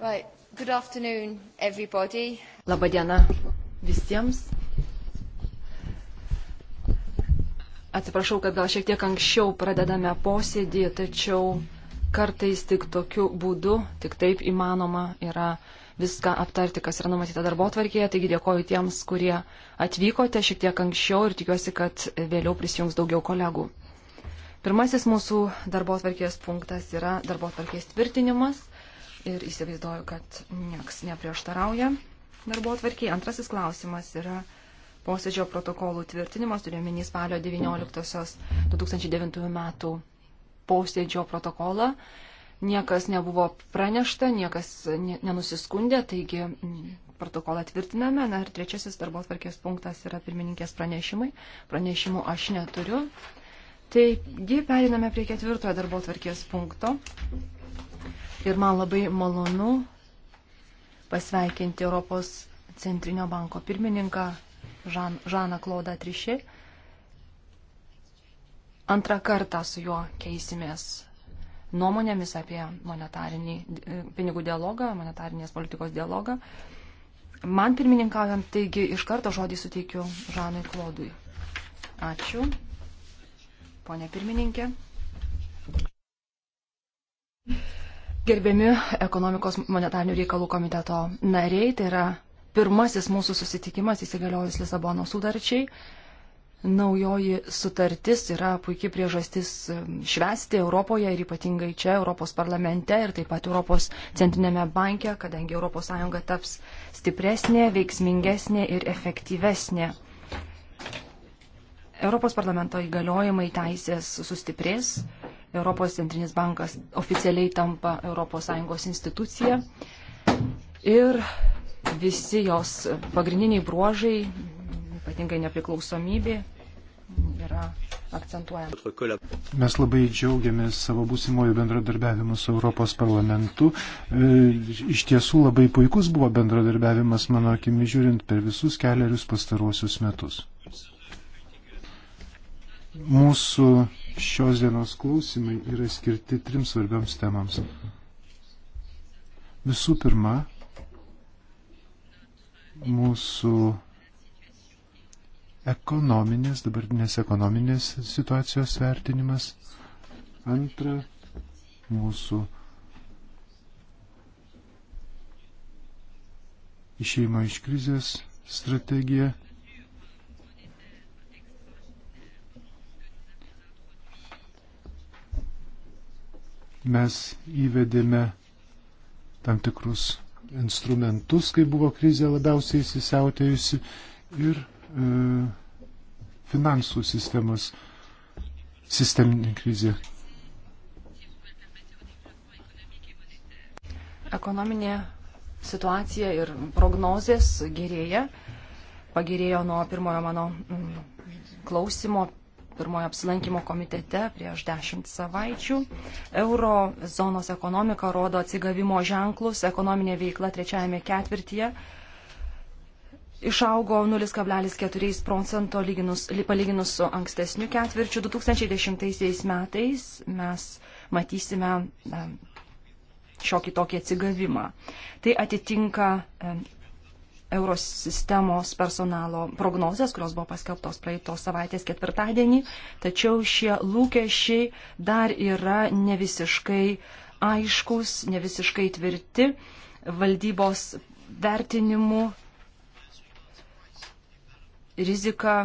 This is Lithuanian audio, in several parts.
Right. Good afternoon, everybody. Labadiena visiems. Atsiprašau, kad gal šiek tiek anksčiau pradedame posėdį, tačiau kartais tik tokiu būdu, tik taip įmanoma yra viską aptarti, kas yra numatyta darbo tvarkėje. Taigi dėkoju tiems, kurie atvykote šiek tiek anksčiau ir tikiuosi, kad vėliau prisijungs daugiau kolegų. Pirmasis mūsų darbo tvarkės punktas yra darbo tvarkės tvirtinimas ir įsivaizduoju, kad nieks neprieštarauja darbo atvarkiai. Antrasis klausimas yra posėdžio protokolų tvirtinimas, turiuomenys spalio 19.2009 metų posėdžio protokolą. Niekas nebuvo pranešta, niekas nenusiskundė, taigi protokolą tvirtiname. Na ir trečiasis darbo atvarkės punktas yra pirmininkės pranešimai. Pranešimų aš neturiu. Taigi, periname prie ketvirtojo darbo tvarkės punkto. Ir man labai malonu pasveikinti Europos Centrinio banko pirmininką Žan, Žaną Klaudą Trišį. Antrą kartą su juo keisimės nuomonėmis apie monetarinį e, pinigų dialogą, monetarinės politikos dialogą. Man pirmininkaujant, taigi iš karto žodį suteikiu Žanui Klaudui. Ačiū ponė pirmininkė. Gerbiami ekonomikos monetarnių reikalų komiteto nariai, tai yra pirmasis mūsų susitikimas įsigaliojus Lisabono sudarčiai. Naujoji sutartis yra puikia priežastis švesti Europoje ir ypatingai čia Europos parlamente ir taip pat Europos centrinėme banke, kadangi ES taps stipresnė, veiksmingesnė ir efektyvesnė Europos parlamento įgaliojimai teisės sustiprės, Europos centrinis bankas oficialiai tampa ES institucija ir visi jos pagrindiniai bruožai, ypatingai nepriklausomybė, yra akcentuojama. Mes labai džiaugiamės savo būsimojo bendradarbiavimu su Europos parlamentu. E, iš tiesų labai puikus buvo bendradarbiavimas, mano akimi žiūrint, per visus keliarius pastaruosius metus. Mūsų šios dienos klausimai yra skirti trims svarbiams temams. Visų pirma, mūsų ekonominės, dabartinės ekonominės situacijos vertinimas. Antra, mūsų išeimo iš krizės strategija mes įvedėme tam tikrus instrumentus, kai buvo krizė labiausiai įsisiautėjusi ir e, finansų sistemos sisteminė krizė. Ekonominė situacija ir prognozės gerėja. Pagerėjo nuo pirmojo mano mm, klausimo pirmojo apsilankimo komitete prieš dešimt savaičių. Euro zonos ekonomika rodo atsigavimo ženklus, ekonominė veikla trečiajame ketvirtyje išaugo 0,4 procento lyginus, palyginus su ankstesniu ketvirčiu. 2010 metais mes matysime šiokį tokį atsigavimą. Tai atitinka Eurosistemos personalo prognozės, kurios buvo paskelbtos praeitos savaitės ketvirtadienį, tačiau šie lūkesčiai dar yra ne visiškai aiškus, ne visiškai tvirti valdybos vertinimu. Rizika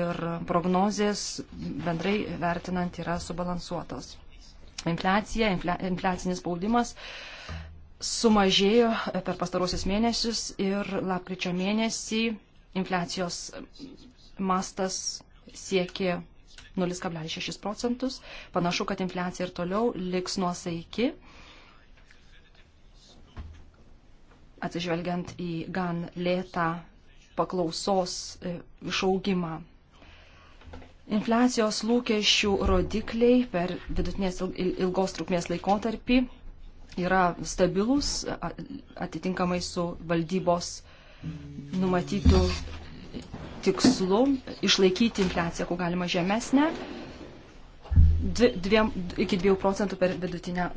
ir prognozės bendrai vertinant yra subalansuotos. Infliacija, inflia, infliacinis spaudimas uh, sumažėjo per pastarosius mėnesius ir lapkričio mėnesį infliacijos mastas siekė 0,6 procentus. Panašu, kad infliacija ir toliau liks nuosaiki, atsižvelgiant į gan lėtą paklausos e, išaugimą. Infliacijos lūkesčių rodikliai per vidutinės ilgos trukmės laikotarpį yra stabilus, atitinkamai su valdybos numatytų tikslu išlaikyti infliaciją, kuo galima žemesnę, dviem, iki 2 procentų per, vidutinę,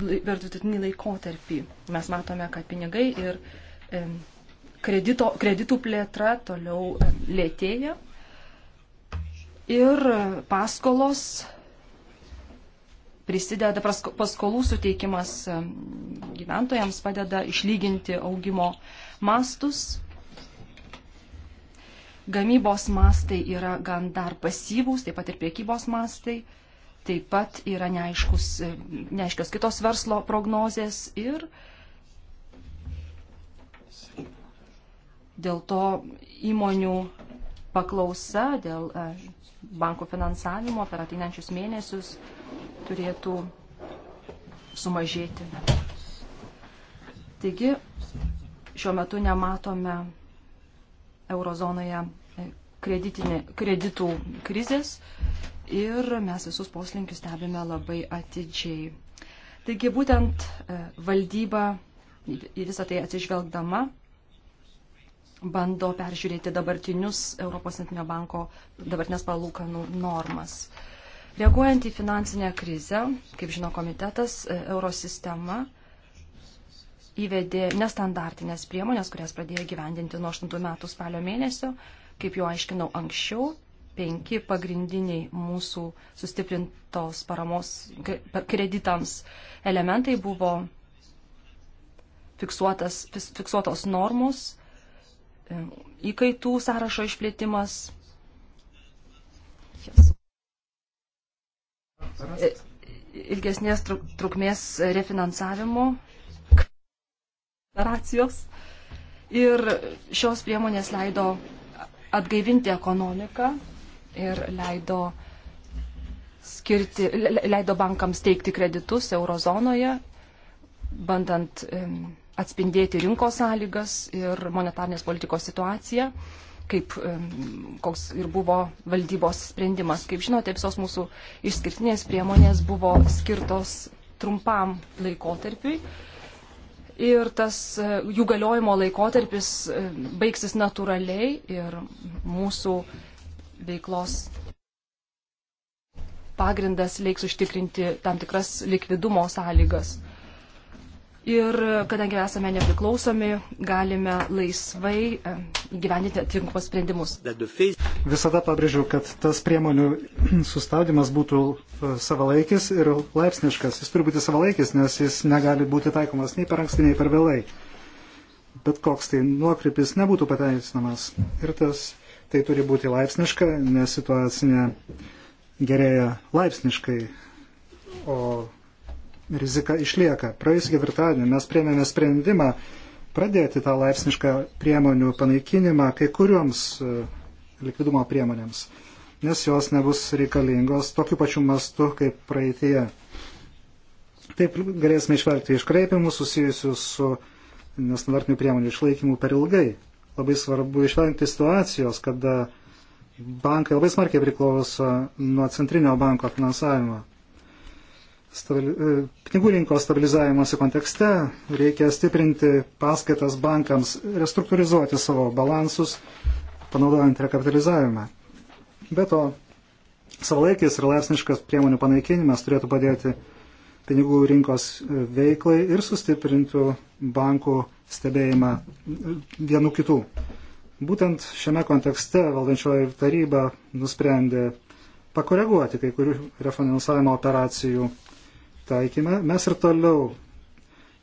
per vidutinį laikotarpį. Mes matome, kad pinigai ir e, kredito, kreditų plėtra toliau lėtėja ir paskolos prisideda paskolų suteikimas gyventojams, padeda išlyginti augimo mastus. Gamybos mastai yra gan dar pasyvūs, taip pat ir priekybos mastai, taip pat yra neaiškus, neaiškios kitos verslo prognozės ir dėl to įmonių paklausa dėl e, bankų finansavimo per ateinančius mėnesius turėtų sumažėti. Taigi, šiuo metu nematome eurozonoje e, kreditų krizės ir mes visus poslinkius stebime labai atidžiai. Taigi būtent e, valdyba į visą tai atsižvelgdama bando peržiūrėti dabartinius Europos Centrinio banko dabartinės palūkanų normas. Reaguojant į finansinę krizę, kaip žino komitetas, e, eurosistema įvedė nestandartinės priemonės, kurias pradėjo gyvendinti nuo 8 metų spalio mėnesio. Kaip jau aiškinau anksčiau, penki pagrindiniai mūsų sustiprintos paramos kreditams elementai buvo fiksuotas, fiksuotos normos, e, įkaitų sąrašo išplėtimas. Yes. E, ilgesnės trukmės refinansavimo operacijos. Ir šios priemonės leido atgaivinti ekonomiką ir leido, skirti, leido bankams teikti kreditus eurozonoje, bandant atspindėti rinkos sąlygas ir monetarnės politikos situaciją kaip, koks ir buvo valdybos sprendimas. Kaip žinote, visos mūsų išskirtinės priemonės buvo skirtos trumpam laikotarpiui. Ir tas e, jų galiojimo laikotarpis e, baigsis natūraliai ir mūsų veiklos pagrindas leiks užtikrinti tam tikras likvidumo sąlygas Ir kadangi esame nepriklausomi, galime laisvai e, įgyvendinti atitinkamus sprendimus. Visada pabrėžiau, kad tas priemonių sustabdymas būtų e, savalaikis ir laipsniškas. Jis turi būti savalaikis, nes jis negali būti taikomas nei per anksti, nei per vėlai. Bet koks tai nuokrypis nebūtų pateisinamas. Ir tas, tai turi būti laipsniška, nes situacinė gerėja laipsniškai. O rizika išlieka. Praėjusį ketvirtadienį mes priemėme sprendimą pradėti tą laipsnišką priemonių panaikinimą kai kurioms e, likvidumo priemonėms, nes jos nebus reikalingos tokiu pačiu mastu kaip praeitie. Taip galėsime išvelgti iškreipimus susijusius su nestandartinių priemonių išlaikymu per ilgai. Labai svarbu išvengti situacijos, kada bankai labai smarkiai priklauso nuo centrinio banko finansavimo stabili, e, pinigų rinkos stabilizavimosi kontekste reikia stiprinti paskaitas bankams, restruktūrizuoti savo balansus, panaudojant rekapitalizavimą. Be to, savalaikis ir laipsniškas priemonių panaikinimas turėtų padėti pinigų rinkos e, veiklai ir sustiprintų bankų stebėjimą e, vienų kitų. Būtent šiame kontekste valdančioji taryba nusprendė pakoreguoti kai kurių refinansavimo operacijų taikymą. Mes ir toliau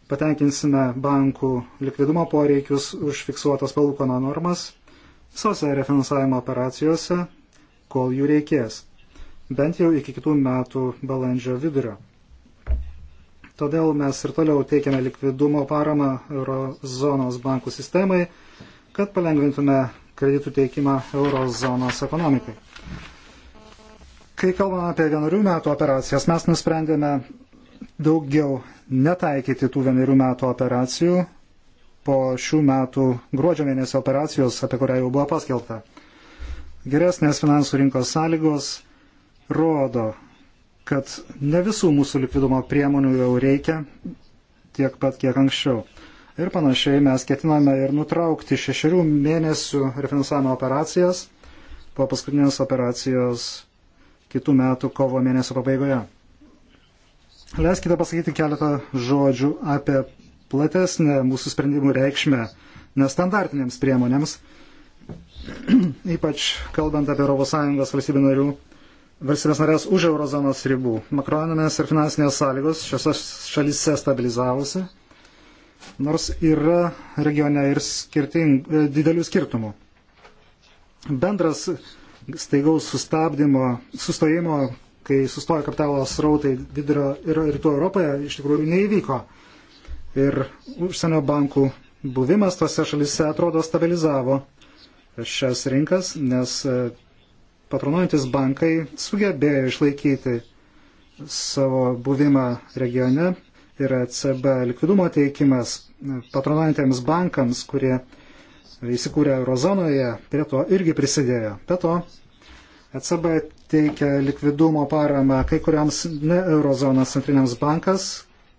patenkinsime bankų likvidumo poreikius užfiksuotas palūkono normas visose refinansavimo operacijose, kol jų reikės, bent jau iki kitų metų balandžio vidurio. Todėl mes ir toliau teikiame likvidumo paramą eurozonos bankų sistemai, kad palengvintume kreditų teikimą eurozonos ekonomikai. Kai kalbame apie vienorių metų operacijas, mes nusprendėme daugiau netaikyti tų vienerių metų operacijų po šių metų gruodžio mėnesio operacijos, apie kurią jau buvo paskelbta. Geresnės finansų rinkos sąlygos rodo, kad ne visų mūsų likvidumo priemonių jau reikia tiek pat, kiek anksčiau. Ir panašiai mes ketiname ir nutraukti šešerių mėnesių refinansavimo operacijas po paskutinės operacijos kitų metų kovo mėnesio pabaigoje. Leiskite pasakyti keletą žodžių apie platesnę mūsų sprendimų reikšmę nestandartinėms priemonėms, ypač kalbant apie ES valstybių narių valstybės narės už eurozonos ribų. Makroninės ir finansinės sąlygos šiose šalyse stabilizavosi, nors yra regione ir skirting, e, didelių skirtumų. Bendras staigaus sustabdymo, sustojimo kai sustojo kapitalo srautai vidurio ir rytų Europoje, iš tikrųjų neįvyko. Ir užsienio bankų buvimas tose šalise atrodo stabilizavo šias rinkas, nes e, patronuojantis bankai sugebėjo išlaikyti savo buvimą regione ir ECB likvidumo teikimas e, patronuojantiems bankams, kurie įsikūrė eurozonoje, prie to irgi prisidėjo. Be to, ECB teikia likvidumo paramą kai kuriams ne eurozonos centriniams bankas,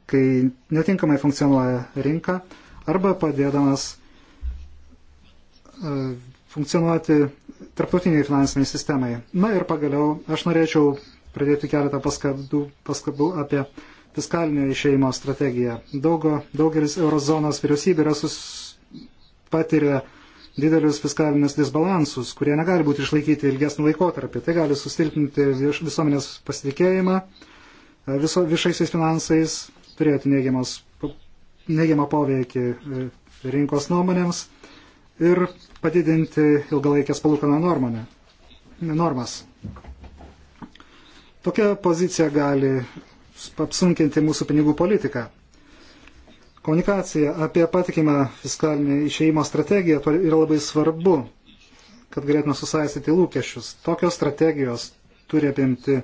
kai netinkamai funkcionuoja rinka, arba padėdamas e, funkcionuoti tarptautiniai finansiniai sistemai. Na ir pagaliau aš norėčiau pradėti keletą paskabų, paskabų apie fiskalinio išeimo strategiją. Daugo, daugelis eurozonos vyriausybė yra sus, patiria didelius fiskalinius disbalansus, kurie negali būti išlaikyti ilgesnį laikotarpį. Tai gali sustilpinti visuomenės pasitikėjimą, e, viso, viešaisiais finansais, turėti neigiamą poveikį e, rinkos nuomonėms ir padidinti ilgalaikės palūkanų normonę, normas. Tokia pozicija gali apsunkinti mūsų pinigų politiką. Komunikacija apie patikimą fiskalinį išeimo strategiją yra labai svarbu, kad galėtume susaistyti lūkesčius. Tokios strategijos turi apimti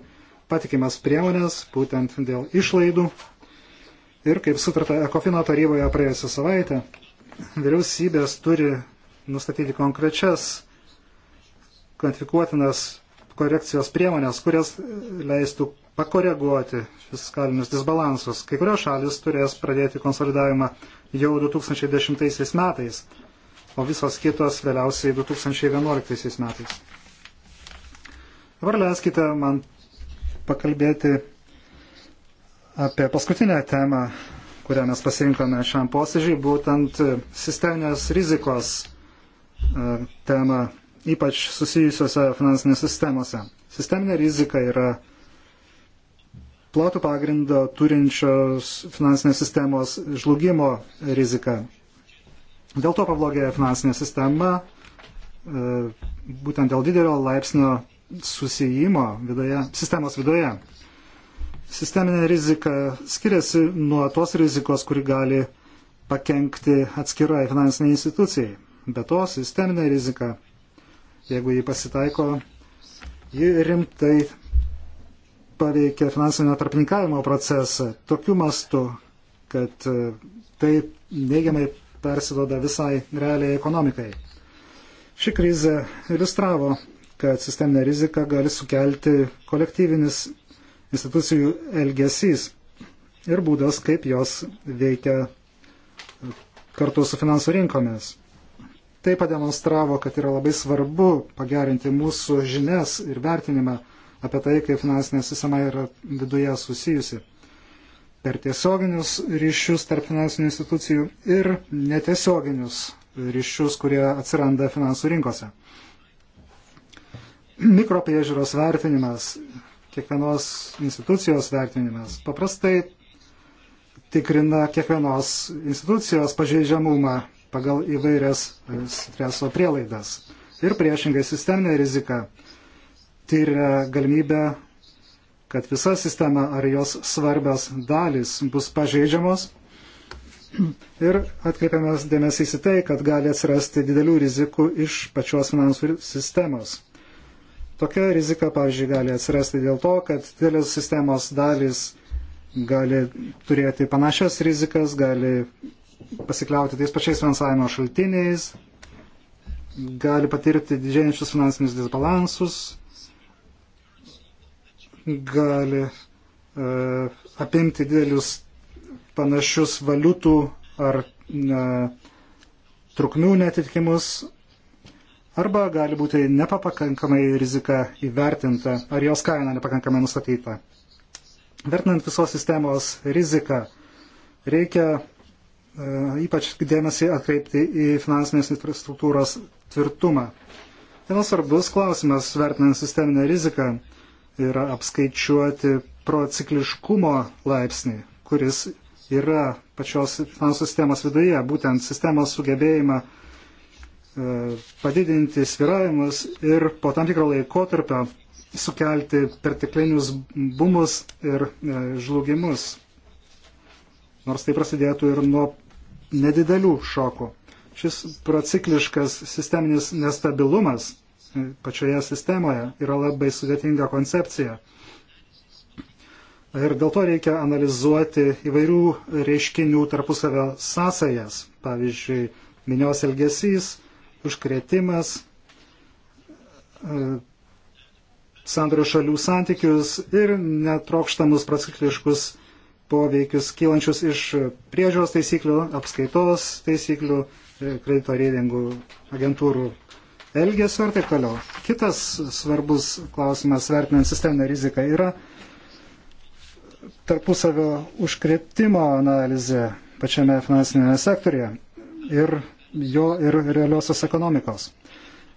patikimas priemonės, būtent dėl išlaidų. Ir kaip sutarta Ekofino taryboje praėjusią savaitę, vyriausybės turi nustatyti konkrečias kvantifikuotinas korekcijos priemonės, kurias leistų pakoreguoti fiskalinius disbalansus. Kai kurios šalis turės pradėti konsolidavimą jau 2010 metais, o visos kitos vėliausiai 2011 metais. Dabar leiskite man pakalbėti apie paskutinę temą, kurią mes pasirinkome šiam posėdžiui, būtent sisteminės rizikos e, temą, ypač susijusiuose finansinėse sistemose. Sisteminė rizika yra platų pagrindą turinčios finansinės sistemos žlugimo rizika. Dėl to pablogėja finansinė sistema, e, būtent dėl didelio laipsnio susijimo viduje, sistemos viduje. Sisteminė rizika skiriasi nuo tos rizikos, kuri gali pakenkti atskirai finansiniai institucijai. Be to, sisteminė rizika, jeigu jį pasitaiko, ji rimtai paveikė finansinio tarpininkavimo procesą tokiu mastu, kad e, tai neigiamai persidoda visai realiai ekonomikai. Ši krizė iliustravo, kad sisteminė rizika gali sukelti kolektyvinis institucijų elgesys ir būdas, kaip jos veikia kartu su finansų rinkomis. Tai pademonstravo, kad yra labai svarbu pagerinti mūsų žinias ir vertinimą apie tai, kaip finansinė sistema yra viduje susijusi per tiesioginius ryšius tarp finansinių institucijų ir netiesioginius ryšius, kurie atsiranda finansų rinkose. Mikropiežiūros vertinimas, kiekvienos institucijos vertinimas paprastai tikrina kiekvienos institucijos pažeidžiamumą pagal įvairias streso prielaidas. Ir priešingai sisteminė rizika tyria tai galimybę, kad visa sistema ar jos svarbios dalys bus pažeidžiamos. Ir atkreipiamas dėmesys į tai, kad gali atsirasti didelių rizikų iš pačios finansų sistemos. Tokia rizika, pavyzdžiui, gali atsirasti dėl to, kad didelės sistemos dalys gali turėti panašias rizikas, gali pasikliauti tais pačiais finansavimo šaltiniais, gali patirti didžiančius finansinius disbalansus, gali e, apimti didelius panašius valiutų ar e, trukmių netitikimus, arba gali būti nepakankamai rizika įvertinta ar jos kaina nepakankamai nustatyta. Vertinant visos sistemos riziką, reikia e, ypač dėmesį atkreipti į finansinės infrastruktūros tvirtumą. Vienas svarbus klausimas vertinant sisteminę riziką yra apskaičiuoti procikliškumo laipsnį, kuris yra pačios finansų sistemos viduje, būtent sistemos sugebėjimą e, padidinti sviravimus ir po tam tikro laikotarpio sukelti perteklinius bumus ir e, žlugimus. Nors tai prasidėtų ir nuo nedidelių šokų. Šis procikliškas sisteminis nestabilumas pačioje sistemoje yra labai sudėtinga koncepcija. Ir dėl to reikia analizuoti įvairių reiškinių tarpusavio sąsajas, pavyzdžiui, minios elgesys, užkrėtimas, e, sandorių šalių santykius ir netrokštamus procikliškus poveikius kylančius iš priežiūros taisyklių, apskaitos taisyklių, e, kredito reitingų agentūrų elgesio ir taip toliau. Kitas svarbus klausimas, vertinant sisteminę riziką, yra tarpusavio užkretimo analizė pačiame finansinėme sektorėje ir jo ir realiosios ekonomikos.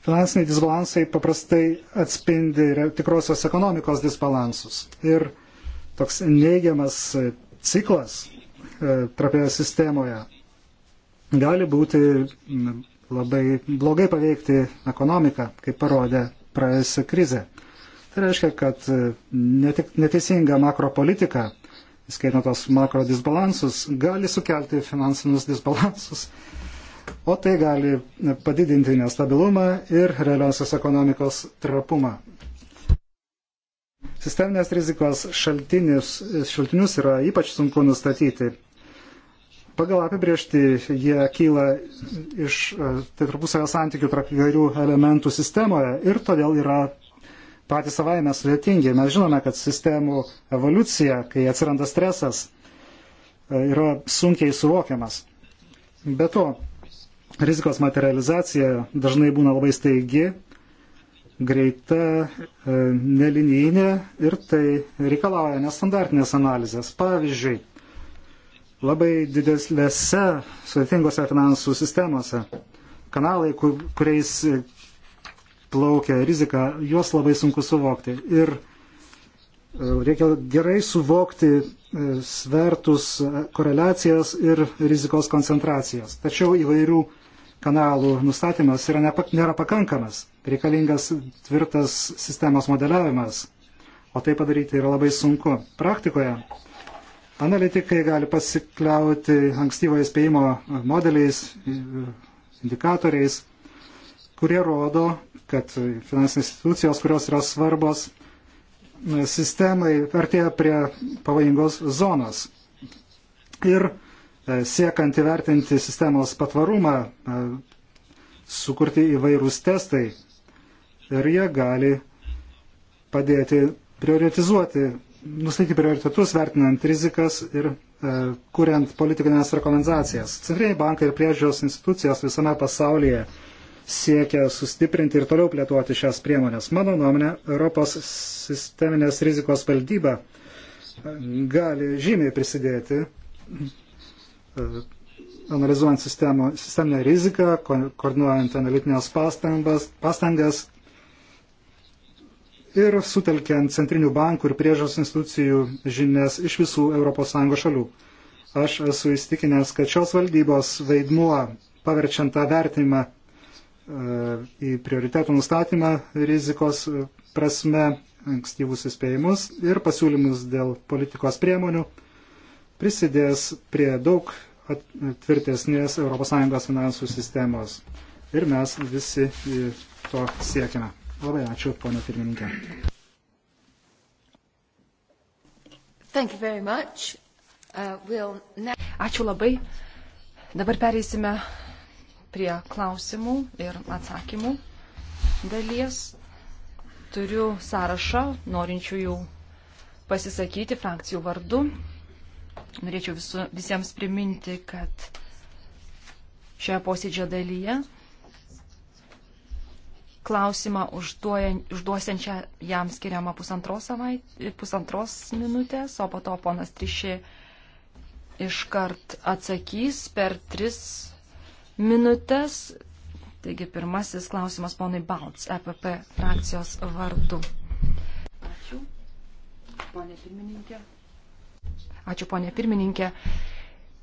Finansiniai disbalansai paprastai atspindi tikrosios ekonomikos disbalansus. Ir toks neigiamas ciklas e, trapioje sistemoje gali būti labai blogai paveikti ekonomiką, kaip parodė praėjusi krizė. Tai reiškia, kad e, neteisinga makropolitika, skaitant tos makro disbalansus, gali sukelti finansinius disbalansus, o tai gali e, padidinti nestabilumą ir realiosios ekonomikos trapumą. Sisteminės rizikos šaltinius, šaltinius yra ypač sunku nustatyti Pagal apibriešti jie kyla iš e, tai tarpusavio santykių tarp įvairių elementų sistemoje ir todėl yra patys savaime sudėtingi. Mes žinome, kad sistemų evoliucija, kai atsiranda stresas, e, yra sunkiai suvokiamas. Be to, rizikos materializacija dažnai būna labai staigi, greita, e, nelinijinė ir tai reikalauja nestandartinės analizės. Pavyzdžiui, labai didelėse sudėtingose finansų sistemose. Kanalai, kur, kuriais plaukia rizika, juos labai sunku suvokti. Ir e, reikia gerai suvokti e, svertus, e, koreliacijas ir rizikos koncentracijas. Tačiau įvairių kanalų nustatymas yra nepak, nėra pakankamas. Reikalingas tvirtas sistemos modeliavimas. O tai padaryti yra labai sunku. Praktikoje Analitikai gali pasikliauti ankstyvo įspėjimo modeliais, indikatoriais, kurie rodo, kad finansinės institucijos, kurios yra svarbos sistemai, artėja prie pavojingos zonos. Ir e, siekant įvertinti sistemos patvarumą, e, sukurti įvairūs testai ir jie gali padėti prioritizuoti nustatyti prioritetus, vertinant rizikas ir e, kuriant politikinės rekomendacijas. Centriniai bankai ir priežiūros institucijos visame pasaulyje siekia sustiprinti ir toliau plėtuoti šias priemonės. Mano nuomonė, Europos sisteminės rizikos valdyba e, gali žymiai prisidėti e, analizuojant sistemo, sisteminę riziką, ko, koordinuojant analitinės pastangas, pastangas ir sutelkiant centrinių bankų ir priežos institucijų žinias iš visų ES šalių. Aš esu įstikinęs, kad šios valdybos vaidmuo paverčiant tą vertinimą e, į prioritetų nustatymą rizikos e, prasme, ankstyvus įspėjimus ir pasiūlymus dėl politikos priemonių prisidės prie daug tvirtesnės ES finansų sistemos. Ir mes visi to siekime. Labai ačiū, ponė pirmininkė. Uh, we'll... Ačiū labai. Dabar pereisime prie klausimų ir atsakymų dalies. Turiu sąrašą norinčiųjų pasisakyti frakcijų vardu. Norėčiau visu, visiems priminti, kad šioje posėdžio dalyje klausimą užduosiančią jam skiriamą pusantros, savait, pusantros minutės, o po to ponas Trišė iškart atsakys per tris minutės. Taigi pirmasis klausimas ponui Balts, EPP frakcijos vardu. Ačiū, ponė pirmininkė. Ačiū, ponė pirmininkė.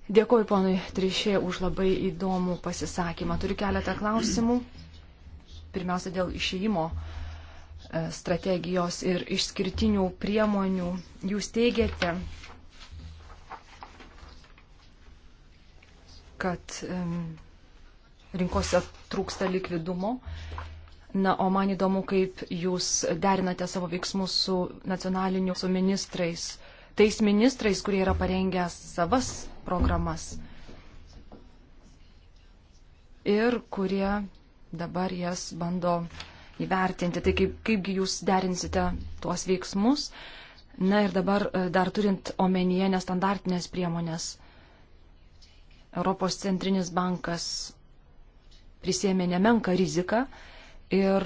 Dėkuoju ponui Trišė už labai įdomų pasisakymą. Turiu keletą klausimų. Mm pirmiausia dėl išėjimo e, strategijos ir išskirtinių priemonių. Jūs teigiate, kad rinkose trūksta likvidumo. Na, o man įdomu, kaip jūs derinate savo veiksmus su nacionaliniu su ministrais, tais ministrais, kurie yra parengę savas programas ir kurie dabar jas bando įvertinti. Tai kaip, kaipgi jūs derinsite tuos veiksmus. Na ir dabar e, dar turint omenyje nestandartinės priemonės. Europos centrinis bankas prisėmė nemenką riziką. Ir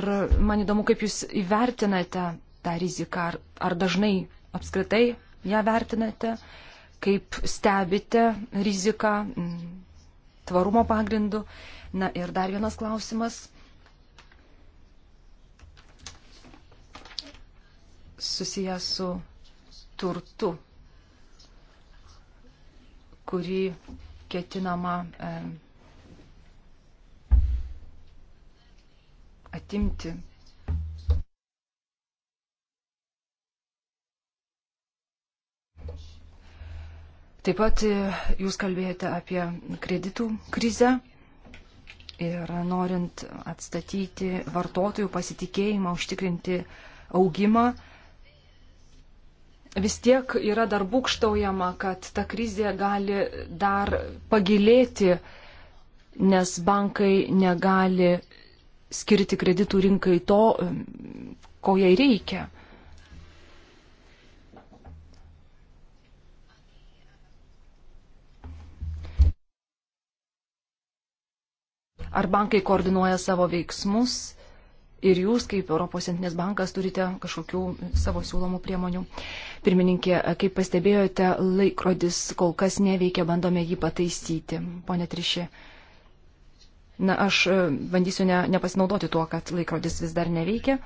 man įdomu, kaip jūs įvertinate tą riziką, ar, ar dažnai apskritai ją vertinate, kaip stebite riziką tvarumo pagrindu. Uh, Na ir dar vienas klausimas. susijęs su turtu, kurį ketinama e, atimti. Taip pat e, jūs kalbėjote apie kreditų krizę. Ir norint atstatyti vartotojų pasitikėjimą, užtikrinti augimą, vis tiek yra dar būkštaujama, kad ta krizė gali dar pagilėti, nes bankai negali skirti kreditų rinkai to, ko jai reikia. Ar bankai koordinuoja savo veiksmus ir jūs, kaip Europos centrinis bankas, turite kažkokių savo siūlomų priemonių? Pirmininkė, kaip pastebėjote, laikrodis kol kas neveikia, bandome jį pataisyti. Pone Trišė. Na, aš e, bandysiu ne, nepasinaudoti tuo, kad laikrodis vis dar neveikia.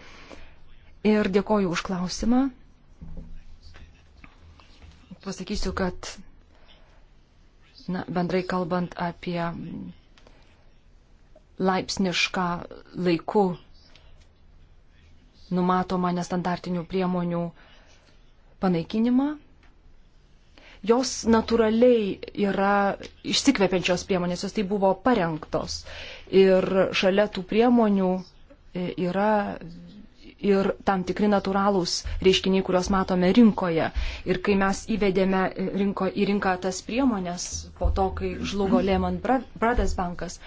Ir dėkoju už klausimą. Pasakysiu, kad na, bendrai kalbant apie laipsnišką laiku numatomą nestandartinių priemonių panaikinimą. Jos natūraliai yra išsikvepiančios priemonės, jos tai buvo parengtos. Ir šalia tų priemonių e, yra ir tam tikri natūralūs reiškiniai, kuriuos matome rinkoje. Ir kai mes įvedėme e, rinko, į rinką tas priemonės po to, kai žlugo Lehman Brothers bankas,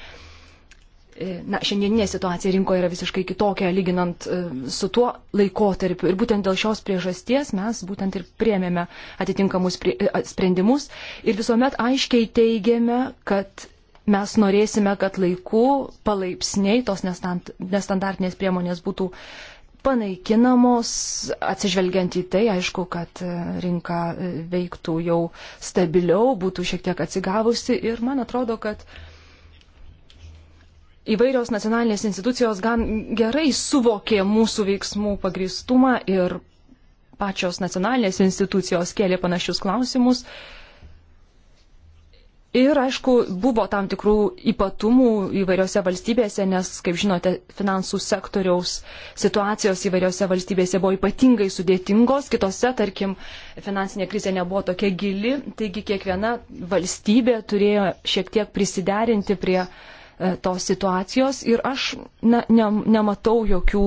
E, na, šiandieninė situacija rinkoje yra visiškai kitokia lyginant e, su tuo laikotarpiu. Ir būtent dėl šios priežasties mes būtent ir priemėme atitinkamus prie, e, sprendimus ir visuomet aiškiai teigiame, kad mes norėsime, kad laiku palaipsniai tos nestand, nestandartinės priemonės būtų panaikinamos, atsižvelgiant į tai, aišku, kad rinka veiktų jau stabiliau, būtų šiek tiek atsigavusi ir man atrodo, kad uh, įvairios nacionalinės institucijos gan gerai suvokė mūsų veiksmų pagristumą ir pačios nacionalinės institucijos kėlė panašius klausimus. Ir, aišku, buvo tam tikrų ypatumų įvairiose valstybėse, nes, kaip žinote, finansų sektoriaus situacijos įvairiose valstybėse buvo ypatingai sudėtingos, kitose, tarkim, finansinė krizė nebuvo tokia gili, taigi kiekviena valstybė turėjo šiek tiek prisiderinti prie uh, E, tos situacijos ir aš na, ne, nematau jokių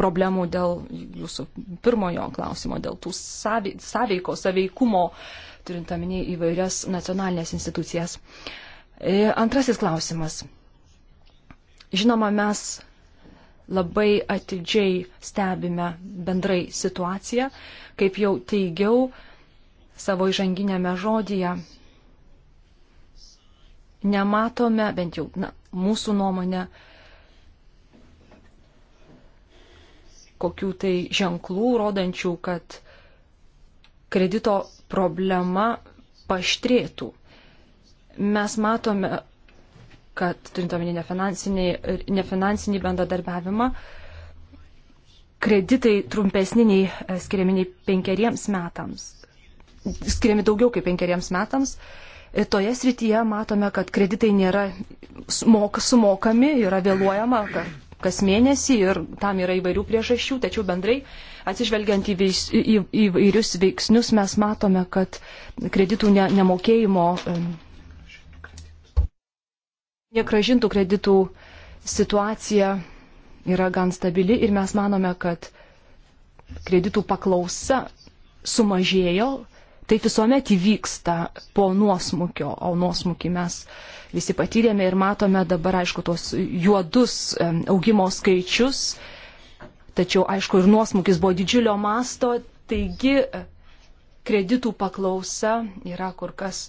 problemų dėl jūsų pirmojo klausimo, dėl tų save, saveiko, saveikumo, turint omenyje įvairias nacionalinės institucijas. E, antrasis klausimas. Žinoma, mes labai atidžiai stebime bendrai situaciją, kaip jau teigiau savo įžanginėme žodyje, nematome, bent jau na, mūsų nuomonė, kokių tai ženklų rodančių, kad kredito problema paštrėtų. Mes matome, kad turint omeny nefinansinį, nefinansinį bendradarbiavimą, kreditai trumpesni nei e, skiriami nei penkeriems metams. Skiriami daugiau kaip penkeriems metams Toje srityje matome, kad kreditai nėra sumok, sumokami, yra vėluojama kas mėnesį ir tam yra įvairių priežasčių, tačiau bendrai atsižvelgiant į, veis, į, į įvairius veiksnius mes matome, kad kreditų ne, nemokėjimo, negražintų kreditų situacija yra gan stabili ir mes manome, kad kreditų paklausa sumažėjo taip visuomet įvyksta po nuosmukio, o nuosmukį mes visi patyrėme ir matome dabar, aišku, tuos juodus augimo skaičius, tačiau, aišku, ir nuosmukis buvo didžiulio masto, taigi kreditų paklausa yra kur kas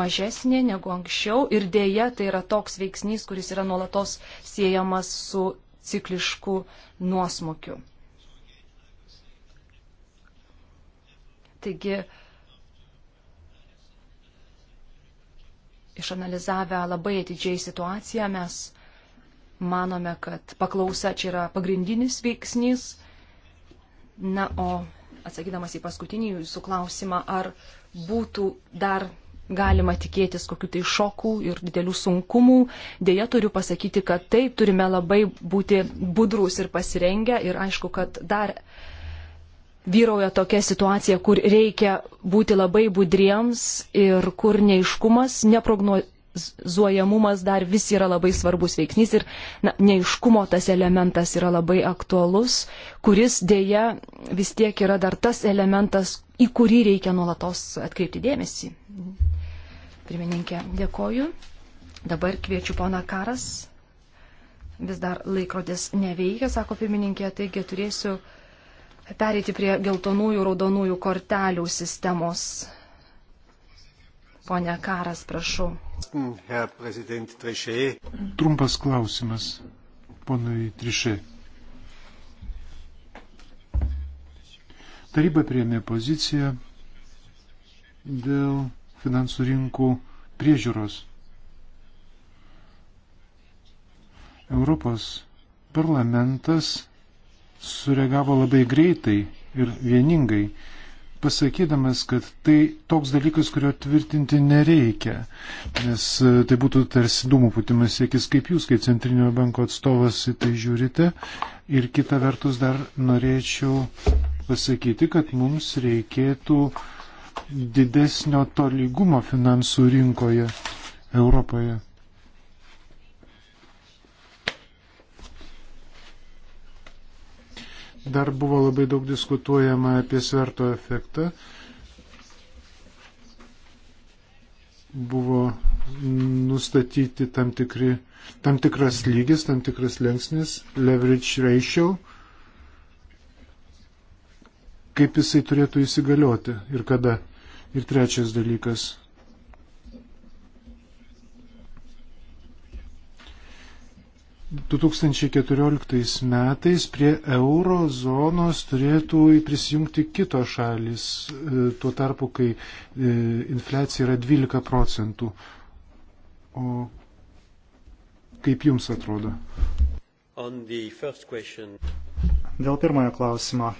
mažesnė negu anksčiau ir dėja tai yra toks veiksnys, kuris yra nuolatos siejamas su ciklišku nuosmukiu. Taigi išanalizavę labai atidžiai situaciją, mes manome, kad paklausa čia yra pagrindinis veiksnys. Na, o atsakydamas į paskutinį jūsų klausimą, ar būtų dar galima tikėtis kokiu tai šokų ir didelių sunkumų. Deja, turiu pasakyti, kad taip, turime labai būti budrus ir pasirengę ir aišku, kad dar vyrauja tokia situacija, kur reikia būti labai budriems ir kur neiškumas, neprognozuojamumas dar vis yra labai svarbus veiksnys ir na, neiškumo tas elementas yra labai aktualus, kuris dėja vis tiek yra dar tas elementas, į kurį reikia nuolatos atkreipti dėmesį. Pirmininkė, dėkoju. Dabar kviečiu pona Karas. Vis dar laikrodis neveikia, sako pirmininkė, taigi turėsiu pereiti prie geltonųjų raudonųjų kortelių sistemos. Pone Karas, prašau. Trumpas klausimas, ponui Trišė. Taryba priėmė poziciją dėl finansų rinkų priežiūros. Europos parlamentas sureagavo labai greitai ir vieningai, pasakydamas, kad tai toks dalykas, kurio tvirtinti nereikia, nes e, tai būtų tarsi dūmų putimas siekis, kaip jūs, kaip Centrinio banko atstovas, į tai žiūrite. Ir kita vertus dar norėčiau pasakyti, kad mums reikėtų didesnio tolygumo finansų rinkoje Europoje. Dar buvo labai daug diskutuojama apie sverto efektą. Buvo nustatyti tam, tikri, tam tikras lygis, tam tikras lenksnis, leverage ratio, kaip jisai turėtų įsigalioti ir kada. Ir trečias dalykas 2014 metais prie euro zonos turėtų prisijungti kitos šalis, e, tuo tarpu, kai e, infliacija yra 12 procentų. O kaip jums atrodo? Dėl pirmojo klausimo.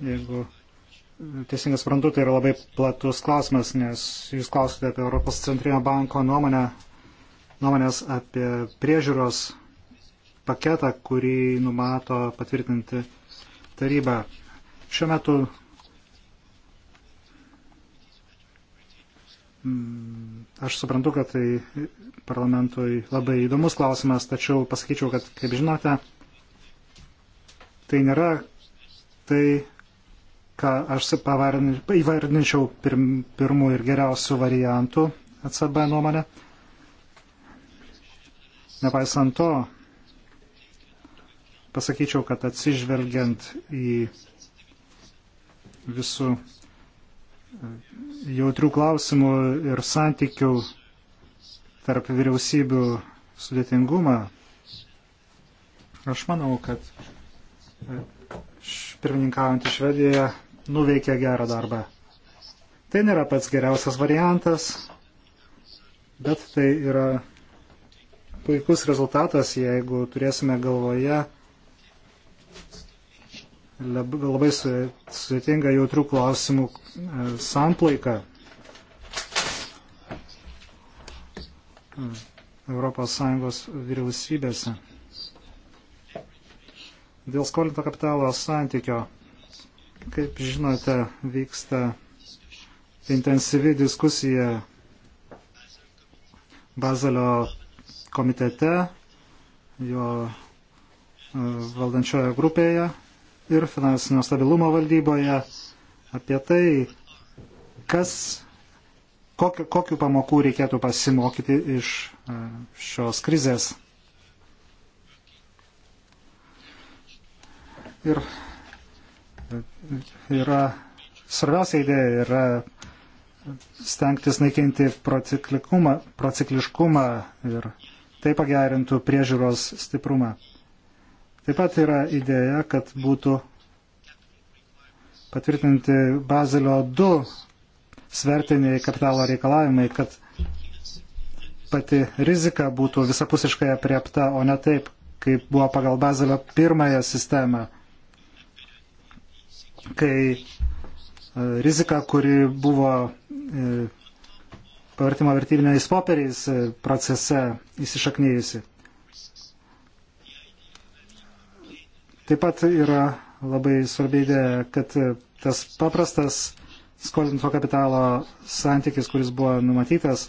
Jeigu teisingai suprantu, tai yra labai platus klausimas, nes jūs klausite apie Europos centrinio banko nuomonę nuomonės apie priežiūros paketą, kurį numato patvirtinti taryba. Šiuo metu mm, aš suprantu, kad tai parlamentui labai įdomus klausimas, tačiau pasakyčiau, kad, kaip žinote, tai nėra tai, ką aš įvardinčiau pirmų ir geriausių variantų ECB nuomonę. Nepaisant to, pasakyčiau, kad atsižvelgiant į visų jautrių klausimų ir santykių tarp vyriausybių sudėtingumą, aš manau, kad pirmininkaujantį Švediją nuveikė gerą darbą. Tai nėra pats geriausias variantas, bet tai yra puikus rezultatas, jeigu turėsime galvoje labai sudėtinga jautrių klausimų e, samplaiką. ES vyriausybėse. Dėl skolinto kapitalo santykio, kaip žinote, vyksta intensyvi diskusija Bazalio komitete, jo e, valdančioje grupėje ir finansinio stabilumo valdyboje apie tai, kas, kokiu, kokiu pamokų reikėtų pasimokyti iš e, šios krizės. Ir e, yra svarbiausia idėja yra stengtis naikinti procikliškumą ir Tai pagerintų priežiūros stiprumą. Taip pat yra idėja, kad būtų patvirtinti Bazilio 2 svertiniai kapitalo reikalavimai, kad pati rizika būtų visapusiškai apriepta, o ne taip, kaip buvo pagal Bazilio pirmąją sistemą, kai e, rizika, kuri buvo e, pavertimo vertybiniais popieriais e, procese įsišaknyjusi. Taip pat yra labai svarbi idėja, kad tas paprastas skolinto kapitalo santykis, kuris buvo numatytas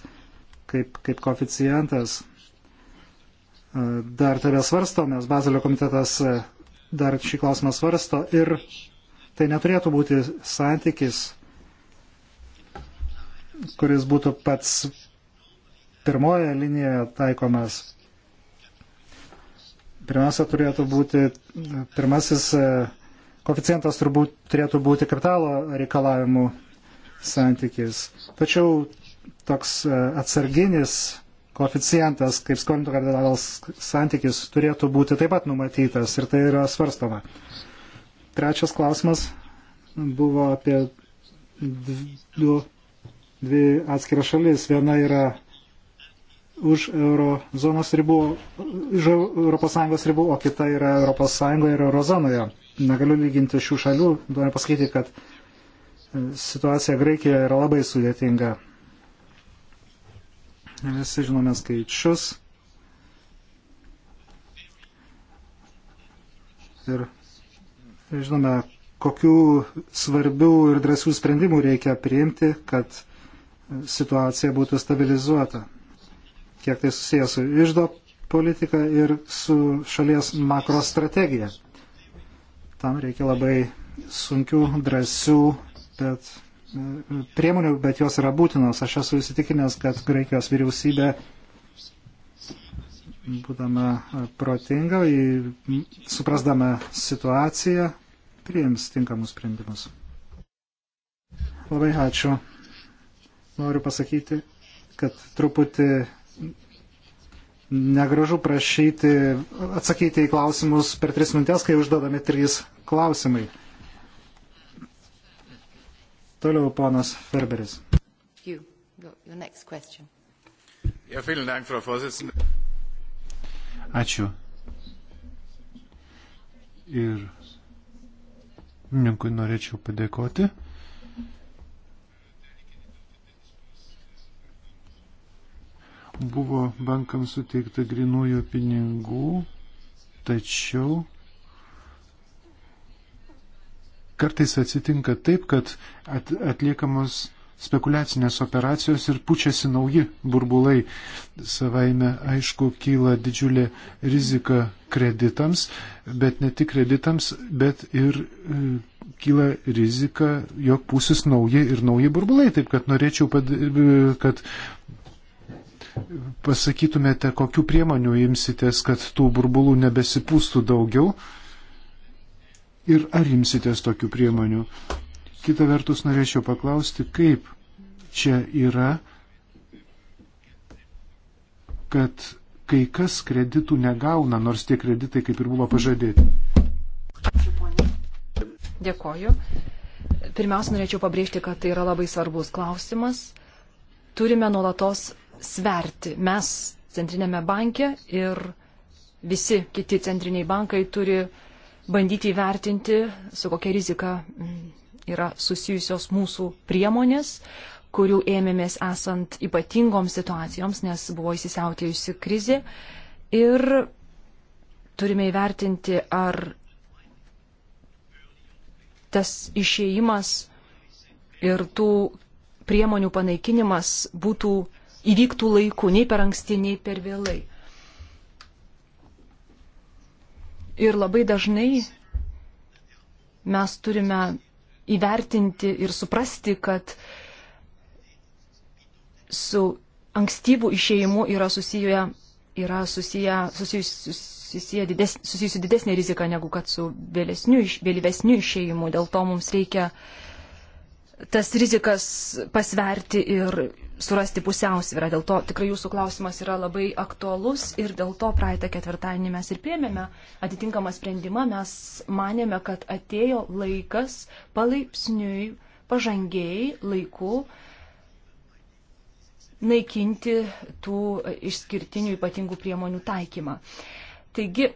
kaip, kaip koficijantas, e, dar tave svarsto, nes Bazilio komitetas e, dar šį klausimą svarsto ir tai neturėtų būti santykis kuris būtų pats pirmoje linijoje taikomas. Pirmiausia, turėtų būti, pirmasis e, koficijantas turbūt turėtų būti kapitalo reikalavimų santykis. Tačiau toks e, atsarginis koficijantas, kaip skolinto kardinalas santykis, turėtų būti taip pat numatytas ir tai yra svarstoma. Trečias klausimas buvo apie du dvi atskiras šalis. Viena yra už eurozonos ribų, už ES ribų, o kita yra ES ir eurozonoje. Negaliu lyginti šių šalių, noriu pasakyti, kad e, situacija Graikijoje yra labai sudėtinga. Visi žinome skaičius. Ir žinome, kokių svarbių ir drąsių sprendimų reikia priimti, kad situacija būtų stabilizuota. Kiek tai susijęs su išdo politika ir su šalies makrostrategija. Tam reikia labai sunkių, drąsių, bet e, priemonių, bet jos yra būtinos. Aš esu įsitikinęs, kad Graikijos vyriausybė, būdama e, protinga, suprasdama situaciją, priims tinkamus sprendimus. Labai ačiū noriu pasakyti, kad truputį negražu prašyti atsakyti į klausimus per tris minutės, kai užduodami trys klausimai. Toliau ponas Ferberis. You. Ačiū. Ir Minkui norėčiau padėkoti. buvo bankams suteikta grinųjų pinigų, tačiau kartais atsitinka taip, kad atliekamos spekulacinės operacijos ir pučiasi nauji burbulai. Savaime, aišku, kyla didžiulė rizika kreditams, bet ne tik kreditams, bet ir e, kyla rizika, jog pusis nauji ir nauji burbulai. Taip kad norėčiau, kad pasakytumėte, kokiu priemoniu imsitės, kad tų burbulų nebesipūstų daugiau ir ar imsitės tokių priemonių. Kita vertus norėčiau paklausti, kaip čia yra, kad kai kas kreditų negauna, nors tie kreditai kaip ir buvo pažadėti. Ačiū, ponė. Dėkoju. Pirmiausia, norėčiau pabrėžti, kad tai yra labai svarbus klausimas. Turime nuolatos sverti. Mes centrinėme banke ir visi kiti centriniai bankai turi bandyti įvertinti, su kokia rizika mm, yra susijusios mūsų priemonės, kurių ėmėmės esant ypatingoms situacijoms, nes buvo įsisiautėjusi krizė. Ir turime įvertinti, ar tas išėjimas ir tų priemonių panaikinimas būtų įvyktų laiku, nei per anksti, nei per vėlai. Ir labai dažnai mes turime įvertinti ir suprasti, kad su ankstyvų išėjimu yra susiję, yra susiję, susijus, susiję dides, susijusi didesnė rizika negu kad su vėlesniu, vėlyvesniu išėjimu. Dėl to mums reikia tas rizikas pasverti ir surasti pusiausvyrą. Dėl to tikrai jūsų klausimas yra labai aktualus ir dėl to praeitą ketvirtadienį mes ir priemėme atitinkamą sprendimą. Mes manėme, kad atėjo laikas palaipsniui, pažangiai, laiku naikinti tų išskirtinių ypatingų priemonių taikymą. Taigi,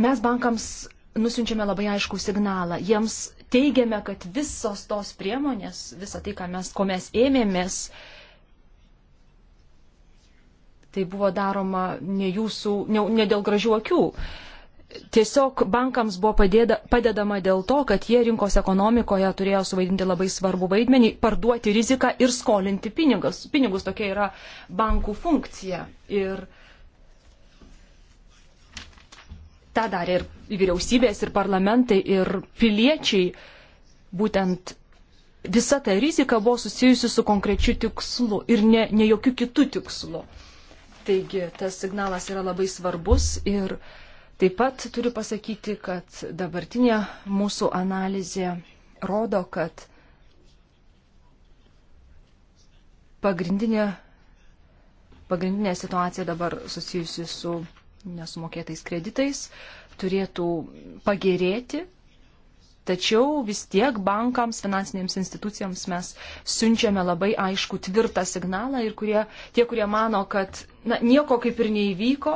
mes bankams nusinčiame labai aiškų signalą. Jiems teigiame, kad visos tos priemonės, visa tai, mes, ko mes ėmėmės, uh, tai buvo daroma ne, jūsų, ne, ne dėl gražių akių. Tiesiog bankams buvo padėda, padedama dėl to, kad jie rinkos ekonomikoje turėjo suvaidinti labai svarbų vaidmenį, parduoti riziką ir skolinti pinigus. Pinigus tokia yra bankų funkcija. Ir tą darė ir vyriausybės, ir parlamentai, ir piliečiai. Būtent visa ta rizika buvo susijusi su konkrečiu tikslu ir ne, ne jokių kitų tikslu. Taigi tas signalas yra labai svarbus ir taip pat turiu pasakyti, kad dabartinė mūsų analizė rodo, kad pagrindinė, pagrindinė situacija dabar susijusi su nesumokėtais kreditais turėtų pagerėti, tačiau vis tiek bankams, finansinėms institucijams mes siunčiame labai aišku tvirtą signalą ir kurie, tie, kurie mano, kad na, nieko kaip ir neįvyko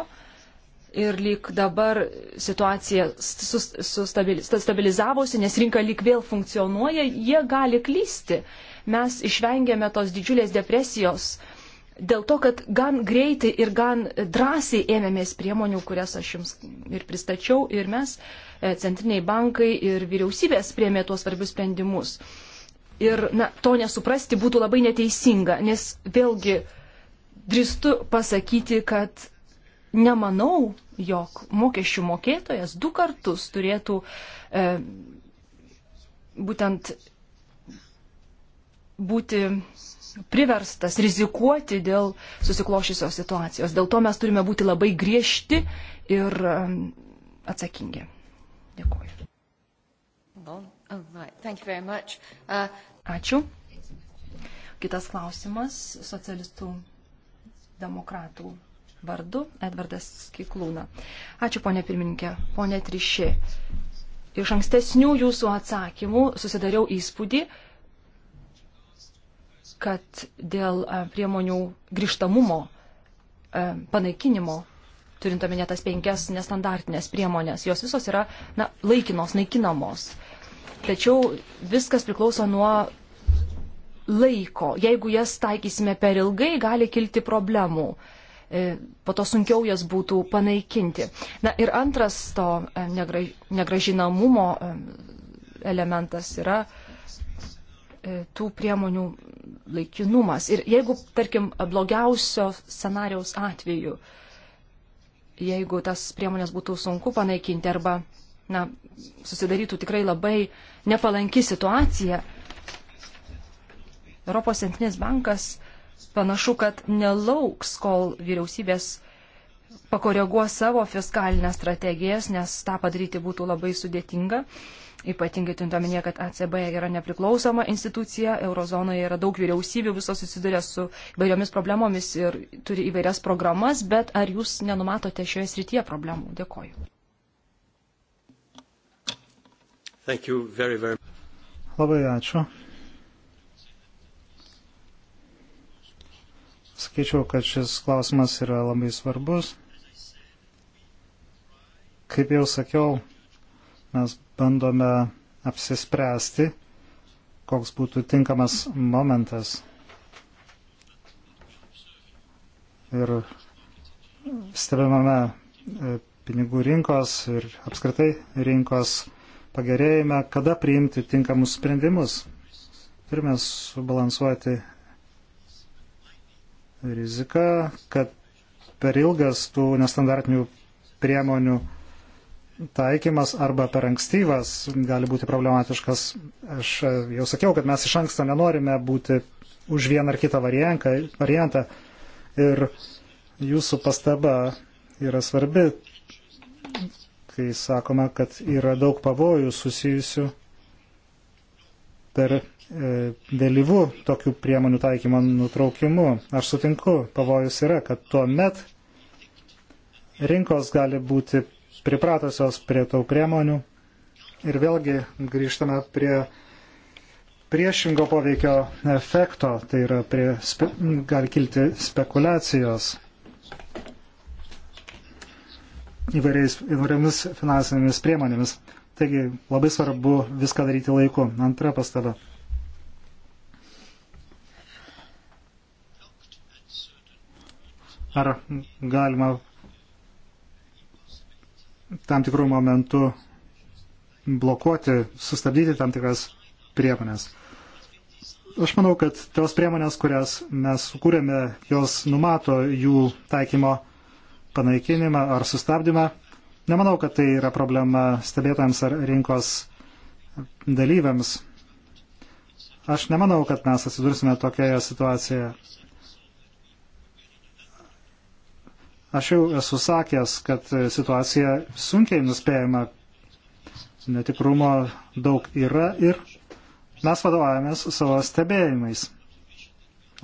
ir lyg dabar situacija sustabilizavosi, nes rinka lyg vėl funkcionuoja, jie gali klysti. Mes išvengėme tos didžiulės depresijos dėl to, kad gan greitai ir gan drąsiai ėmėmės priemonių, kurias aš jums ir pristačiau, ir mes, e, centriniai bankai ir vyriausybės, priemė tuos svarbius sprendimus. Ir na, to nesuprasti būtų labai neteisinga, nes vėlgi drįstu pasakyti, kad nemanau, jog mokesčių mokėtojas du kartus turėtų e, būtent būti priverstas rizikuoti dėl susiklošysios situacijos. Dėl to mes turime būti labai griežti ir e, atsakingi. Dėkuoju. Uh, Ačiū. Kitas klausimas socialistų demokratų vardu Edvardas Kiklūna. Ačiū, ponė pirmininkė, ponė Trišė. Iš ankstesnių jūsų atsakymų susidariau įspūdį, kad dėl priemonių grįžtamumo panaikinimo, turint omenyje tas penkias nestandartinės priemonės, jos visos yra na, laikinos, naikinamos. Tačiau viskas priklauso nuo laiko. Jeigu jas taikysime per ilgai, gali kilti problemų. E, po to sunkiau jas būtų panaikinti. Na ir antras to e, negražinamumo e, elementas yra tų priemonių laikinumas. Ir jeigu, tarkim, blogiausio scenarijaus atveju, jeigu tas priemonės būtų sunku panaikinti arba na, susidarytų tikrai labai nepalanki situacija, Europos centrinis bankas panašu, kad nelauks, kol vyriausybės pakoreguos savo fiskalinės strategijas, nes tą padaryti būtų labai sudėtinga. Ypatingai turintuomenė, kad ACB yra nepriklausoma institucija, eurozonoje yra daug vyriausybių, visos susiduria su įvairiomis problemomis ir turi įvairias programas, bet ar jūs nenumatote šioje srityje problemų? Dėkoju. Very, very... Labai ačiū. Sakyčiau, kad šis klausimas yra labai svarbus. Kaip jau sakiau, mes bandome apsispręsti, koks būtų tinkamas momentas. Ir stebimame e, pinigų rinkos ir apskritai rinkos pagerėjime, kada priimti tinkamus sprendimus. Turime subalansuoti rizika, kad per ilgas tų nestandartinių priemonių taikymas arba per ankstyvas gali būti problematiškas. Aš jau sakiau, kad mes iš anksto nenorime būti už vieną ar kitą variantą. Ir jūsų pastaba yra svarbi, kai sakoma, kad yra daug pavojų susijusių per E, vėlyvų tokių priemonių taikymo nutraukimu. Aš sutinku, pavojus yra, kad tuo met rinkos gali būti pripratusios prie tų priemonių ir vėlgi grįžtame prie priešingo poveikio efekto, tai yra prie, spe, gali kilti spekulacijos įvairiais, įvairiomis finansinėmis priemonėmis. Taigi labai svarbu viską daryti laiku. Antra pastaba. ar galima tam tikrų momentų blokuoti, sustabdyti tam tikras priemonės. Aš manau, kad tos priemonės, kurias mes sukūrėme, jos numato jų taikymo panaikinimą ar sustabdymą. Nemanau, kad tai yra problema stebėtojams ar rinkos dalyviams. Aš nemanau, kad mes atsidursime tokioje situacijoje. Aš jau esu sakęs, kad situacija sunkiai nuspėjama, netikrumo daug yra ir mes vadovavomės savo stebėjimais,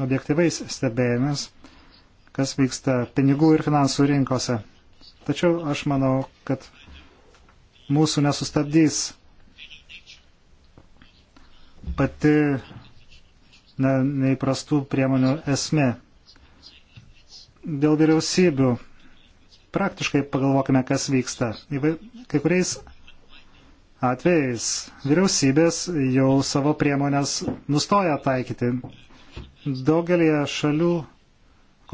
objektyvais stebėjimais, kas vyksta pinigų ir finansų rinkose. Tačiau aš manau, kad mūsų nesustabdys pati ne, neįprastų priemonių esmė. Dėl vyriausybių. Praktiškai pagalvokime, kas vyksta. Kai kuriais atvejais vyriausybės jau savo priemonės nustoja taikyti. Daugelie šalių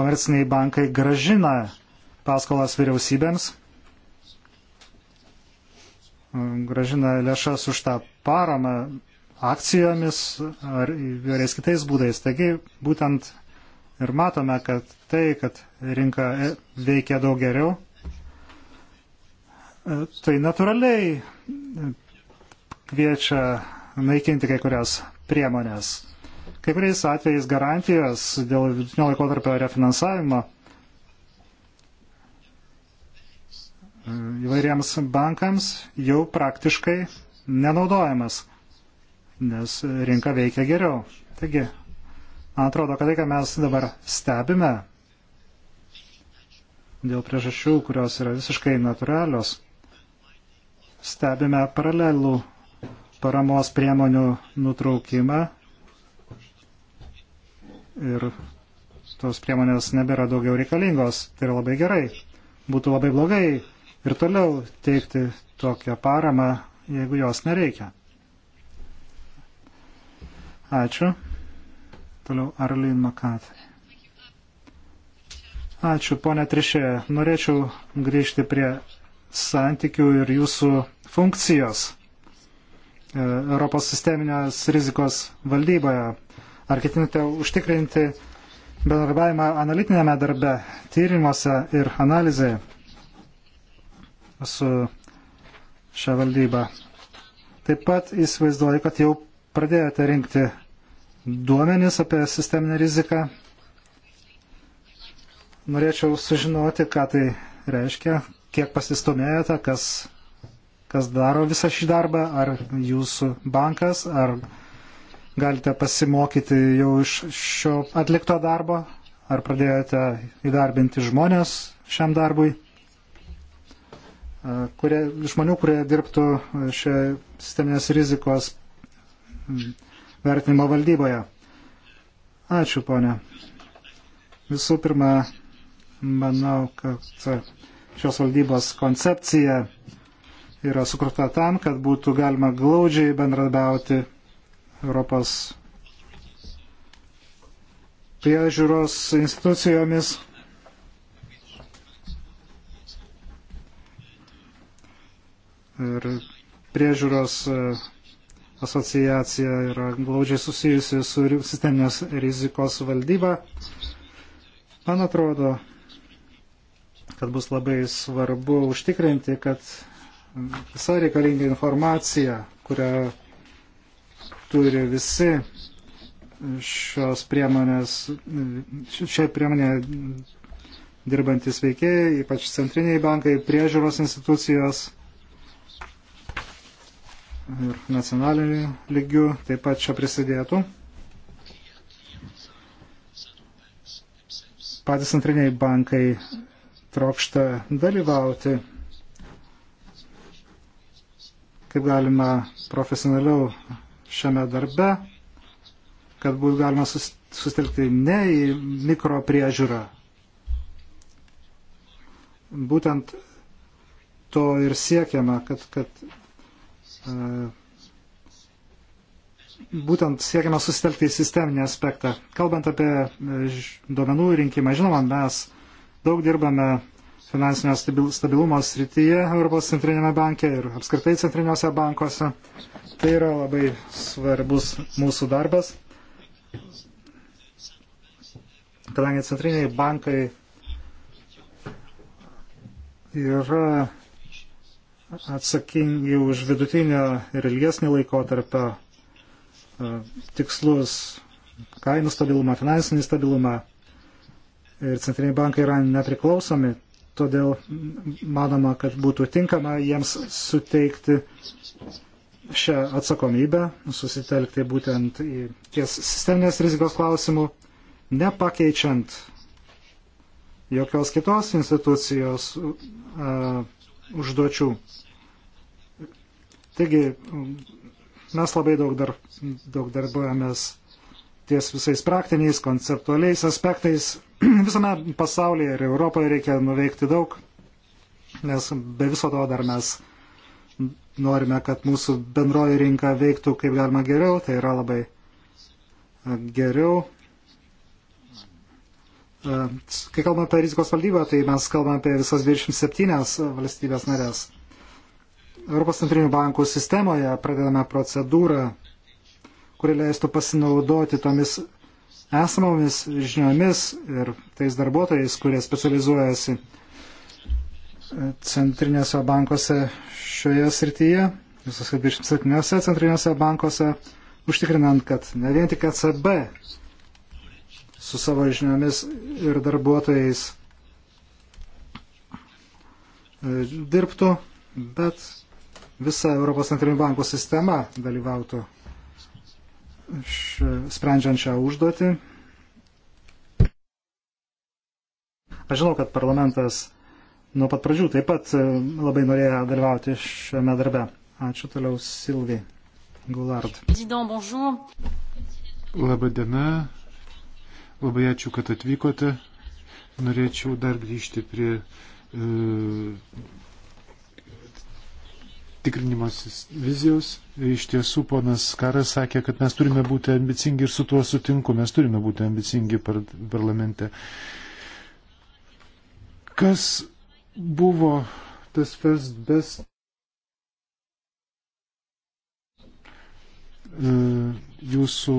komerciniai bankai gražina paskolas vyriausybėms, gražina lėšas už tą paramą akcijomis ar įvairiais kitais būdais. Taigi būtent Ir matome, kad tai, kad rinka veikia daug geriau, e, tai natūraliai kviečia naikinti kai kurias priemonės. Kai kuriais atvejais garantijos dėl vidutinio laikotarpio refinansavimo e, įvairiems bankams jau praktiškai nenaudojamas, nes rinka veikia geriau. Taigi, Man atrodo, kad tai, ką mes dabar stebime, dėl priežasčių, kurios yra visiškai natūralios, stebime paralelų paramos priemonių nutraukimą ir tos priemonės nebėra daugiau reikalingos. Tai yra labai gerai. Būtų labai blogai ir toliau teikti tokią paramą, jeigu jos nereikia. Ačiū. Toliau Arlin Makatai. Ačiū, ponė Trišė. Norėčiau grįžti prie santykių ir jūsų funkcijos e, Europos sisteminės rizikos valdyboje. Ar ketinate užtikrinti bendarbiavimą analitinėme darbe, tyrimuose ir analizėje su šią valdybą? Taip pat įsivaizduoju, kad jau pradėjote rinkti duomenis apie sisteminę riziką. Norėčiau sužinoti, ką tai reiškia, kiek pasistumėjote, kas, kas daro visą šį darbą, ar jūsų bankas, ar galite pasimokyti jau iš šio atlikto darbo, ar pradėjote įdarbinti žmonės šiam darbui, kurie, žmonių, kurie dirbtų šioje sisteminės rizikos vertinimo valdyboje. Ačiū, ponė. Visų pirma, manau, kad šios valdybos koncepcija yra sukurta tam, kad būtų galima glaudžiai bendradarbiauti Europos priežiūros institucijomis. Ir priežiūros asociacija yra glaudžiai susijusi su sisteminės rizikos valdyba. Man atrodo, kad bus labai svarbu užtikrinti, kad visa reikalinga informacija, kurią turi visi šios priemonės, šiai priemonė dirbantis veikėjai, ypač centriniai bankai, priežiūros institucijos, ir nacionaliniu lygiu taip pat čia prisidėtų. Patys centriniai bankai trokšta dalyvauti, kaip galima profesionaliau šiame darbe, kad būtų galima sustelkti ne į mikro priežiūrą. Būtent to ir siekiama, kad, kad E, būtent siekiame susitelkti į sisteminį aspektą. Kalbant apie e, duomenų rinkimą, žinoma, mes daug dirbame finansinio stabilumo srityje Europos centrinėme banke ir apskritai centriniuose bankuose. Tai yra labai svarbus mūsų darbas, kadangi centriniai bankai yra atsakingi už vidutinio ir ilgesnį laikotarpio e, tikslus, kainų stabilumą, finansinį stabilumą. Ir centriniai bankai yra nepriklausomi, todėl manoma, kad būtų tinkama jiems suteikti šią atsakomybę, susitelkti būtent į ties sisteminės rizikos klausimų, nepakeičiant jokios kitos institucijos a, e, užduočių. Taigi, mes labai daug, dar, daug darbuojamės ties visais praktiniais, konceptualiais aspektais. Visame pasaulyje ir Europoje reikia nuveikti daug, nes be viso to dar mes norime, kad mūsų bendroji rinka veiktų kaip galima geriau, tai yra labai e, geriau. E, kai kalbame apie rizikos valdybą, tai mes kalbame apie visas 27 valstybės narės. Europos centrinių bankų sistemoje pradedame procedūrą, kuri leistų pasinaudoti tomis esamomis žiniomis ir tais darbuotojais, kurie specializuojasi e, centrinėse bankose šioje srityje, visose 27 centrinėse bankose, užtikrinant, kad ne vien tik ECB su savo žiniomis ir darbuotojais e, dirbtų, bet visa Europos centrinio banko sistema dalyvautų sprendžiant šią užduotį. Aš žinau, kad parlamentas nuo pat pradžių taip pat e, labai norėjo dalyvauti šiame darbe. Ačiū toliau Silvi Gulard. Labą dieną, labai ačiū, kad atvykote. Norėčiau dar grįžti prie e, tikrinimos vizijos. Iš tiesų, ponas Karas sakė, kad mes turime būti ambicingi ir su tuo sutinku, mes turime būti ambicingi par parlamente. Kas buvo tas first best? E, jūsų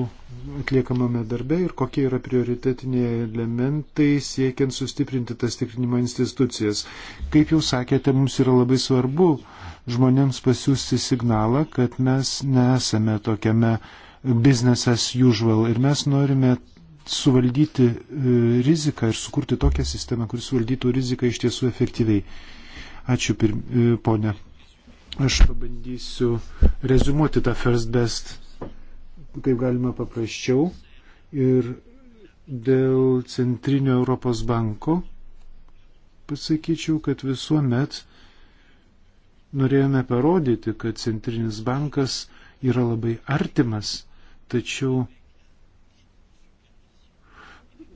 atliekamame darbe ir kokie yra prioritetiniai elementai siekiant sustiprinti tas tikrinimo institucijas. Kaip jau sakėte, mums yra labai svarbu uh, žmonėms pasiūsti signalą, kad mes nesame tokiame business as usual ir mes norime suvaldyti e, riziką ir sukurti tokią sistemą, kuris suvaldytų riziką iš tiesų efektyviai. Ačiū, pirm... E, ponė. Aš pabandysiu rezumuoti tą first best, kaip galima paprasčiau. Ir dėl Centrinio Europos banko pasakyčiau, kad visuomet norėjome parodyti, kad centrinis bankas yra labai artimas, tačiau e,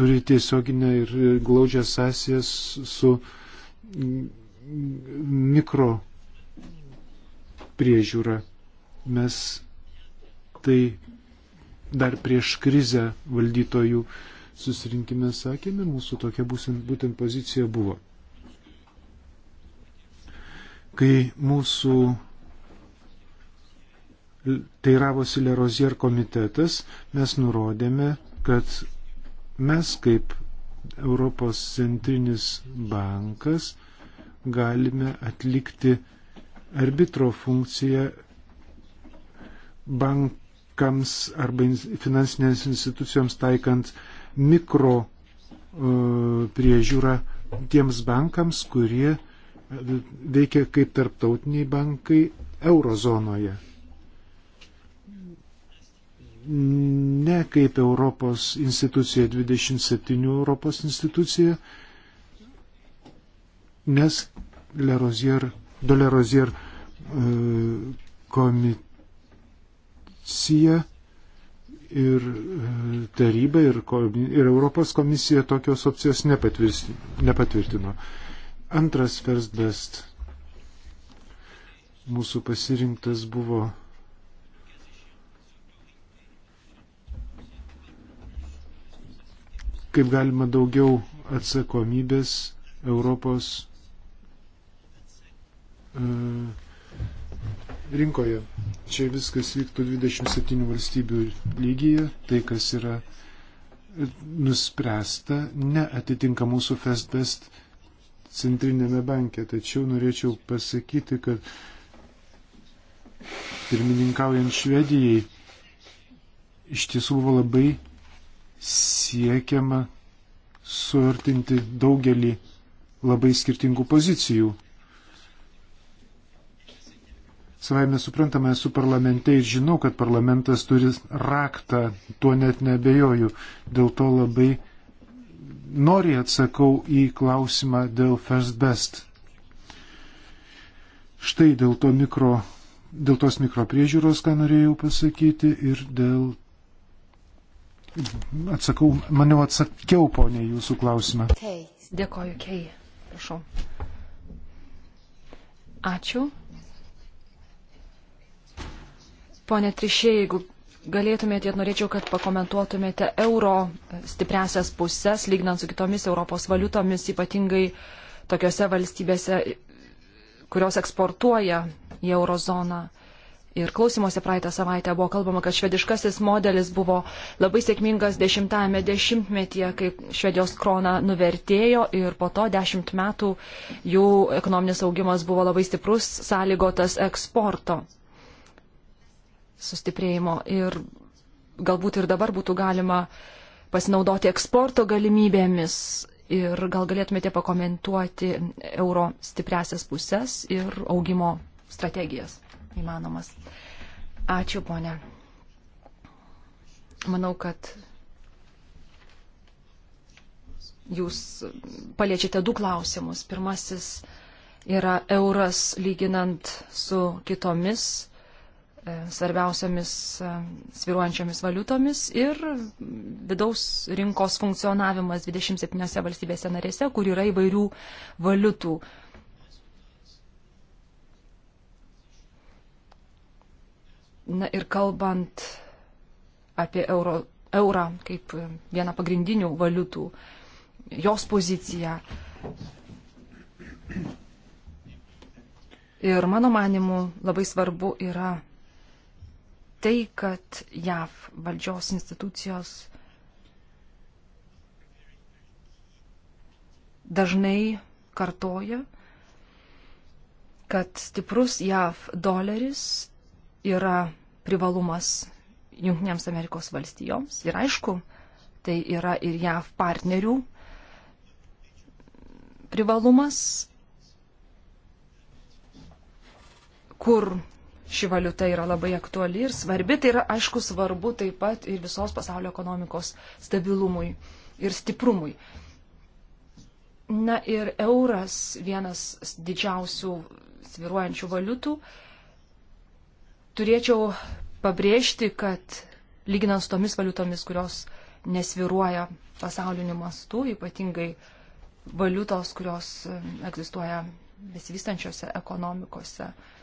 turi tiesioginę ir glaudžią sąsąją su mikro priežiūra. Mes tai dar prieš krizę valdytojų susirinkime sakėme, mūsų tokia būtent pozicija buvo kai mūsų teiravosi Lerozier komitetas, mes nurodėme, kad mes kaip Europos centrinis bankas galime atlikti arbitro funkciją bankams arba finansinėms institucijoms taikant mikro e, priežiūrą tiems bankams, kurie veikia kaip tarptautiniai bankai eurozonoje. Ne kaip Europos institucija, 27 Europos institucija, nes Lerozier, Dolerozier e, komisija ir e, taryba ir, ir Europos komisija tokios opcijos nepatvirtino. Antras first best mūsų pasirinktas buvo kaip galima daugiau atsakomybės Europos e, rinkoje. Čia viskas vyktų 27 valstybių lygyje, tai kas yra nuspręsta, neatitinka mūsų Festbest best centrinėme banke. Tačiau norėčiau pasakyti, kad pirmininkaujant Švedijai iš tiesų buvo labai siekiama suartinti daugelį labai skirtingų pozicijų. Savaime suprantama, esu parlamente ir žinau, kad parlamentas turi raktą, tuo net nebejoju. Dėl to labai noriai atsakau į klausimą dėl First Best. Štai dėl, to mikro, dėl tos mikropriežiūros, ką norėjau pasakyti ir dėl. Atsakau, maniau atsakiau, ponė, jūsų klausimą. Kei, dėkoju, Kei, prašau. Ačiū. Pone Trišė, jeigu galėtumėte ir norėčiau, kad pakomentuotumėte euro stipresias pusės, lygnant su kitomis Europos valiutomis, ypatingai tokiose valstybėse, kurios eksportuoja į eurozoną. Ir klausimuose praeitą savaitę buvo kalbama, kad švediškasis modelis buvo labai sėkmingas dešimtajame dešimtmetyje, kai švedijos krona nuvertėjo ir po to dešimt metų jų ekonominis augimas buvo labai stiprus, sąlygotas eksporto sustiprėjimo ir galbūt ir dabar būtų galima pasinaudoti eksporto galimybėmis ir gal galėtumėte pakomentuoti euro stipresias pusės ir augimo strategijas įmanomas. Ačiū, ponė. Manau, kad jūs paliečiate du klausimus. Pirmasis yra euras lyginant su kitomis E, svarbiausiamis e, sviruojančiomis valiutomis ir vidaus rinkos funkcionavimas 27 valstybėse narėse, kur yra įvairių valiutų. Na ir kalbant apie euro, eurą kaip vieną pagrindinių valiutų, jos poziciją. Ir mano manimu labai svarbu yra tai, kad JAV valdžios institucijos dažnai kartoja, kad stiprus JAV doleris yra privalumas Junktinėms Amerikos valstijoms. Ir aišku, tai yra ir JAV partnerių privalumas, kur ši valiuta yra labai aktuali ir svarbi. Tai yra, aišku, svarbu taip pat ir visos pasaulio ekonomikos stabilumui ir stiprumui. Na ir euras vienas didžiausių sviruojančių valiutų. Turėčiau pabrėžti, kad lyginant su tomis valiutomis, kurios nesviruoja pasauliniu mastu, ypatingai valiutos, kurios e, egzistuoja besivystančiose ekonomikose, uh,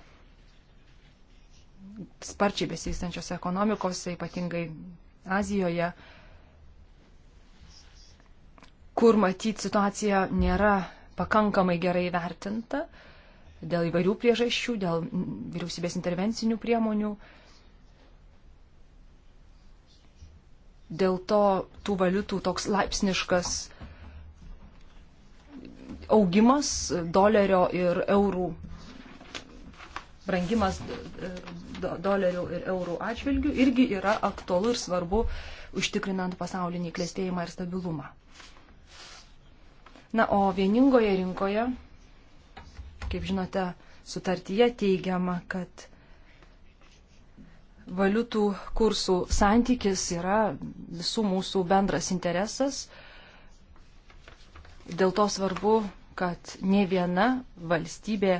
sparčiai besivystančios ekonomikos, ypatingai Azijoje, kur matyt situacija nėra pakankamai gerai vertinta dėl įvairių priežasčių, dėl vyriausybės intervencinių priemonių. Dėl to tų valiutų toks laipsniškas augimas dolerio ir eurų brangimas e, dolerių ir eurų atžvilgių irgi yra aktualu ir svarbu užtikrinant pasaulinį klėstėjimą ir stabilumą. Na, o vieningoje rinkoje, kaip žinote, sutartyje teigiama, kad valiutų kursų santykis yra visų mūsų bendras interesas. Dėl to svarbu, kad ne viena valstybė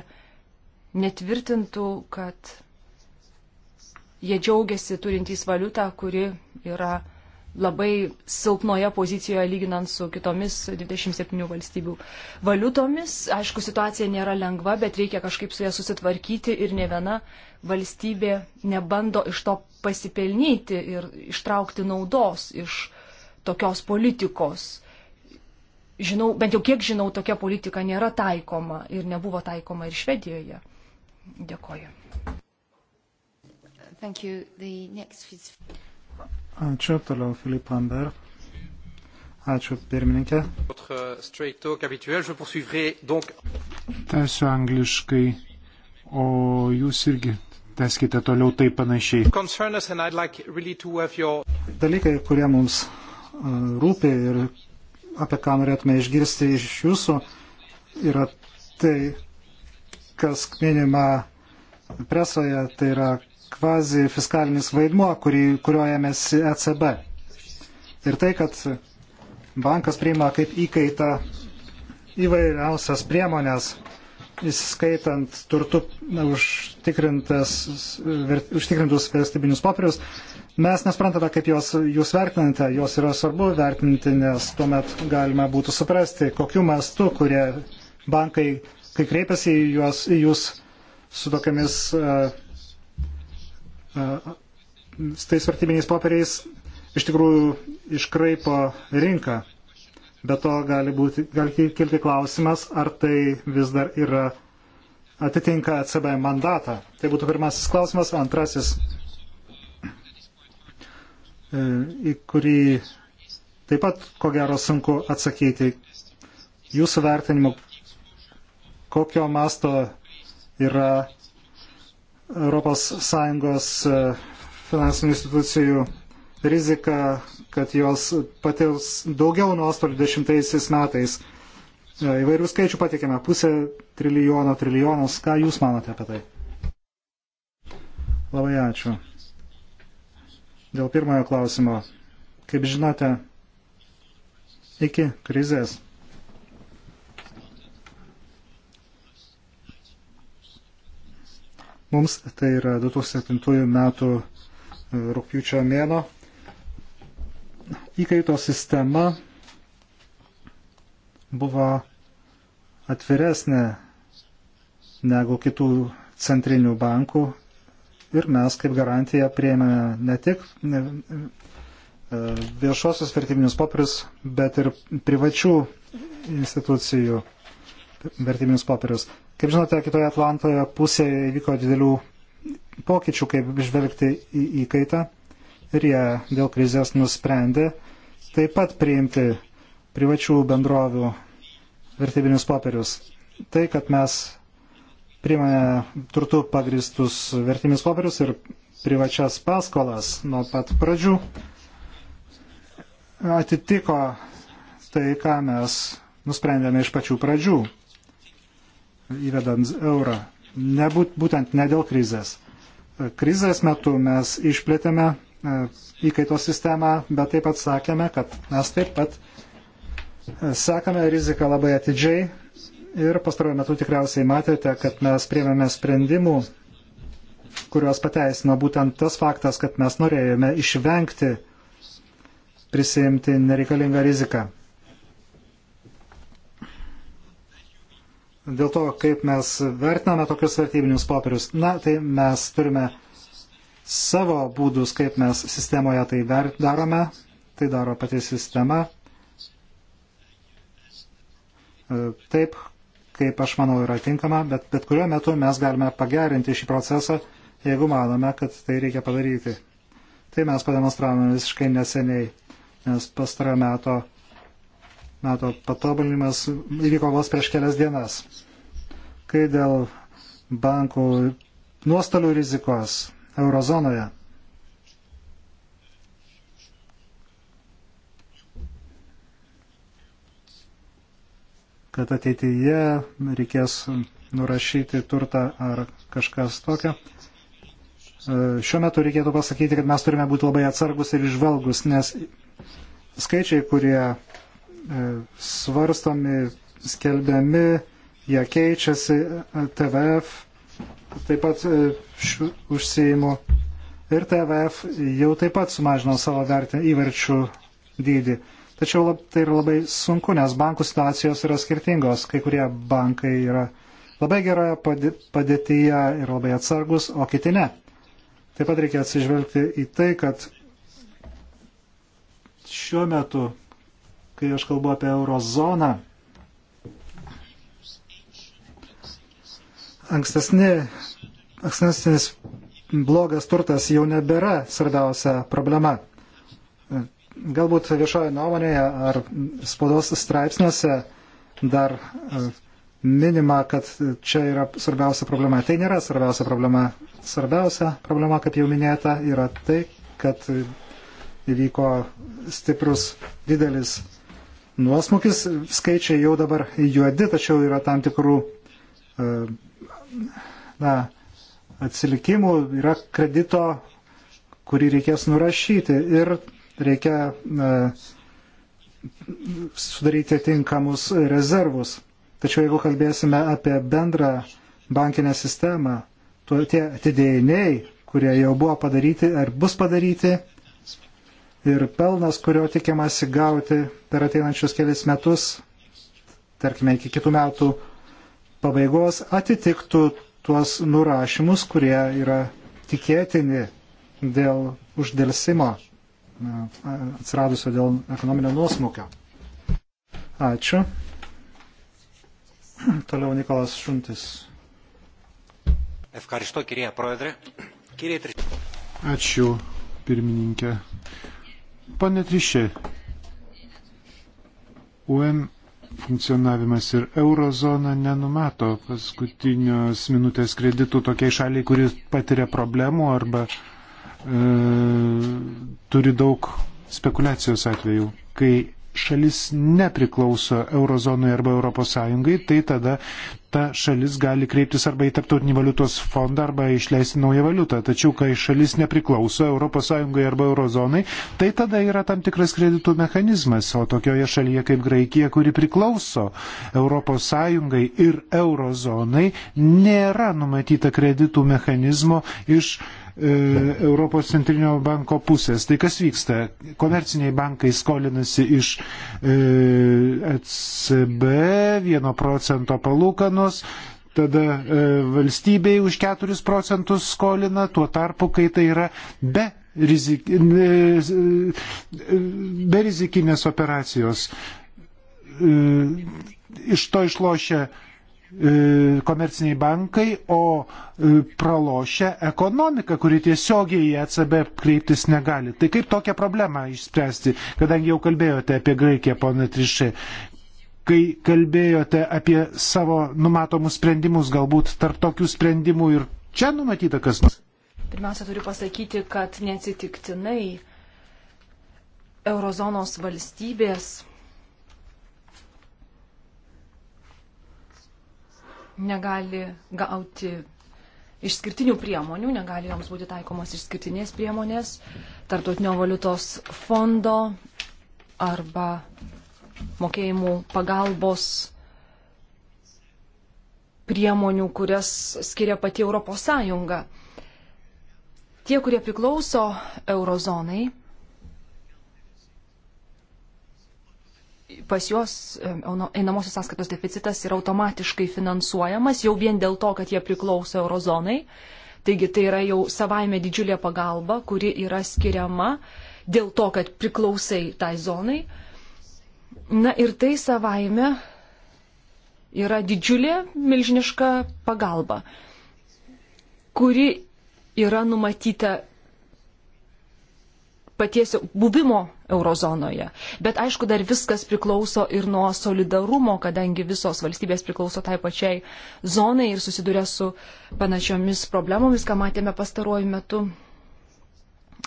netvirtintų, kad jie džiaugiasi turintys valiutą, kuri yra labai silpnoje pozicijoje lyginant su kitomis 27 valstybių valiutomis. Aišku, situacija nėra lengva, bet reikia kažkaip su ja susitvarkyti ir ne viena valstybė nebando iš to pasipelnyti ir ištraukti naudos iš tokios politikos. Žinau, bent jau kiek žinau, tokia politika nėra taikoma ir nebuvo taikoma ir Švedijoje. Dėkoju. Next... Ačiū, toliau Filip Amber. Ačiū, pirmininkė. Tęsiu angliškai, o jūs irgi tęskite toliau taip panašiai. Dalykai, kurie mums e, rūpi ir apie ką norėtume išgirsti iš jūsų, yra tai, kas minima presoje, tai yra kvazi fiskalinis vaidmuo, kurį, kurio ėmėsi ECB. Ir tai, kad bankas priima kaip įkaitą įvairiausias priemonės, įskaitant turtų užtikrintus vertybinius popierius, mes nesprantame, kaip jos, jūs vertinate, jos yra svarbu vertinti, nes tuomet galima būtų suprasti, kokiu mastu, kurie bankai kai kreipiasi į, juos, į jūs su tokiamis e, e, su tais vertybiniais popieriais, iš tikrųjų iškraipo rinką. Be to gali, būti, gali kilti klausimas, ar tai vis dar yra atitinka ECB mandatą. Tai būtų pirmasis klausimas. Antrasis, e, į kurį taip pat, ko gero, sunku atsakyti. Jūsų vertinimu, kokio masto yra ES e, finansinių institucijų rizika, kad jos patirs daugiau nuostolių dešimtaisiais metais. E, įvairių skaičių patikėme - pusė trilijono, trilijonas. Ką Jūs manote apie tai? Labai ačiū. Dėl pirmojo klausimo. Kaip žinote, iki krizės Mums tai yra 2007 metų rūpjūčio mėno. Įkaito sistema buvo atviresnė negu kitų centrinių bankų ir mes kaip garantiją prieimėme ne tik e, viešosios vertybinius popierius, bet ir privačių institucijų vertybinius popierius. Kaip žinote, kitoje Atlantoje pusėje įvyko didelių pokyčių, kaip žvelgti į įkaitą ir jie dėl krizės nusprendė taip pat priimti privačių bendrovių vertybinius popierius. Tai, kad mes priimame turtų pagristus vertybinius popierius ir privačias paskolas nuo pat pradžių, atitiko tai, ką mes nusprendėme iš pačių pradžių įvedant eurą. Nebūt, būtent ne dėl krizės. Krizės metu mes išplėtėme e, įkaitos sistemą, bet taip pat sakėme, kad mes taip pat e, sekame riziką labai atidžiai ir pastaruoju metu tikriausiai matėte, kad mes priemėme sprendimų, kuriuos pateisino būtent tas faktas, kad mes norėjome išvengti prisijimti nereikalingą riziką. dėl to, kaip mes vertiname tokius vertybinius popierius. Na, tai mes turime savo būdus, kaip mes sistemoje tai darome, tai daro pati sistema. E, taip, kaip aš manau, yra tinkama, bet bet kuriuo metu mes galime pagerinti šį procesą, jeigu manome, kad tai reikia padaryti. Tai mes pademonstravome visiškai neseniai, nes pastarą meto NATO patobulinimas įvyko vos prieš kelias dienas. Kai dėl bankų nuostolių rizikos eurozonoje. kad ateityje reikės nurašyti turtą ar kažkas tokio. Šiuo metu reikėtų pasakyti, kad mes turime būti labai atsargus ir išvalgus, nes skaičiai, kurie E, svarstomi, skelbiami, jie keičiasi, e, TVF taip pat e, šių užsijimų ir TVF jau taip pat sumažino savo vertę įverčių dydį. Tačiau lab, tai yra labai sunku, nes bankų situacijos yra skirtingos. Kai kurie bankai yra labai geroje padėtyje ir labai atsargus, o kiti ne. Taip pat reikia atsižvelgti į tai, kad šiuo metu kai aš kalbu apie eurozoną, ankstesni, ankstesnis blogas turtas jau nebėra svarbiausia problema. Galbūt viešoje nuomonėje ar spaudos straipsniuose dar e, minima, kad čia yra svarbiausia problema. Tai nėra svarbiausia problema. Svarbiausia problema, kaip jau minėta, yra tai, kad įvyko stiprus didelis nuosmukis. Skaičiai jau dabar juodi, tačiau yra tam tikrų e, na, atsilikimų, yra kredito, kurį reikės nurašyti ir reikia na, e, sudaryti tinkamus rezervus. Tačiau jeigu kalbėsime apie bendrą bankinę sistemą, tuo tie atidėjiniai, kurie jau buvo padaryti ar bus padaryti, ir pelnas, kurio tikimasi gauti per ateinančius kelias metus, tarkime iki kitų metų pabaigos, atitiktų tuos nurašymus, kurie yra tikėtini dėl uždėlsimo atsiradusio dėl ekonominio nuosmukio. Ačiū. Toliau Nikolas Šuntis. Ačiū, pirmininkė. Pane Trišė, UM funkcionavimas ir eurozona nenumato paskutinios minutės kreditų tokiai šaliai, kuris patiria problemų arba e, turi daug spekulacijos atvejų. Kai šalis nepriklauso eurozonui arba ES, tai tada ta šalis gali kreiptis arba į Tarptautinį valiutos fondą arba išleisti naują valiutą. Tačiau, kai šalis nepriklauso ES arba eurozonai, tai tada yra tam tikras kreditų mechanizmas. O tokioje šalyje kaip Graikija, kuri priklauso ES ir eurozonai, nėra numatyta kreditų mechanizmo iš E, Europos centrinio banko pusės. Tai kas vyksta? Komerciniai bankai skolinasi iš ECB e 1 procento palūkanos, tada e, valstybei už 4 procentus skolina, tuo tarpu, kai tai yra be, rizik, e, be rizikinės operacijos. E, iš to išlošia e, E, komerciniai bankai, o e, pralošia ekonomika, kuri tiesiogiai į ECB kreiptis negali. Tai kaip tokią problemą išspręsti, kadangi jau kalbėjote apie Graikiją, pana Trišė, kai kalbėjote apie savo numatomus sprendimus, galbūt tarp tokių sprendimų ir čia numatyta kas nors? Pirmiausia, turiu pasakyti, kad neatsitiktinai eurozonos valstybės negali gauti išskirtinių priemonių, negali joms būti taikomas išskirtinės priemonės, tartutinio valiutos fondo arba mokėjimų pagalbos priemonių, kurias skiria pati Europos Sąjunga. Tie, kurie priklauso eurozonai, pas juos einamosios sąskaitos deficitas yra automatiškai finansuojamas jau vien dėl to, kad jie priklauso eurozonai. Taigi tai yra jau savaime didžiulė pagalba, kuri yra skiriama dėl to, kad priklausai tai zonai. Na ir tai savaime yra didžiulė, milžiniška pagalba, kuri yra numatyta paties buvimo eurozonoje. Bet aišku, dar viskas priklauso ir nuo solidarumo, kadangi visos valstybės priklauso tai pačiai zonai ir susiduria su panašiomis problemomis, ką matėme pastaruoju metu.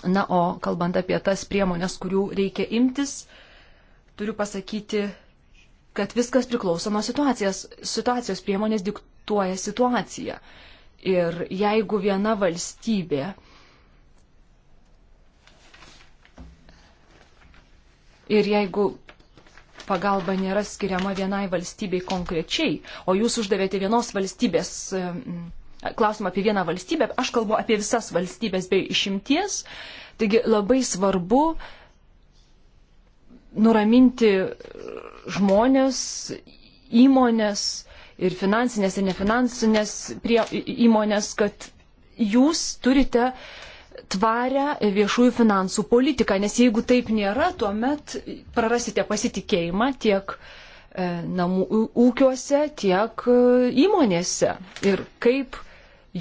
Na, o kalbant apie tas priemonės, kurių reikia imtis, turiu pasakyti, kad viskas priklauso nuo situacijos. Situacijos priemonės diktuoja situaciją. Ir jeigu viena valstybė Ir jeigu pagalba nėra skiriama vienai valstybei konkrečiai, o jūs uždavėte vienos valstybės klausimą apie vieną valstybę, aš kalbu apie visas valstybės bei išimties, taigi labai svarbu nuraminti žmonės, įmonės ir finansinės ir nefinansinės prie, įmonės, kad jūs turite uh, tvarę viešųjų finansų politiką, nes jeigu taip nėra, tuomet prarasite pasitikėjimą tiek e, namų ūkiuose, tiek e, įmonėse. Ir kaip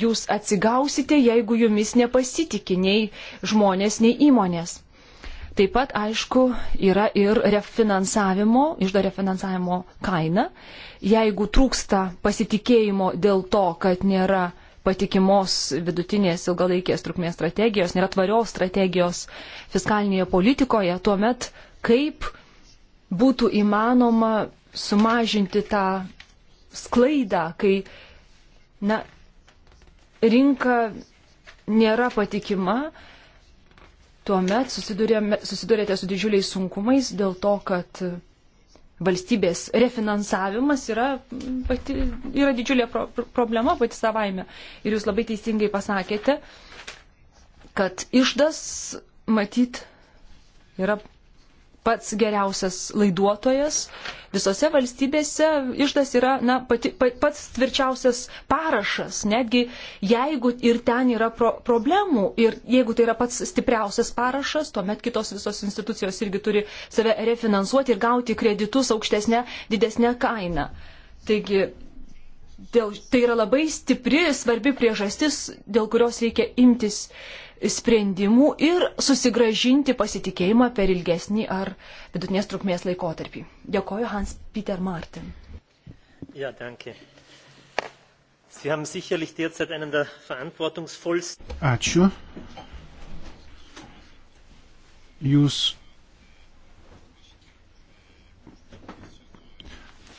jūs atsigausite, jeigu jumis nepasitikė nei žmonės, nei įmonės. Taip pat, aišku, yra ir refinansavimo, išdo refinansavimo kaina. Jeigu trūksta pasitikėjimo dėl to, kad nėra patikimos vidutinės ilgalaikės trukmės strategijos, nėra tvarios strategijos fiskalinėje politikoje, tuomet kaip būtų įmanoma sumažinti tą sklaidą, kai na, rinka nėra patikima, tuomet susidurėte su didžiuliais sunkumais dėl to, kad valstybės refinansavimas yra, pati, yra didžiulė pro, problema pati savaime. Ir jūs labai teisingai pasakėte, kad išdas matyt yra pats geriausias laiduotojas. Visose valstybėse išdas yra na, pati, pats tvirčiausias parašas, netgi jeigu ir ten yra pro, problemų ir jeigu tai yra pats stipriausias parašas, tuomet kitos visos institucijos irgi turi save refinansuoti ir gauti kreditus aukštesnę, didesnę kainą. Taigi dėl, tai yra labai stipri, svarbi priežastis, dėl kurios reikia imtis sprendimų ir susigražinti pasitikėjimą per ilgesnį ar vidutinės trukmės laikotarpį. Dėkoju Hans Peter Martin. Ja, danke. Sie haben sicherlich derzeit einen der verantwortungsvollsten. Ačiū. Jūs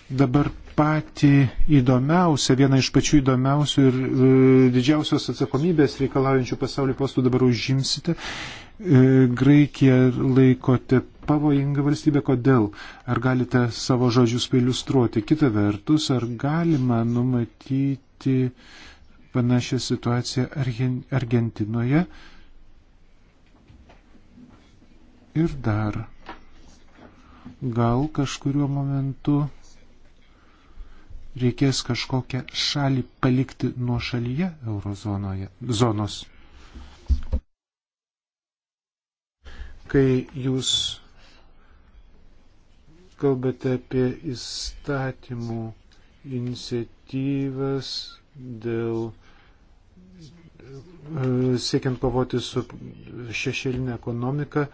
dabar patį įdomiausią, vieną iš pačių įdomiausių ir e, didžiausios atsakomybės reikalaujančių pasaulio postų dabar užimsite. E, Graikiją laikote pavojinga valstybė, kodėl? Ar galite savo žodžius pailiustruoti? Kita vertus, ar galima numatyti panašią situaciją Argentinoje? Ir dar gal kažkuriuo momentu reikės kažkokią šalį palikti nuo šalyje eurozonoje zonos. Kai jūs kalbate apie įstatymų iniciatyvas dėl e, siekiant kovoti su šešėlinė ekonomika,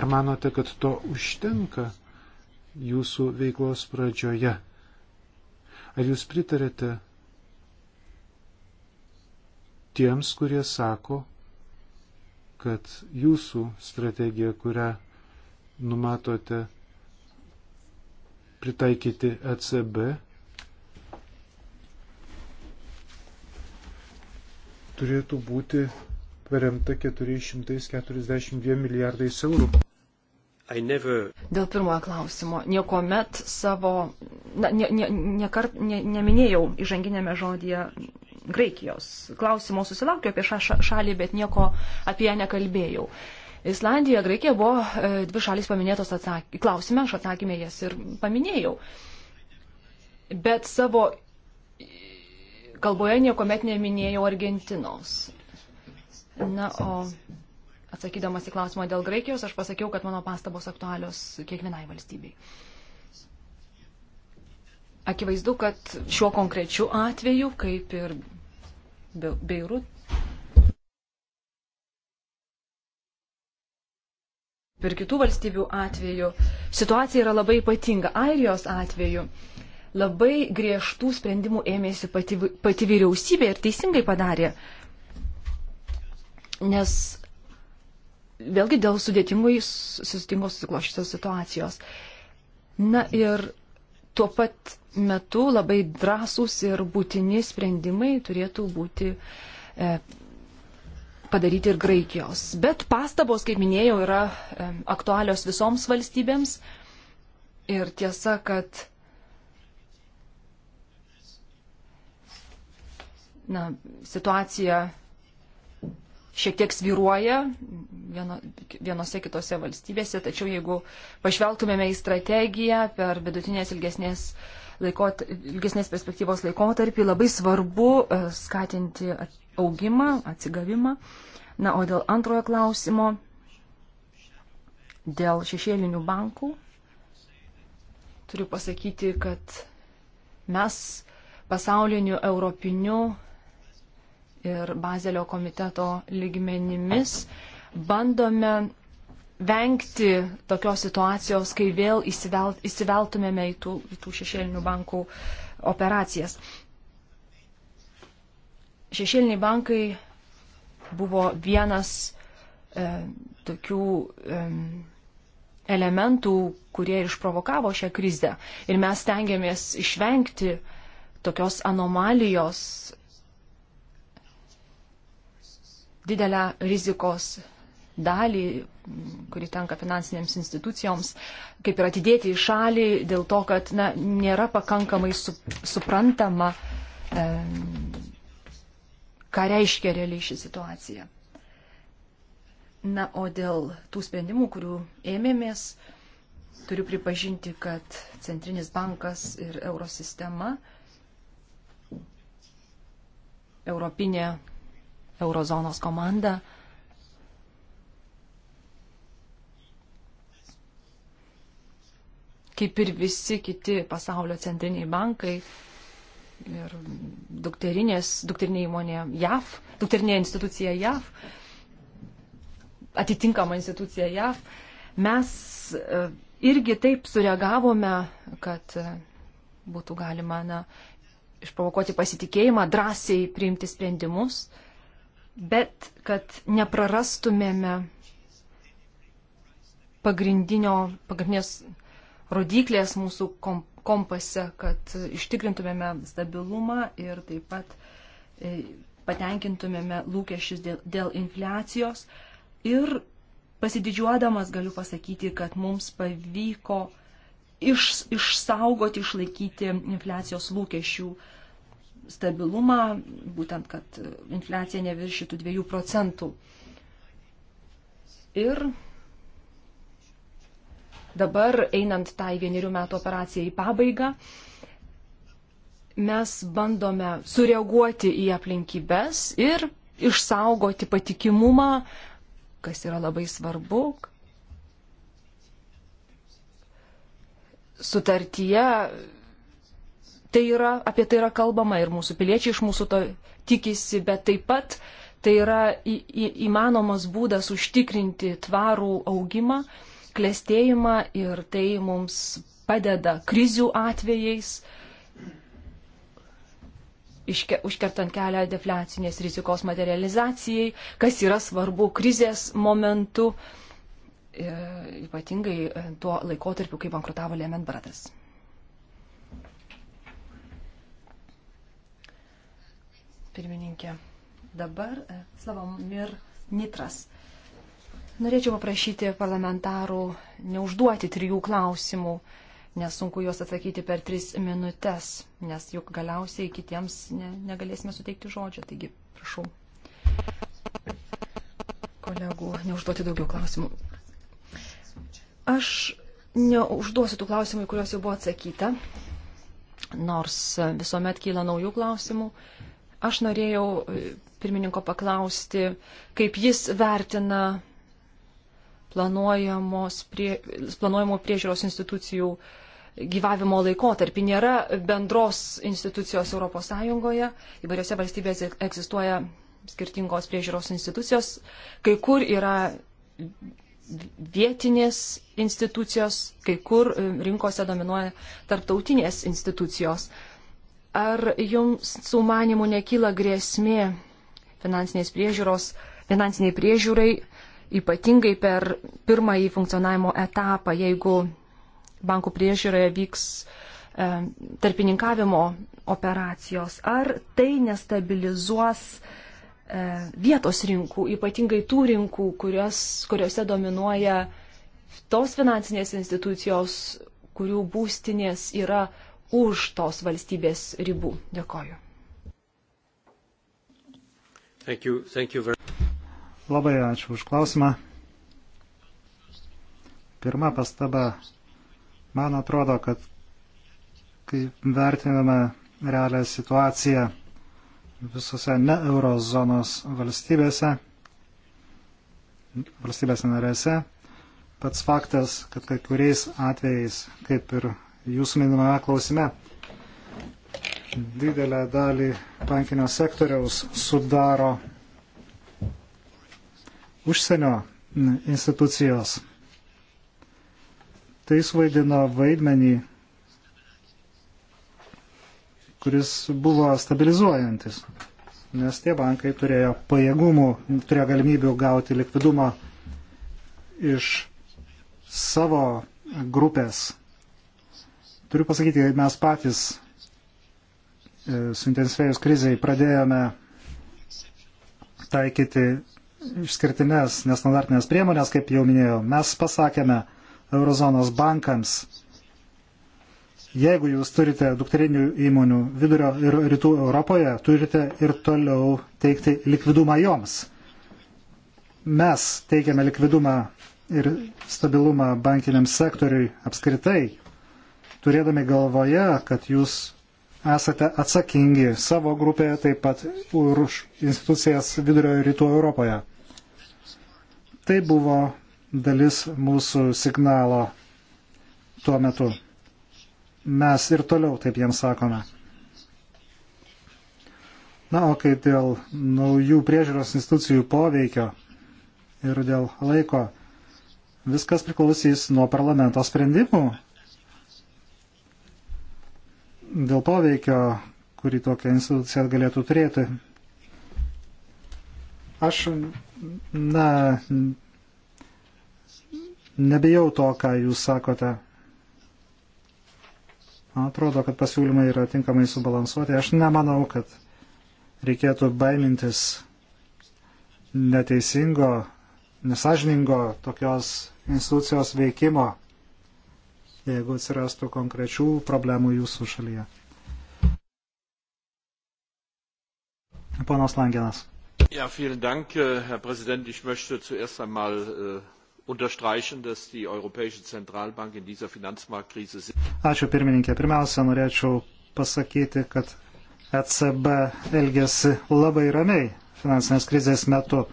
ar manote, kad to užtenka? jūsų veiklos pradžioje. Ar jūs pritarėte tiems, kurie sako, kad jūsų strategija, kurią numatote pritaikyti ECB, turėtų būti paremta 442 milijardais eurų never... Dėl pirmojo klausimo. Niekuomet savo, na, ne, ne, niekart ne, neminėjau įžanginėme žodėje Graikijos. Klausimo susilaukiau apie šią ša, šalį, bet nieko apie ją nekalbėjau. Islandija, Graikija buvo e, dvi šalis paminėtos atsaky, klausime, aš atsakymė jas ir paminėjau. Bet savo kalboje niekuomet neminėjau Argentinos. Na, o Atsakydamas į klausimą dėl Graikijos, aš pasakiau, kad mano pastabos aktualios kiekvienai valstybei. Akivaizdu, kad šiuo konkrečiu atveju, kaip ir Beirut, ir kitų valstybių atveju, situacija yra labai ypatinga. Airijos atveju labai griežtų sprendimų ėmėsi pati, pati vyriausybė ir teisingai padarė, nes vėlgi dėl sudėtingos susiklošysios situacijos. Na ir tuo pat metu labai drąsūs ir būtini sprendimai turėtų būti e, padaryti ir Graikijos. Bet pastabos, kaip minėjau, yra e, aktualios visoms valstybėms. Ir tiesa, kad na, situacija šiek tiek sviruoja vieno, vienose kitose valstybėse, tačiau jeigu pažvelgtumėme į strategiją per vidutinės ilgesnės, laiko, ilgesnės perspektyvos laikotarpį, labai svarbu e, skatinti augimą, atsigavimą. Na, o dėl antrojo klausimo, dėl šešėlinių bankų, turiu pasakyti, kad mes pasauliniu europiniu ir Bazelio komiteto lygmenimis bandome vengti tokios situacijos, kai vėl įsiveltumėme į tų, į tų šešėlinių bankų operacijas. Šešėliniai bankai buvo vienas e, tokių e, elementų, kurie ir išprovokavo šią krizę. Ir mes tengiamės išvengti tokios anomalijos didelę rizikos dalį, kuri tenka finansinėms institucijoms, kaip ir atidėti į šalį dėl to, kad na, nėra pakankamai su, suprantama, e, ką reiškia realiai ši situacija. Na, o dėl tų sprendimų, kurių ėmėmės, turiu pripažinti, kad Centrinis bankas ir eurosistema, Europinė eurozonos komanda. Kaip ir visi kiti pasaulio centriniai bankai ir dukterinė įmonė JAF, dukterinė institucija JAF, atitinkama institucija JAF, mes e, irgi taip sureagavome, kad e, būtų galima na, išprovokuoti pasitikėjimą, drąsiai priimti sprendimus bet kad neprarastumėme pagrindinio, pagrindinės rodiklės mūsų kompase, kad ištikrintumėme stabilumą ir taip pat e, patenkintumėme lūkesčius dėl, dėl infliacijos. Ir pasididžiuodamas galiu pasakyti, kad mums pavyko iš, išsaugoti, išlaikyti infliacijos lūkesčių uh, stabilumą, būtent, kad infliacija neviršytų 2 procentų. Ir dabar, einant tai vienerių metų operacijai į pabaigą, mes bandome sureaguoti į aplinkybės ir išsaugoti patikimumą, kas yra labai svarbu, sutartyje tai yra, apie tai yra kalbama ir mūsų piliečiai iš mūsų to tikisi, bet taip pat tai yra į, į, įmanomas būdas užtikrinti tvarų augimą, klėstėjimą ir tai mums padeda krizių atvejais, iške, užkertant kelią defliacinės rizikos materializacijai, kas yra svarbu krizės momentu, e, ypatingai tuo laikotarpiu, kai bankrutavo Lehman Brothers. pirmininkė. Dabar e, Slavomir Nitras. Norėčiau paprašyti parlamentarų neužduoti trijų klausimų, nes sunku juos atsakyti per tris minutės, nes juk galiausiai kitiems ne, negalėsime suteikti žodžio. Taigi, prašau kolegų neužduoti daugiau klausimų. Aš neužduosiu tų klausimų, į kuriuos jau buvo atsakyta, nors visuomet kyla naujų klausimų. Aš norėjau e, pirmininko paklausti, kaip jis vertina prie, planuojamo priežiūros institucijų gyvavimo laikotarpį. Nėra bendros institucijos ES, įvairiose valstybėse egzistuoja skirtingos priežiūros institucijos, kai kur yra vietinės institucijos, kai kur e, rinkose dominuoja tarptautinės institucijos. Ar jums su manimu nekyla grėsmė finansiniai priežiūrai, ypatingai per pirmąjį funkcionavimo etapą, jeigu bankų priežiūroje vyks e, tarpininkavimo operacijos, ar tai nestabilizuos e, vietos rinkų, ypatingai tų rinkų, kurios, kuriuose dominuoja tos finansinės institucijos, kurių būstinės yra už tos valstybės ribų. Dėkoju. Thank you. Thank you very... Labai ačiū už klausimą. Pirma pastaba. Man atrodo, kad kai vertiname realią situaciją visose ne eurozonos valstybėse, valstybėse narėse, pats faktas, kad kai kuriais atvejais, kaip ir jūsų minimame klausime. Didelę dalį bankinio sektoriaus sudaro užsienio institucijos. Tai suvaidino vaidmenį, kuris buvo stabilizuojantis, nes tie bankai turėjo pajėgumų, turėjo galimybių gauti likvidumą iš savo grupės Turiu pasakyti, mes patys e, su intensyvėjus kriziai pradėjome taikyti išskirtinės nestandartinės priemonės, kaip jau minėjau. Mes pasakėme Eurozonos bankams, jeigu jūs turite dukterinių įmonių vidurio ir rytų Europoje, turite ir toliau teikti likvidumą joms. Mes teikiame likvidumą ir stabilumą bankiniam sektoriui apskritai turėdami galvoje, kad jūs esate atsakingi savo grupėje, taip pat už institucijas vidurio ir rytų Europoje. Tai buvo dalis mūsų signalo tuo metu. Mes ir toliau taip jiems sakome. Na, o kai dėl naujų priežiūros institucijų poveikio ir dėl laiko, viskas priklausys nuo parlamento sprendimų, dėl poveikio, kurį tokia institucija galėtų turėti. Aš, na, nebijau to, ką jūs sakote. Man atrodo, kad pasiūlymai yra tinkamai subalansuoti. Aš nemanau, kad reikėtų baimintis neteisingo, nesažiningo tokios institucijos veikimo jeigu atsirastų konkrečių problemų jūsų šalyje. Ponas Langenas. Ja, vielen Dank, äh, Herr Präsident. Ich möchte zuerst einmal äh, unterstreichen, dass die Europäische Zentralbank in dieser Finanzmarktkrise. Ačiū pirmininkė. Pirmiausia, norėčiau pasakyti, kad ECB elgėsi labai ramiai finansinės krizės metu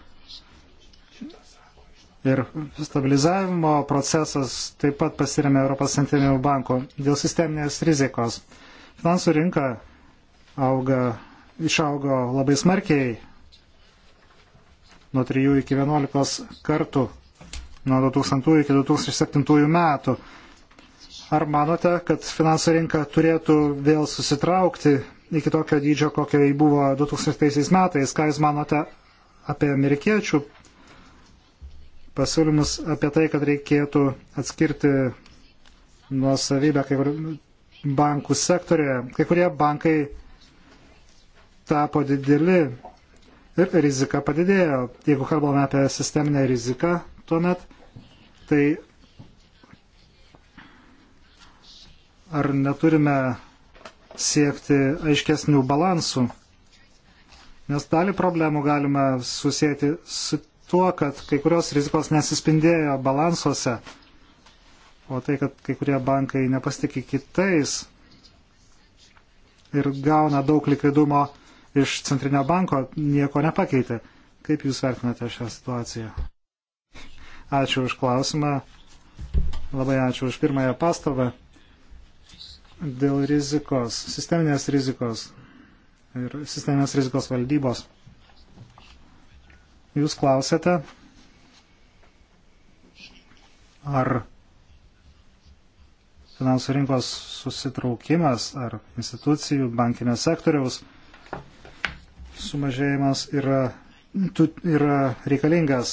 ir stabilizavimo procesas taip pat pasiremė Europos centrinio banko dėl sisteminės rizikos. Finansų rinka auga, išaugo labai smarkiai nuo 3 iki 11 kartų nuo 2000 iki 2007 metų. Ar manote, kad finansų rinka turėtų vėl susitraukti iki tokio dydžio, kokio jį buvo 2000 metais? Ką Jūs manote apie amerikiečių pasiūlymus apie tai, kad reikėtų atskirti nuosavybę kai bankų sektorėje. Kai kurie bankai tapo dideli ir rizika padidėjo. Jeigu kalbame apie sisteminę riziką, tuomet tai ar neturime siekti aiškesnių balansų, nes dalį problemų galima susijęti su tuo, kad kai kurios rizikos nesispindėjo balansuose, o tai, kad kai kurie bankai nepasitikė kitais ir gauna daug likvidumo iš centrinio banko, nieko nepakeitė. Kaip Jūs vertinate šią situaciją? Ačiū už klausimą. Labai ačiū už pirmąją pastabą. Dėl rizikos, sisteminės rizikos ir sisteminės rizikos valdybos. Jūs klausėte, ar finansų rinkos susitraukimas ar institucijų bankinio sektoriaus sumažėjimas yra, yra reikalingas.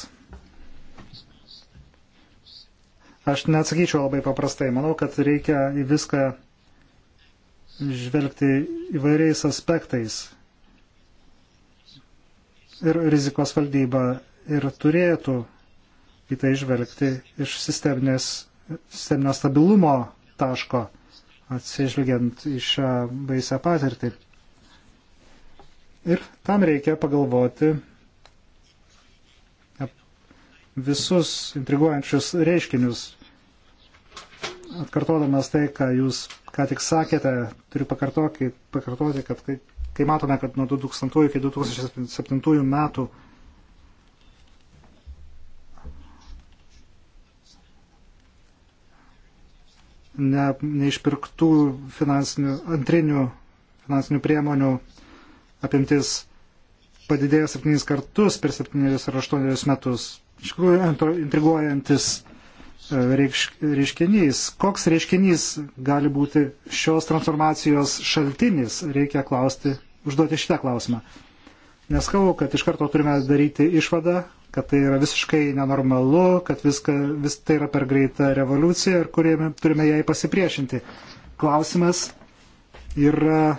Aš neatsakyčiau labai paprastai. Manau, kad reikia į viską žvelgti įvairiais aspektais ir rizikos valdyba ir turėtų į tai žvelgti iš sisteminio stabilumo taško, atsižvelgiant į šią baisę patirtį. Ir tam reikia pagalvoti visus intriguojančius reiškinius. Atkartodamas tai, ką jūs ką tik sakėte, turiu pakartoti, pakartoti kad tai kai matome, kad nuo 2000 iki 2007 metų ne, neišpirktų finansinių, antrinių finansinių priemonių apimtis padidėjo septynis kartus per septynis ar aštuonerius metus. Iš tikrųjų, intriguojantis e, reiškinys. Koks reiškinys gali būti šios transformacijos šaltinis, reikia klausti užduoti šitą klausimą. Neskau, kad iš karto turime daryti išvadą, kad tai yra visiškai nenormalu, kad viska, vis tai yra per greita revoliucija ir kuriame turime jai pasipriešinti. Klausimas yra,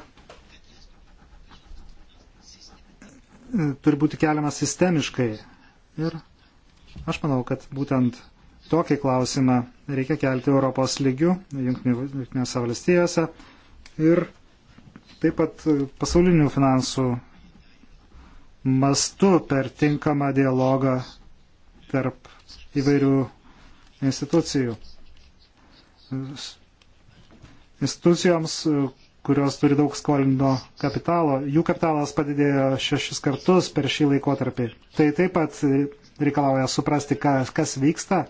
e, turi būti keliamas sistemiškai. Ir aš manau, kad būtent tokį klausimą reikia kelti Europos lygių, Junktinėse valstijose ir Taip pat e, pasaulinių finansų mastu per tinkamą dialogą tarp įvairių institucijų. Institucijoms, e, kurios turi daug skolino kapitalo, jų kapitalas padidėjo šešis kartus per šį laikotarpį. Tai taip pat e, reikalauja suprasti, kas, kas vyksta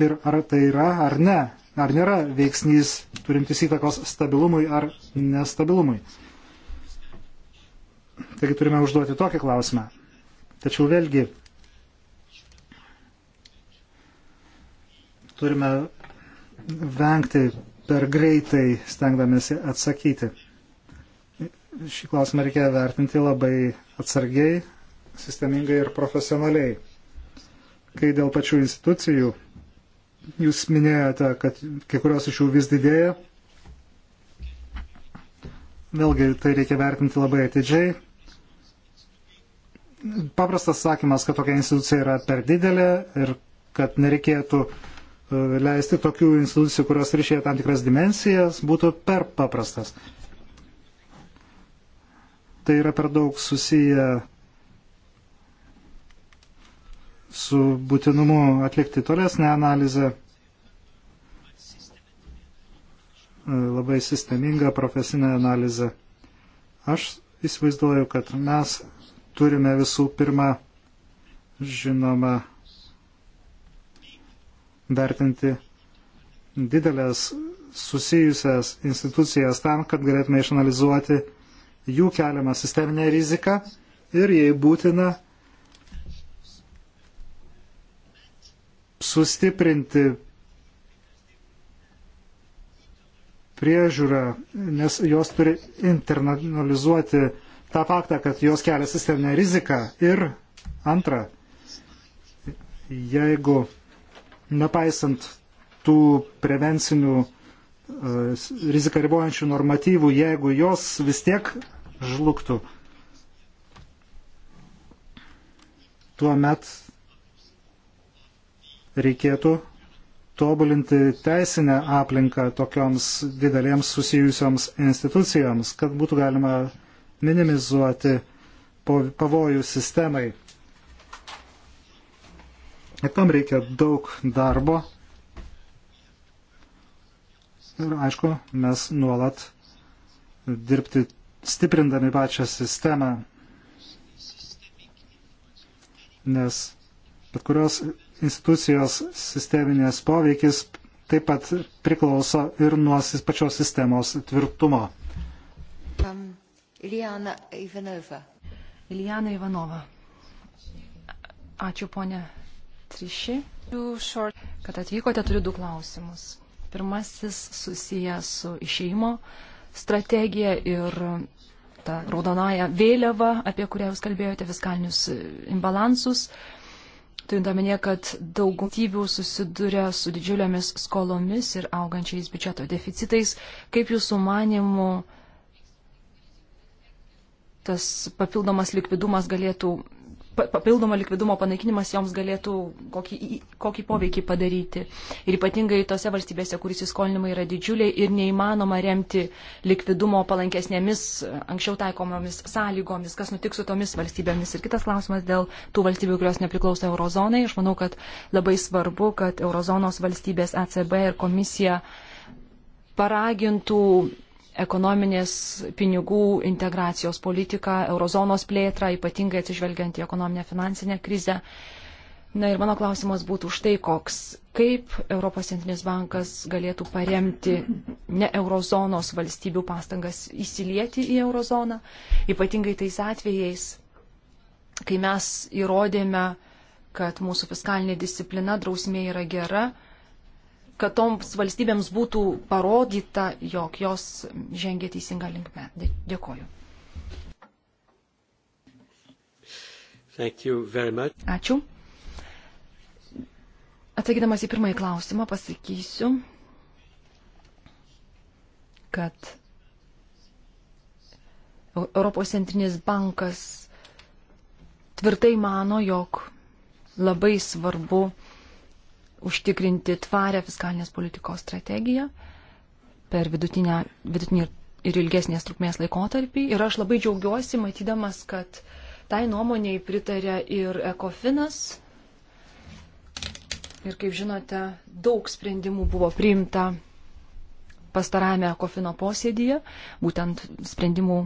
ir ar tai yra ar ne, ar nėra veiksnys turintis įtakos stabilumui ar nestabilumui. Taigi turime užduoti tokį klausimą. Tačiau vėlgi turime vengti per greitai stengdamėsi atsakyti. Šį klausimą reikia vertinti labai atsargiai, sistemingai ir profesionaliai. Kai dėl pačių institucijų, jūs minėjote, kad kai kurios iš jų vis didėja, Vėlgi tai reikia vertinti labai atidžiai. Paprastas sakymas, kad tokia institucija yra per didelė ir kad nereikėtų e, leisti tokių institucijų, kurios ryšėja tam tikras dimensijas, būtų per paprastas. Tai yra per daug susiję su būtinumu atlikti tolesnę analizę. E, labai sistemingą profesinę analizę. Aš įsivaizduoju, kad mes turime visų pirma, žinoma, vertinti didelės susijusias institucijas tam, kad galėtume išanalizuoti jų keliamą sisteminę riziką ir, jei būtina, sustiprinti priežiūrą, nes jos turi internalizuoti tą faktą, kad jos kelia sisteminę riziką. Ir antra, jeigu nepaisant tų prevencinių e, riziką ribojančių normatyvų, jeigu jos vis tiek žlugtų, tuomet reikėtų tobulinti teisinę aplinką tokioms didelėms susijusioms institucijoms, kad būtų galima minimizuoti pavojų sistemai. Ir tam reikia daug darbo. Ir aišku, mes nuolat dirbti stiprindami pačią sistemą, nes bet kurios institucijos sisteminės poveikis taip pat priklauso ir nuo pačios sistemos tvirtumo. Um, Iliana Ivanova. Iliana Ivanova. Ačiū ponė Triši, kad atvykote, turiu du klausimus. Pirmasis susijęs su išeimo strategija ir ta raudonaja vėliava, apie kurią jūs kalbėjote, fiskalinius imbalansus. Uh, turintomenė, kad daug valstybių susiduria su didžiulėmis skolomis ir augančiais biudžeto deficitais. Kaip jūsų manimų tas papildomas likvidumas galėtų papildomo likvidumo panaikinimas joms galėtų kokį, kokį poveikį padaryti. Ir ypatingai tose valstybėse, kur įsiskolinimai yra didžiuliai ir neįmanoma remti likvidumo palankesnėmis anksčiau taikomomis sąlygomis, kas nutiks su tomis valstybėmis. Ir kitas klausimas dėl tų valstybių, kurios nepriklauso eurozonai. Aš manau, kad labai svarbu, kad eurozonos valstybės ECB ir komisija paragintų ekonominės pinigų integracijos politiką, eurozonos plėtrą, ypatingai atsižvelgiant į ekonominę finansinę krizę. Na ir mano klausimas būtų štai koks. Kaip Europos centrinis bankas galėtų paremti ne eurozonos valstybių pastangas įsilieti į eurozoną, ypatingai tais atvejais, kai mes įrodėme, kad mūsų fiskalinė disciplina drausmė yra gera, kad toms valstybėms būtų parodyta, jog jos žengia teisinga linkme. Dėkoju. Ačiū. Atsakydamas į pirmąjį klausimą pasakysiu, kad Europos centrinis bankas tvirtai mano, jog labai svarbu užtikrinti tvarę fiskalinės politikos strategiją per vidutinę, vidutinį ir ilgesnės trukmės laikotarpį. Ir aš labai džiaugiuosi, matydamas, kad tai nuomoniai pritarė ir Ekofinas. Ir kaip žinote, daug sprendimų buvo priimta pastarame Ekofino posėdyje, būtent sprendimų,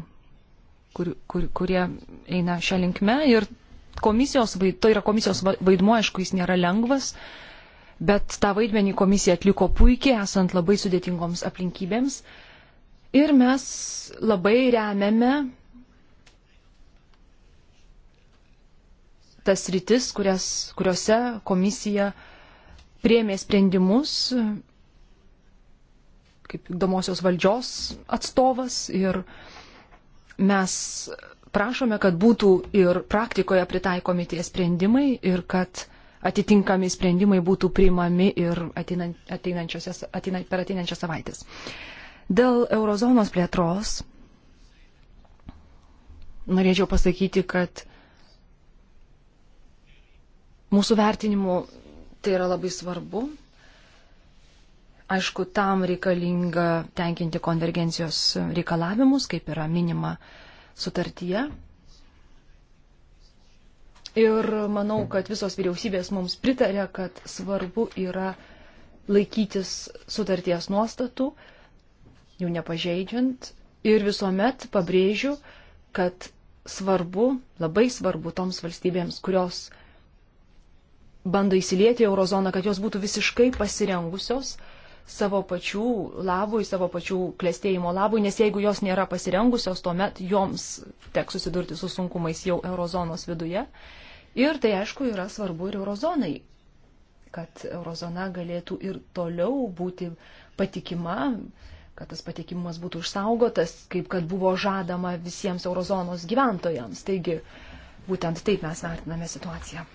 kur, kur, kurie eina šią linkmę. Ir komisijos, tai yra komisijos vaidmuo, aišku, jis nėra lengvas. Uh, bet tą vaidmenį komisija atliko puikiai, esant labai sudėtingoms aplinkybėms. Ir mes labai remiame tas rytis, kurias, kuriuose komisija priemė sprendimus kaip vykdomosios valdžios atstovas ir mes prašome, kad būtų ir praktikoje pritaikomi tie sprendimai ir kad atitinkami sprendimai būtų priimami ir ateinančios, ateina, per ateinančias savaitės. Dėl eurozonos plėtros norėčiau pasakyti, kad mūsų vertinimu tai yra labai svarbu. Aišku, tam reikalinga tenkinti konvergencijos reikalavimus, kaip yra minima sutartyje. Ir manau, kad visos vyriausybės mums pritarė, kad svarbu yra laikytis sutarties nuostatų, jų nepažeidžiant. Ir visuomet pabrėžiu, kad svarbu, labai svarbu toms valstybėms, kurios bando įsilieti į eurozoną, kad jos būtų visiškai pasirengusios savo pačių labui, savo pačių klėstėjimo labui, nes jeigu jos nėra pasirengusios, tuomet joms teks susidurti su sunkumais jau eurozonos viduje. Ir tai aišku yra svarbu ir eurozonai, kad eurozona galėtų ir toliau būti patikima, kad tas patikimumas būtų išsaugotas, kaip kad buvo žadama visiems eurozonos gyventojams. Taigi, būtent taip mes vertiname situaciją.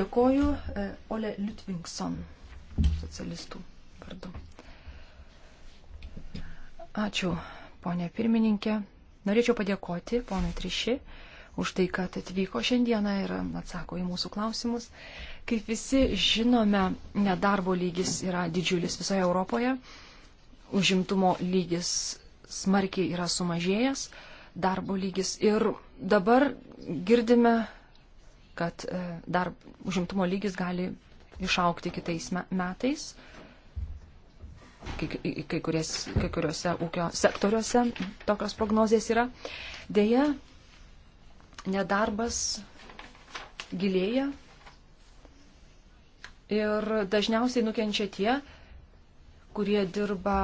Dėkoju e, Ole Liutvingson, socialistų vardu. Ačiū, ponė pirmininkė. Norėčiau padėkoti ponui Triši už tai, kad atvyko šiandieną ir atsako į mūsų klausimus. Kaip visi žinome, nedarbo lygis yra didžiulis visoje Europoje, užimtumo lygis smarkiai yra sumažėjęs, darbo lygis ir dabar girdime, kad e, dar užimtumo lygis gali išaukti kitais metais kai, kai, kuries, kai kuriuose ūkio sektoriuose tokios prognozijas yra. Deja, nedarbas gilėja ir dažniausiai nukenčia tie, kurie dirba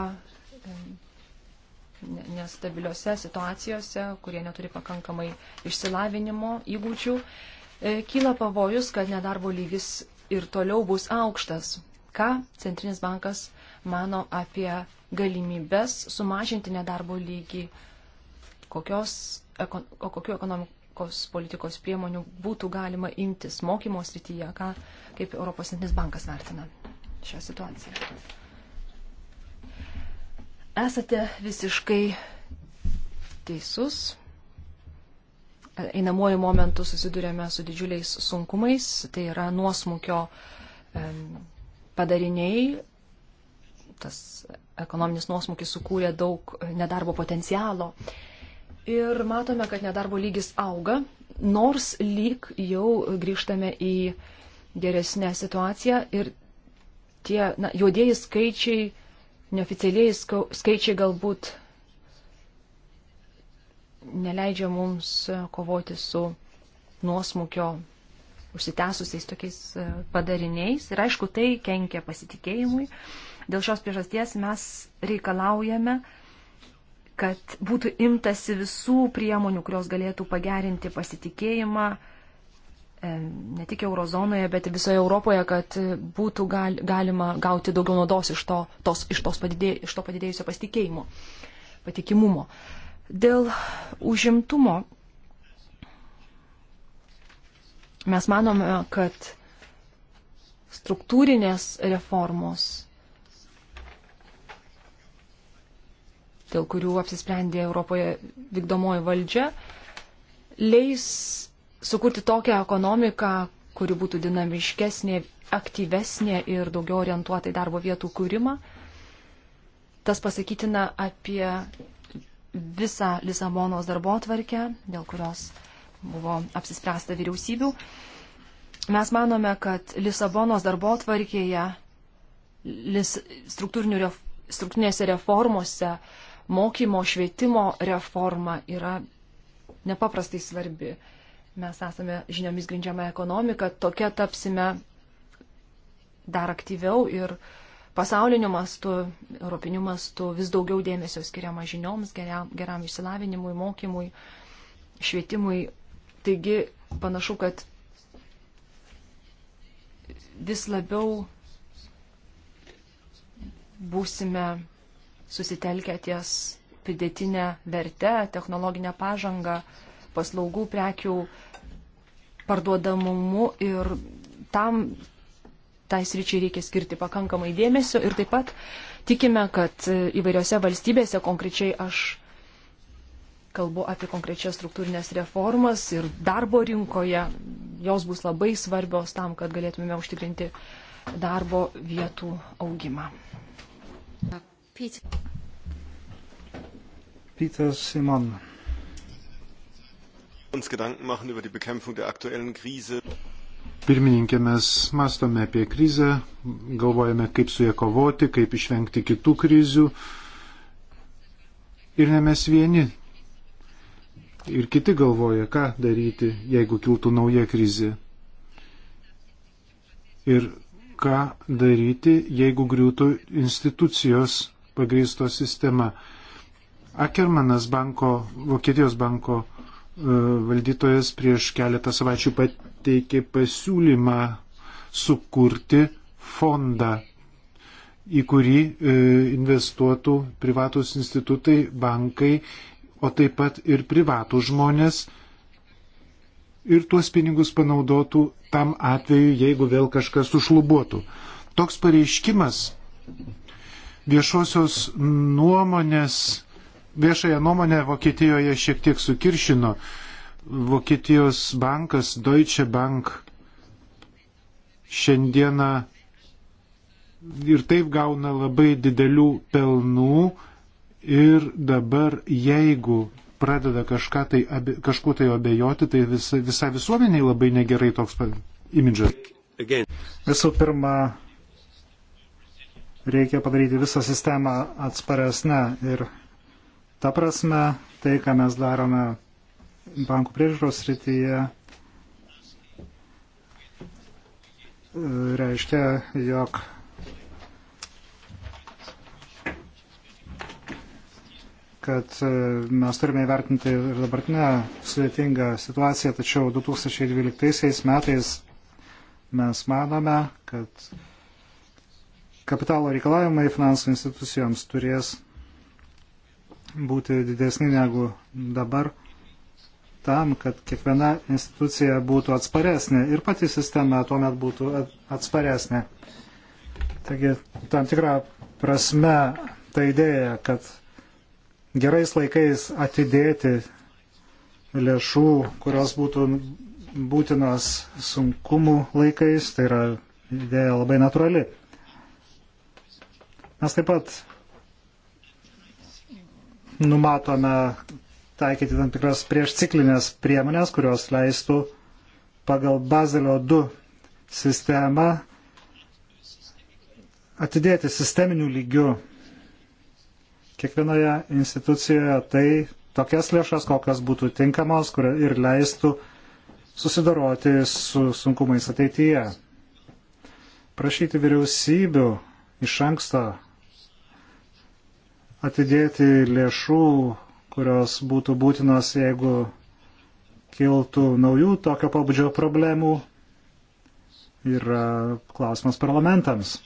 nestabiliose situacijose, kurie neturi pakankamai išsilavinimo įgūdžių. E, kyla pavojus, kad nedarbo lygis ir toliau bus aukštas. Ką Centrinis bankas mano apie galimybės sumažinti nedarbo lygį, kokios, o kokiu ekonomik, kokios politikos priemonių būtų galima imtis mokymo srityje, ką kaip Europos Centrinis bankas vertina šią situaciją. Esate visiškai teisus einamuoju momentu susidurėme su didžiuliais sunkumais, tai yra nuosmukio padariniai. Tas ekonominis nuosmukis sukūrė daug nedarbo potencialo ir matome, kad nedarbo lygis auga, nors lyg jau grįžtame į geresnę situaciją ir tie na, juodieji skaičiai, neoficialiai skaičiai galbūt neleidžia mums e, kovoti su nuosmukio užsitęsusiais tokiais e, padariniais ir aišku tai kenkia pasitikėjimui. Dėl šios priežasties mes reikalaujame, kad būtų imtasi visų priemonių, kurios galėtų pagerinti pasitikėjimą e, ne tik eurozonoje, bet ir visoje Europoje, kad būtų gal, galima gauti daugiau naudos iš to, tos, iš tos padidė, iš to padidėjusio pasitikėjimo, patikimumo. Dėl užimtumo mes manome, kad struktūrinės reformos dėl kurių apsisprendė Europoje vykdomoji valdžia, leis sukurti tokią ekonomiką, kuri būtų dinamiškesnė, aktyvesnė ir daugiau orientuota į darbo vietų kūrimą. Tas pasakytina apie visą Lisabonos darbo atvarkę, dėl kurios buvo apsispręsta vyriausybių. Mes manome, kad Lisabonos darbo atvarkėje struktūrinėse reformose mokymo, švietimo reforma yra nepaprastai svarbi. Mes esame žiniomis grindžiama ekonomika, tokia tapsime dar aktyviau ir pasauliniu mastu, europiniu mastu vis daugiau dėmesio skiriama žinioms, geriam, geram išsilavinimui, mokymui, švietimui. Taigi panašu, kad vis labiau būsime susitelkę ties pridėtinę vertę, technologinę pažangą, paslaugų, prekių parduodamumu ir tam tai sričiai reikia skirti pakankamai dėmesio ir taip pat tikime, kad įvairiose valstybėse, konkrečiai aš kalbu apie konkrečias struktūrinės reformas ir darbo rinkoje, jos bus labai svarbios tam, kad galėtumėme užtikrinti darbo vietų augimą. Peter. Peter Simon. Uns Gedanken machen über die Bekämpfung der aktuellen Krise. Pirmininkė, mes mastome apie krizę, galvojame, kaip su ją kovoti, kaip išvengti kitų krizių. Ir ne mes vieni. Ir kiti galvoja, ką daryti, jeigu kiltų nauja krizė. Ir ką daryti, jeigu griūtų institucijos pagrįsto sistema. Akermanas banko, Vokietijos banko e, valdytojas prieš keletą savaičių pateikė pasiūlymą sukurti fondą, į kurį e, investuotų privatus institutai, bankai, o taip pat ir privatų žmonės ir tuos pinigus panaudotų tam atveju, jeigu vėl kažkas sušlubuotų. Toks pareiškimas viešosios nuomonės, viešąją nuomonę Vokietijoje šiek tiek sukiršino. Vokietijos bankas Deutsche Bank šiandieną ir taip gauna labai didelių pelnų ir dabar jeigu pradeda kažką tai, abe, kažkuo tai abejoti, tai visa, visa visuomeniai labai negerai toks imidžas. Visų pirma, reikia padaryti visą sistemą atsparesnę ir ta prasme tai, ką mes darome bankų priežiūros srityje, reiškia, jog kad e, mes turime įvertinti ir dabartinę sudėtingą situaciją, tačiau 2012 metais mes manome, kad kapitalo reikalavimai finansų institucijoms turės būti didesni negu dabar tam, kad kiekviena institucija būtų atsparesnė ir pati sistema tuomet būtų atsparesnė. Taigi, tam tikrą prasme ta idėja, kad gerais laikais atidėti lėšų, kurios būtų būtinos sunkumų laikais, tai yra idėja labai natūrali. Mes taip pat numatome taikyti tam tikras priešciklinės priemonės, kurios leistų pagal Bazelio 2 sistemą atidėti sisteminių lygių kiekvienoje institucijoje tai tokias lėšas, kokios būtų tinkamos ir leistų susidoroti su sunkumais ateityje. Prašyti vyriausybių iš anksto atidėti lėšų, kurios būtų būtinos, jeigu kiltų naujų tokio pabudžio problemų, yra klausimas parlamentams.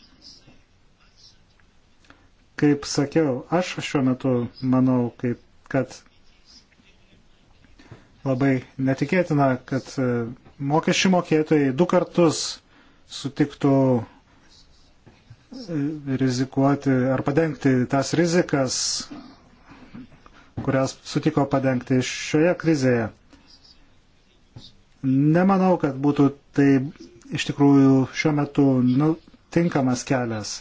Kaip sakiau, aš šiuo metu manau, kaip, kad labai netikėtina, kad mokesčių mokėtojai du kartus sutiktų rizikuoti ar padengti tas rizikas, kurias sutiko padengti šioje krizėje. Nemanau, kad būtų tai iš tikrųjų šiuo metu nu, tinkamas kelias.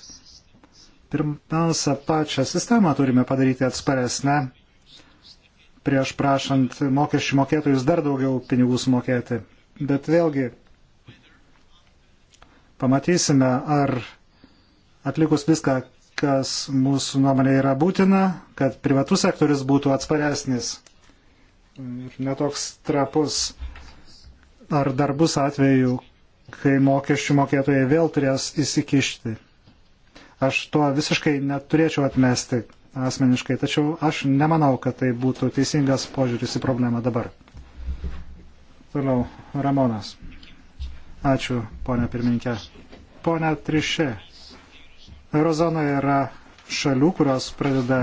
Pirmiausia, pačią sistemą turime padaryti atsparesnę prieš prašant mokesčių mokėtojus dar daugiau pinigų sumokėti. Bet vėlgi pamatysime, ar atlikus viską, kas mūsų nuomonė yra būtina, kad privatus sektorius būtų atsparesnis ir netoks trapus. Ar dar bus atveju, kai mokesčių mokėtojai vėl turės įsikišti? Aš to visiškai neturėčiau atmesti asmeniškai, tačiau aš nemanau, kad tai būtų teisingas požiūris į problemą dabar. Toliau, Ramonas. Ačiū, ponia pirminkė. Pone Trišė, Eurozonoje yra šalių, kurios pradeda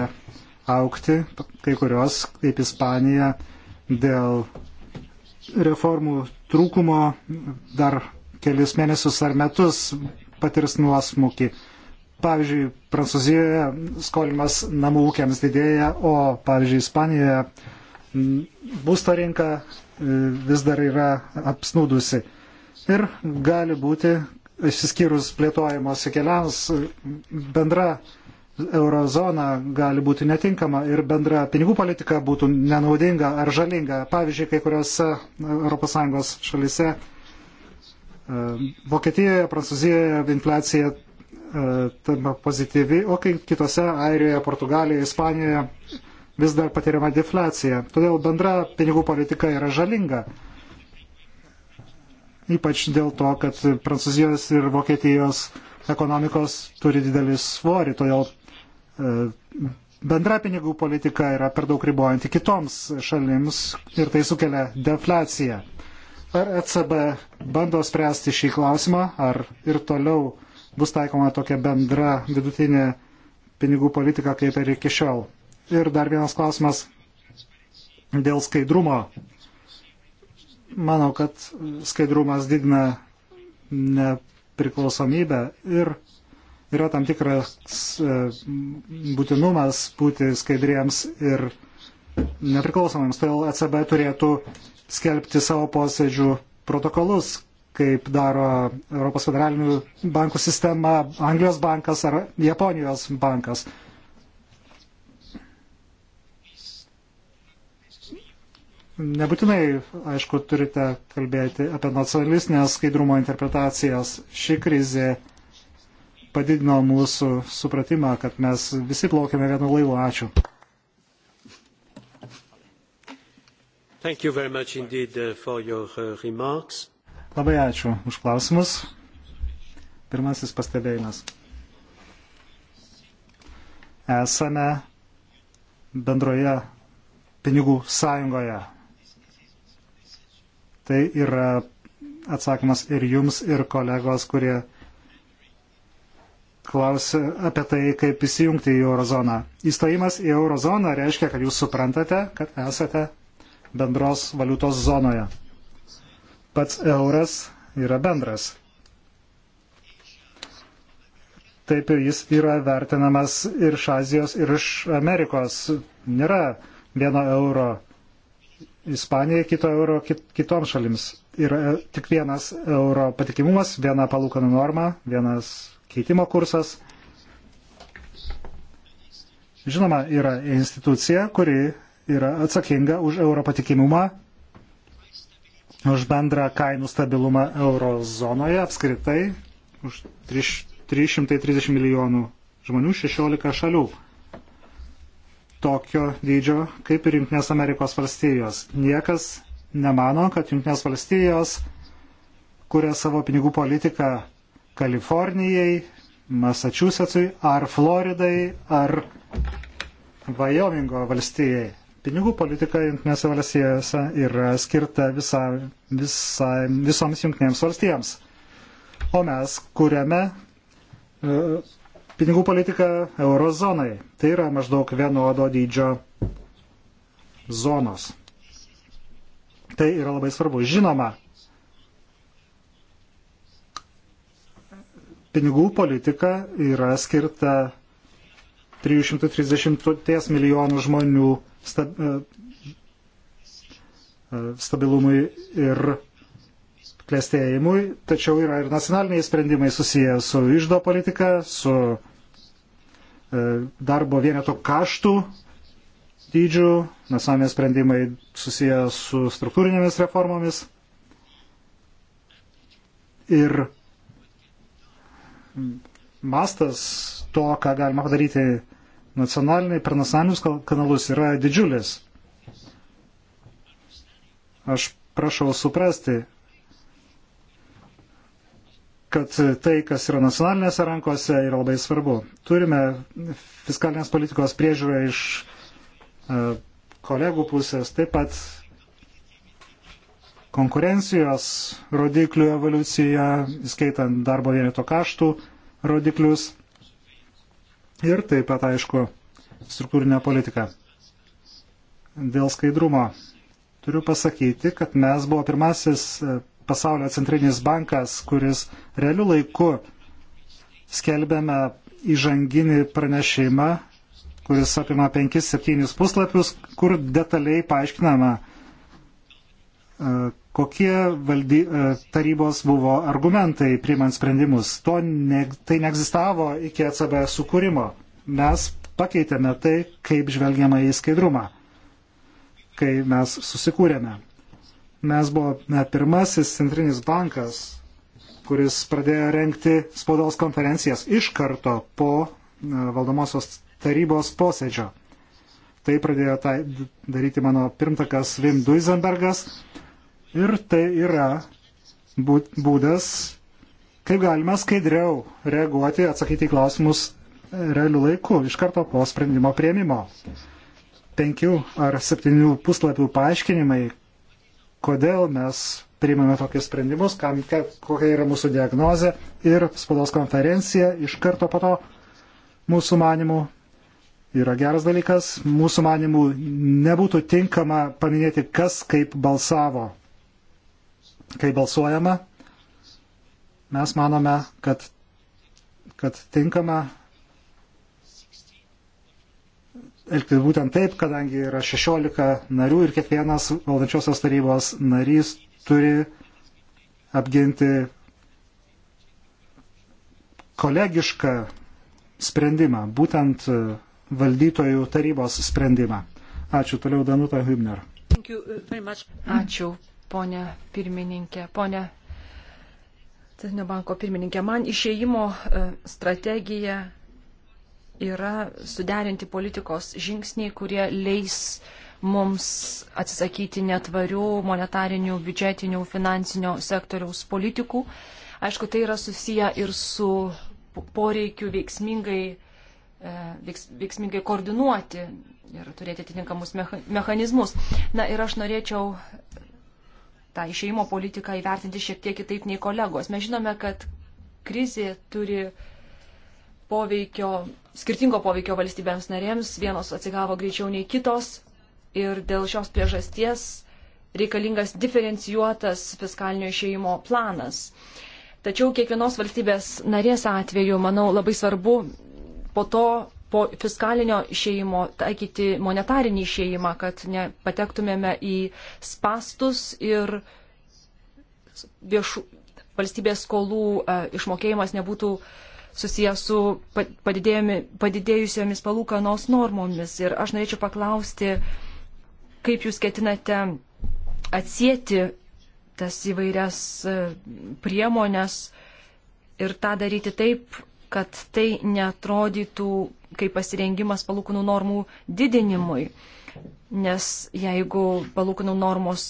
aukti, kai kurios, kaip Ispanija, dėl reformų trūkumo dar kelius mėnesius ar metus patirs nuosmukį. Pavyzdžiui, Prancūzijoje skolimas namų ūkiams didėja, o pavyzdžiui, Ispanijoje būsto rinka e, vis dar yra apsnūdusi. Ir gali būti, išsiskyrus plėtojimosi keliams, bendra eurozona gali būti netinkama ir bendra pinigų politika būtų nenaudinga ar žalinga. Pavyzdžiui, kai kuriuose ES šalise, e, Vokietijoje, Prancūzijoje infliacija e, tampa pozityvi, o kai kitose, Airijoje, Portugalijoje, Ispanijoje vis dar patiriama defliacija. Todėl bendra pinigų politika yra žalinga ypač dėl to, kad Prancūzijos ir Vokietijos ekonomikos turi didelį svorį, todėl e, bendra pinigų politika yra per daug ribojanti kitoms šalims ir tai sukelia defliaciją. Ar ECB bando spręsti šį klausimą, ar ir toliau bus taikoma tokia bendra vidutinė pinigų politika kaip ir iki šiol? Ir dar vienas klausimas dėl skaidrumo Manau, kad skaidrumas didina nepriklausomybę ir yra tam tikras e, būtinumas būti skaidriems ir nepriklausomams. Todėl ECB turėtų skelbti savo posėdžių protokolus, kaip daro Europos federalinių bankų sistema, Anglijos bankas ar Japonijos bankas. Nebūtinai, aišku, turite kalbėti apie nacionalistinės skaidrumo interpretacijas. Ši krizė padidino mūsų supratimą, kad mes visi plaukėme vienu laivu. Ačiū. Uh, uh, Labai ačiū už klausimus. Pirmasis pastebėjimas. Esame bendroje pinigų sąjungoje Tai yra atsakymas ir jums, ir kolegos, kurie klausė apie tai, kaip įsijungti į eurozoną. Įstojimas į eurozoną reiškia, kad jūs suprantate, kad esate bendros valiutos zonoje. Pats euras yra bendras. Taip ir jis yra vertinamas ir iš Azijos, ir iš Amerikos. Nėra vieno euro Ispanijai, kito euro kit, kitoms šalims. Yra e, tik vienas euro patikimumas, viena palūkanų norma, vienas keitimo kursas. Žinoma, yra institucija, kuri yra atsakinga už euro patikimumą, už bendrą kainų stabilumą eurozonoje apskritai, už 330 milijonų žmonių 16 šalių tokio dydžio kaip ir Junktinės Amerikos valstijos. Niekas nemano, kad Junktinės valstijos kuria savo pinigų politiką Kalifornijai, Massachusettsui ar Floridai ar Vajomingo valstijai. Pinigų politika Junktinėse valstijose yra skirta visa, visa, visoms Junktinėms valstijams. O mes kuriame uh, Pinigų politika eurozonai. Tai yra maždaug vienodo dydžio zonos. Tai yra labai svarbu. Žinoma, pinigų politika yra skirta 330 milijonų žmonių e, e, stabilumui ir klėstėjimui, tačiau yra ir nacionaliniai sprendimai susiję su išdo politika, su e, darbo vieneto kaštų dydžių, nacionaliniai sprendimai susiję su struktūrinėmis reformomis ir mastas to, ką galima padaryti nacionaliniai per nacionalinius kanalus yra didžiulis. Aš prašau suprasti, kad tai, kas yra nacionalinėse rankose, yra labai svarbu. Turime fiskalinės politikos priežiūrą iš e, kolegų pusės, taip pat konkurencijos rodiklių evoliucija, skaitant darbo vieneto kaštų rodiklius ir taip pat, aišku, struktūrinę politiką. Dėl skaidrumo turiu pasakyti, kad mes buvo pirmasis e, pasaulio centrinis bankas, kuris realiu laiku skelbėme įžanginį pranešimą, kuris apima 5-7 puslapius, kur detaliai paaiškinama, e, kokie valdy, e, tarybos buvo argumentai priimant sprendimus. To ne, tai neegzistavo iki ECB sukūrimo. Mes pakeitėme tai, kaip žvelgiama į skaidrumą, kai mes susikūrėme mes buvome pirmasis centrinis bankas, kuris pradėjo renkti spaudos konferencijas iš karto po e, valdomosios tarybos posėdžio. Tai pradėjo tai daryti mano pirmtakas Vim Duisenbergas ir tai yra būdas, kaip galima skaidriau reaguoti, atsakyti į klausimus e, realiu laiku, iš karto po sprendimo prieimimo. Penkių ar septynių puslapių paaiškinimai, kodėl mes priimame tokius sprendimus, kam, kokia yra mūsų diagnozė ir spaudos konferencija iš karto po to mūsų manimų yra geras dalykas. Mūsų manimų nebūtų tinkama paminėti, kas kaip balsavo. Kai balsuojama, mes manome, kad, kad tinkama elgtis būtent taip, kadangi yra 16 narių ir kiekvienas valdančiosios tarybos narys turi apginti kolegišką sprendimą, būtent e, valdytojų tarybos sprendimą. Ačiū toliau Danuta Hübner. Uh, Ačiū, ponė pirmininkė. Ponė Centrinio banko pirmininkė, man išėjimo e, strategija yra suderinti politikos žingsniai, kurie leis mums atsisakyti netvarių monetarinių, biudžetinių, finansinio sektoriaus politikų. Aišku, tai yra susiję ir su poreikiu veiksmingai, e, veiks, veiksmingai koordinuoti ir turėti atitinkamus mechanizmus. Na ir aš norėčiau tą išeimo politiką įvertinti šiek tiek kitaip nei kolegos. Mes žinome, kad krizė turi poveikio, skirtingo poveikio valstybėms narėms, vienos atsigavo greičiau nei kitos ir dėl šios priežasties reikalingas diferencijuotas fiskalinio išėjimo planas. Tačiau kiekvienos valstybės narės atveju, manau, labai svarbu po to, po fiskalinio išėjimo taikyti monetarinį išėjimą, kad nepatektumėme į spastus ir viešų, valstybės skolų e, išmokėjimas nebūtų uh, susijęs su padidėjusiomis palūkanos normomis. Ir aš norėčiau paklausti, kaip jūs ketinate atsėti tas įvairias e, priemonės ir tą daryti taip, kad tai netrodytų kaip pasirengimas palūkanų normų didinimui. Nes jeigu palūkanų normos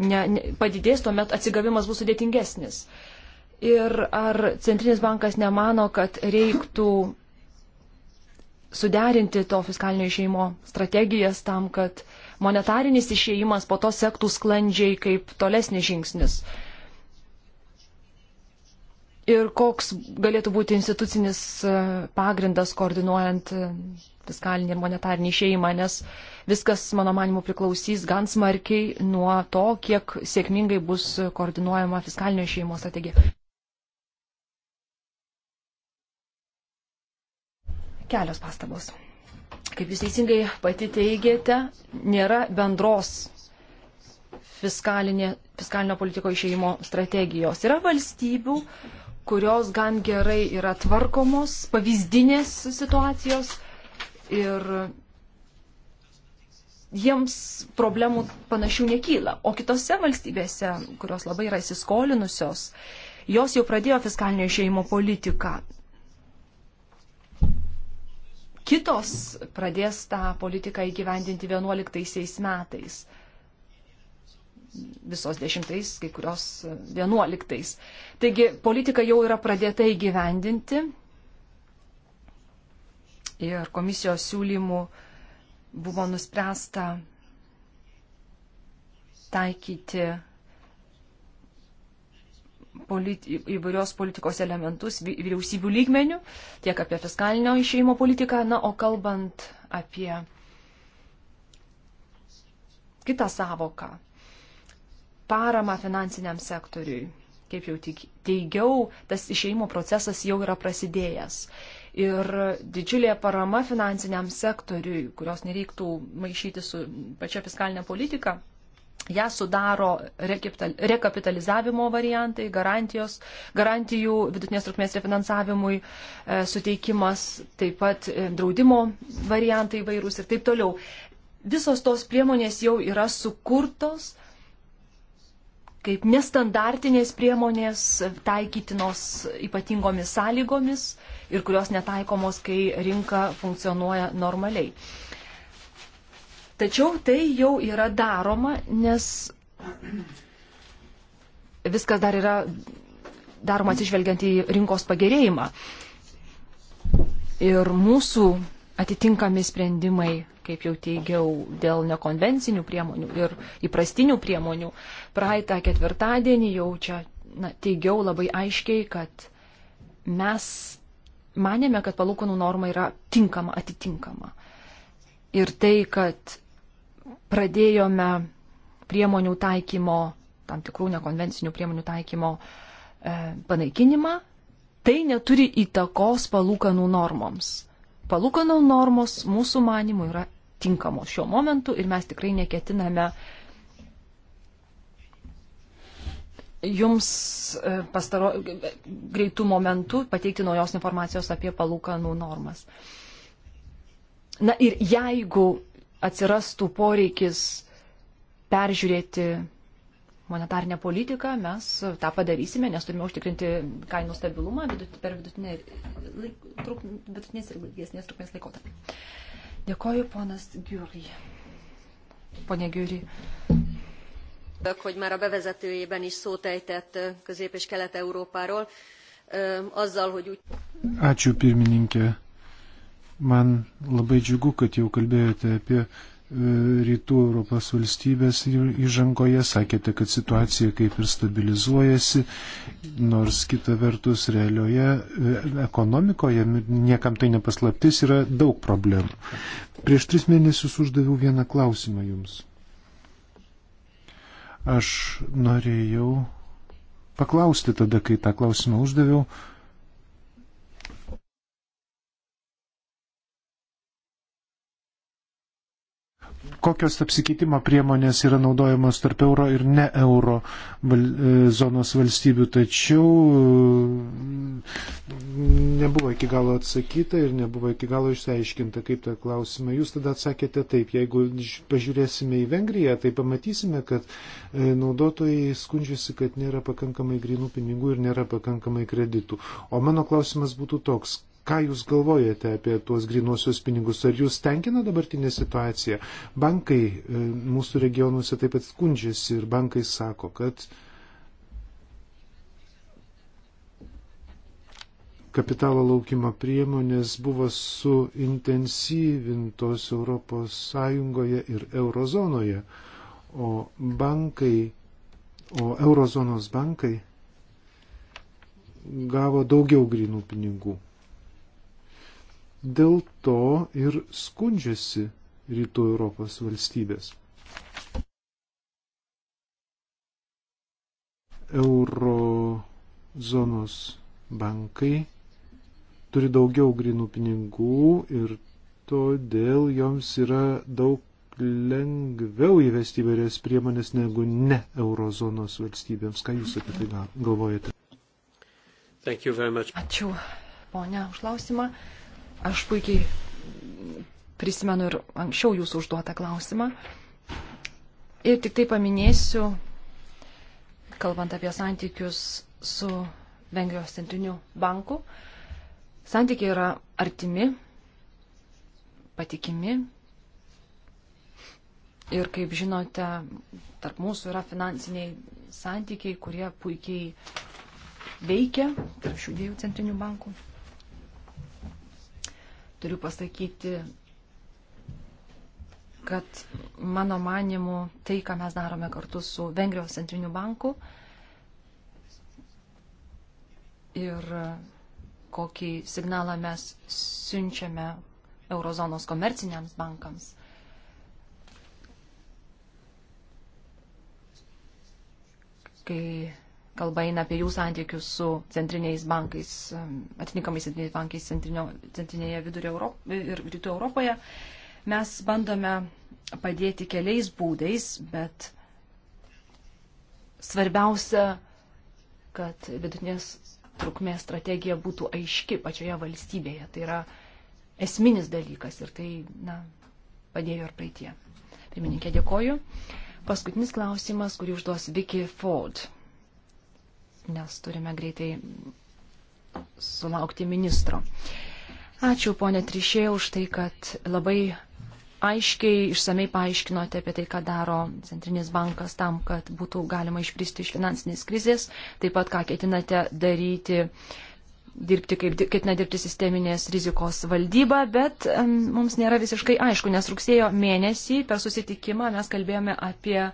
ne, ne, padidės, tuomet atsigavimas bus sudėtingesnis. Ir ar Centrinis bankas nemano, kad reiktų suderinti to fiskalinio išeimo strategijas tam, kad monetarinis išeimas po to sektų sklandžiai kaip tolesnis žingsnis? ir koks galėtų būti institucinis e, pagrindas koordinuojant fiskalinį ir monetarinį išėjimą, nes viskas, mano manimu, priklausys gan smarkiai nuo to, kiek sėkmingai bus koordinuojama fiskalinio išėjimo strategija. Kelios pastabos. Kaip jūs teisingai pati teigiate, nėra bendros fiskalinė, fiskalinio politiko išėjimo strategijos. Yra valstybių, kurios gan gerai yra tvarkomos, pavyzdinės situacijos ir jiems problemų panašių nekyla. O kitose valstybėse, kurios labai yra įsiskolinusios, jos jau pradėjo fiskalinio išėjimo politiką. Kitos pradės tą politiką įgyvendinti 11 metais visos dešimtais, kai kurios vienuoliktais. Taigi politika jau yra pradėta įgyvendinti, ir komisijos siūlymų buvo nuspręsta taikyti politi įvairios politikos elementus vyriausybių lygmenių, tiek apie fiskalinio išeimo politiką, na, o kalbant apie kitą savoką - paramą finansiniam sektoriui. Kaip jau teigiau, tas išeimo procesas jau yra prasidėjęs ir didžiulė parama finansiniam sektoriui, kurios nereiktų maišyti su pačia fiskalinė politika. Ja sudaro rekapitalizavimo variantai, garantijos, garantijų vidutinės trukmės refinansavimui e, suteikimas, taip pat e, draudimo variantai vairūs ir taip toliau. Visos tos priemonės jau yra sukurtos, kaip nestandartinės priemonės taikytinos ypatingomis sąlygomis ir kurios netaikomos, kai rinka funkcionuoja normaliai. Tačiau tai jau yra daroma, nes viskas dar yra daroma atsižvelgiant į rinkos pagerėjimą. Ir mūsų atitinkami sprendimai kaip jau teigiau, dėl nekonvencinių priemonių ir įprastinių priemonių. Praeitą ketvirtadienį jau čia na, teigiau labai aiškiai, kad mes manėme, kad palūkanų norma yra tinkama, atitinkama. Ir tai, kad pradėjome priemonių taikymo, tam tikrų nekonvencinių priemonių taikymo e, panaikinimą, tai neturi įtakos palūkanų normoms palūkanų normos mūsų manimų yra tinkamos šiuo momentu ir mes tikrai neketiname jums e, pastaro, greitų momentų pateikti naujos informacijos apie palūkanų normas. Na ir jeigu atsirastų poreikis peržiūrėti monetarinę politiką, mes tą padarysime, nes turime užtikrinti kainų stabilumą vidut, per vidutinės ir ilgesnės trukmės laikotarpį. Dėkoju, ponas Giuri. Pone Giuri. hogy már a bevezetőjében is szót ejtett Közép- és Kelet-Európáról, azzal, hogy úgy... Ačiū pirmininkė. Man labai džiugu, kad jau kalbėjote apie rytų Europos valstybės įžangoje, sakėte, kad situacija kaip ir stabilizuojasi, nors kita vertus realioje e, ekonomikoje, niekam tai nepaslaptis, yra daug problemų. Prieš tris mėnesius uždaviau vieną klausimą jums. Aš norėjau paklausti tada, kai tą klausimą uždaviau, kokios apsikeitimo priemonės yra naudojamos tarp euro ir ne euro val, e, zonos valstybių, tačiau mm, nebuvo iki galo atsakyta ir nebuvo iki galo išsiaiškinta, kaip tą klausimą. Jūs tada atsakėte taip, jeigu pažiūrėsime į Vengriją, tai pamatysime, kad e, naudotojai skundžiasi, kad nėra pakankamai grinų pinigų ir nėra pakankamai kreditų. O mano klausimas būtų toks, Ką Jūs galvojate apie tuos grinuosius pinigus? Ar Jūs tenkina dabartinė situacija? Bankai e, mūsų regionuose taip pat skundžiasi ir bankai sako, kad kapitalo laukimo priemonės buvo suintensyvintos Europos Sąjungoje ir Eurozonoje, o bankai, o Eurozonos bankai gavo daugiau grinų pinigų. Dėl to ir skundžiasi rytų Europos valstybės. Eurozonos bankai turi daugiau grinų pinigų ir todėl joms yra daug lengviau įvesti įvairias priemonės negu ne eurozonos valstybėms. Ką Jūs apie tai galvojate? Ačiū, ponia, už klausimą. Aš puikiai prisimenu ir anksčiau jūsų užduotą klausimą. Ir tik tai paminėsiu, kalbant apie santykius su Vengrijos centriniu banku, santykiai yra artimi, patikimi. Ir kaip žinote, tarp mūsų yra finansiniai santykiai, kurie puikiai veikia tarp šių dviejų centrinių bankų turiu pasakyti, kad mano manimu tai, ką mes darome kartu su Vengrijos centriniu banku ir kokį signalą mes siunčiame eurozonos komerciniams bankams. Kai kalba eina apie jų santykius su centriniais bankais, atitinkamais centriniais bankais centrinėje vidurio Europo, ir rytų Europoje. Mes bandome padėti keliais būdais, bet svarbiausia, kad vidutinės trukmės strategija būtų aiški pačioje valstybėje. Tai yra esminis dalykas ir tai na, padėjo ir praeitie. Pirmininkė, dėkoju. Paskutinis klausimas, kurį užduos Vicky Ford nes turime greitai sulaukti ministro. Ačiū, ponė Trišė, už tai, kad labai aiškiai, išsamei paaiškinote apie tai, ką daro Centrinis bankas tam, kad būtų galima išpristi iš finansinės krizės, taip pat ką ketinate daryti, dirbti kaip ketina dirbti sisteminės rizikos valdyba, bet um, mums nėra visiškai aišku, nes rugsėjo mėnesį per susitikimą mes kalbėjome apie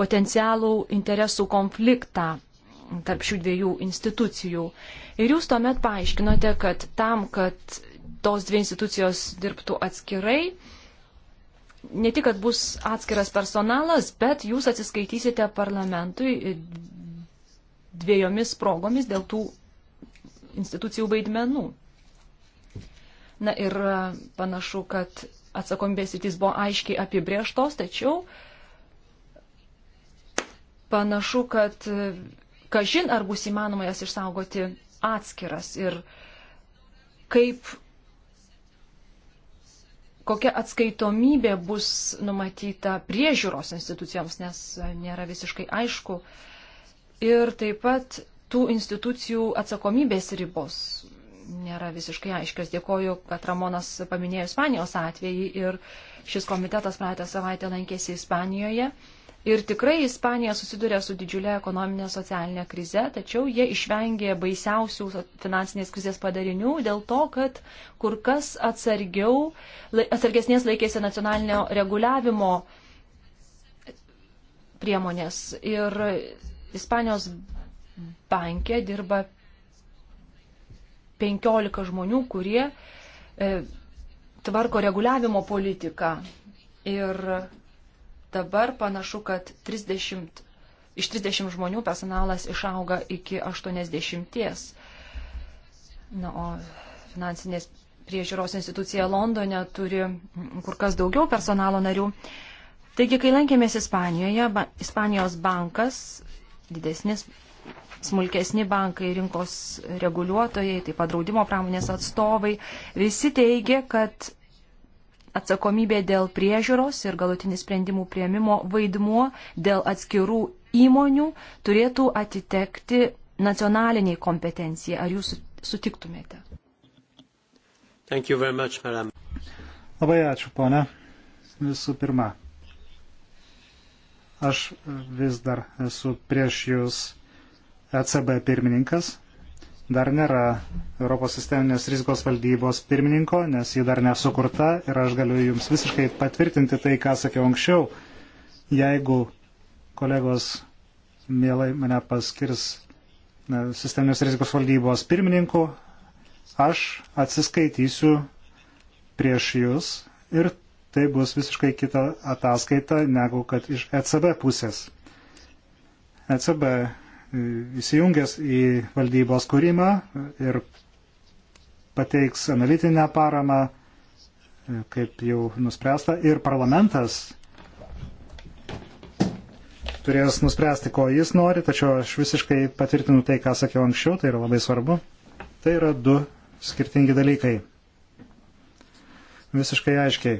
potencialų interesų konfliktą tarp šių dviejų institucijų. Ir jūs tuomet paaiškinote, kad tam, kad tos dvi institucijos dirbtų atskirai, ne tik, kad bus atskiras personalas, bet jūs atsiskaitysite parlamentui dviejomis progomis dėl tų institucijų vaidmenų. Na ir e, panašu, kad atsakomybės rytis buvo aiškiai apibrieštos, tačiau panašu, kad kažin ar bus įmanoma jas išsaugoti atskiras ir kaip kokia atskaitomybė bus numatyta priežiūros institucijoms, nes nėra visiškai aišku. Ir taip pat tų institucijų atsakomybės ribos nėra visiškai aiškios. Dėkoju, kad Ramonas paminėjo Ispanijos atvejį ir šis komitetas praeitą savaitę lankėsi Ispanijoje. Uh, Ir tikrai Ispanija susiduria su didžiulė ekonominė socialinė krize, tačiau jie išvengė baisiausių finansinės krizės padarinių dėl to, kad kur kas atsargiau, atsargesnės laikėsi nacionalinio reguliavimo priemonės. Ir Ispanijos bankė dirba 15 žmonių, kurie e, tvarko reguliavimo politiką. Ir Dabar panašu, kad 30, iš 30 žmonių personalas išauga iki 80. Na, o finansinės priežiūros institucija Londone turi kur kas daugiau personalo narių. Taigi, kai lankėmės Ispanijoje, ba, Ispanijos bankas, didesnis, smulkesni bankai, rinkos reguliuotojai, taip pat draudimo pramonės atstovai, visi teigia, kad atsakomybė dėl priežiūros ir galutinis sprendimų prieimimo vaidmuo dėl atskirų įmonių turėtų atitekti nacionaliniai kompetencijai. Ar jūs sutiktumėte? Much, madam. Labai ačiū, ponė. Visų pirma, aš vis dar esu prieš jūs ECB pirmininkas, dar nėra Europos sisteminės rizikos valdybos pirmininko, nes ji dar nesukurta ir aš galiu jums visiškai patvirtinti tai, ką sakiau anksčiau. Jeigu kolegos mielai mane paskirs sisteminės rizikos valdybos pirmininku, aš atsiskaitysiu prieš jūs ir tai bus visiškai kita ataskaita negu kad iš ECB pusės. ECB įsijungęs į valdybos kūrimą ir pateiks analitinę paramą, e, kaip jau nuspręsta, ir parlamentas turės nuspręsti, ko jis nori, tačiau aš visiškai patvirtinu tai, ką sakiau anksčiau, tai yra labai svarbu. Tai yra du skirtingi dalykai. Visiškai aiškiai.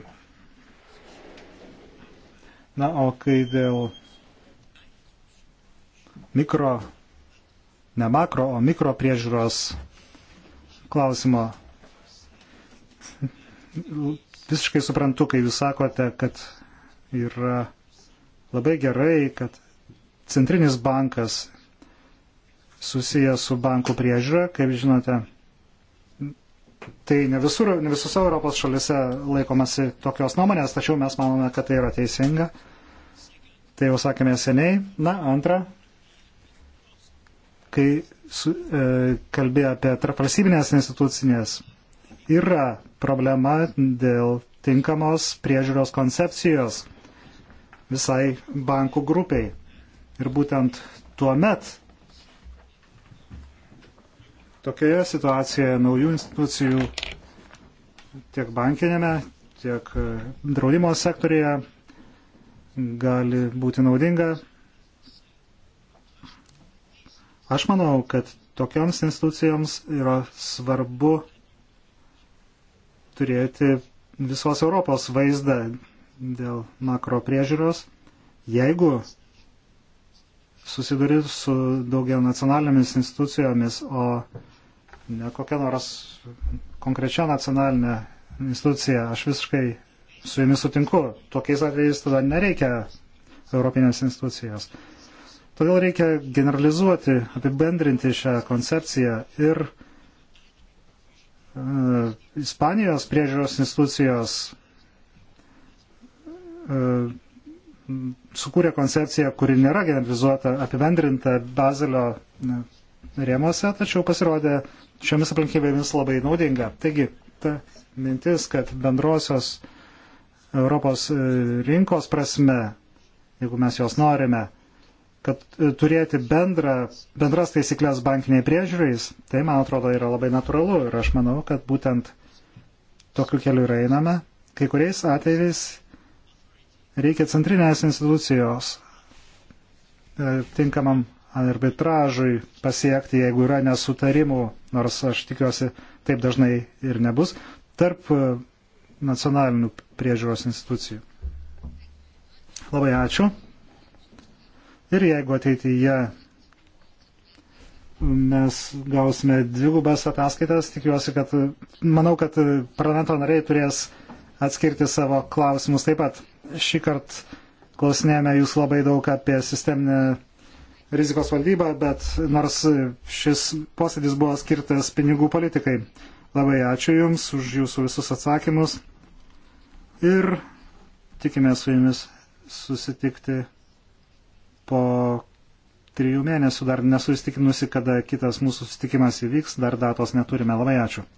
Na, o kai dėl mikro, ne makro, o mikro priežiūros klausimo. Visiškai suprantu, kai jūs sakote, kad yra labai gerai, kad centrinis bankas susijęs su bankų priežiūra, kaip žinote, tai ne, visur, ne visose Europos šalise laikomasi tokios nuomonės, tačiau mes manome, kad tai yra teisinga. Tai jau sakėme seniai. Na, antra, kai su, e, kalbėjo apie tarpvalstybinės institucinės, yra problema dėl tinkamos priežiūros koncepcijos visai bankų grupiai. Ir būtent tuo met tokioje situacijoje naujų institucijų tiek bankinėme, tiek draudimo sektorėje gali būti naudinga Aš manau, kad tokioms institucijoms yra svarbu turėti visos Europos vaizdą dėl makro priežiūros, jeigu susiduri su daugia nacionalinėmis institucijomis, o ne kokia nors konkrečia nacionalinė institucija. Aš visiškai su jumis sutinku. Tokiais atvejais tada nereikia Europinės institucijos. Todėl reikia generalizuoti, apibendrinti šią koncepciją ir e, Ispanijos priežiūros institucijos e, sukūrė koncepciją, kuri nėra generalizuota, apibendrinta Bazelio e, rėmose, tačiau pasirodė šiomis aplinkybėmis labai naudinga. Taigi, ta mintis, kad bendrosios Europos e, rinkos prasme, jeigu mes jos norime, kad e, turėti bendrą, bendras taisyklės bankiniai priežiūrais, tai man atrodo yra labai natūralu ir aš manau, kad būtent tokiu keliu ir einame. Kai kuriais atvejais reikia centrinės institucijos e, tinkamam arbitražui pasiekti, jeigu yra nesutarimų, nors aš tikiuosi taip dažnai ir nebus, tarp e, nacionalinių priežiūros institucijų. Labai ačiū. Ir jeigu ateityje mes gausime dvigubas ataskaitas, tikiuosi, kad manau, kad parlamento nariai turės atskirti savo klausimus taip pat. Šį kartą klausinėjame jūs labai daug apie sisteminę rizikos valdybą, bet nors šis posėdis buvo skirtas pinigų politikai. Labai ačiū Jums už Jūsų visus atsakymus ir tikime su Jumis susitikti po trijų mėnesių dar nesu įstikinusi, kada kitas mūsų susitikimas įvyks, dar datos neturime. Labai ačiū.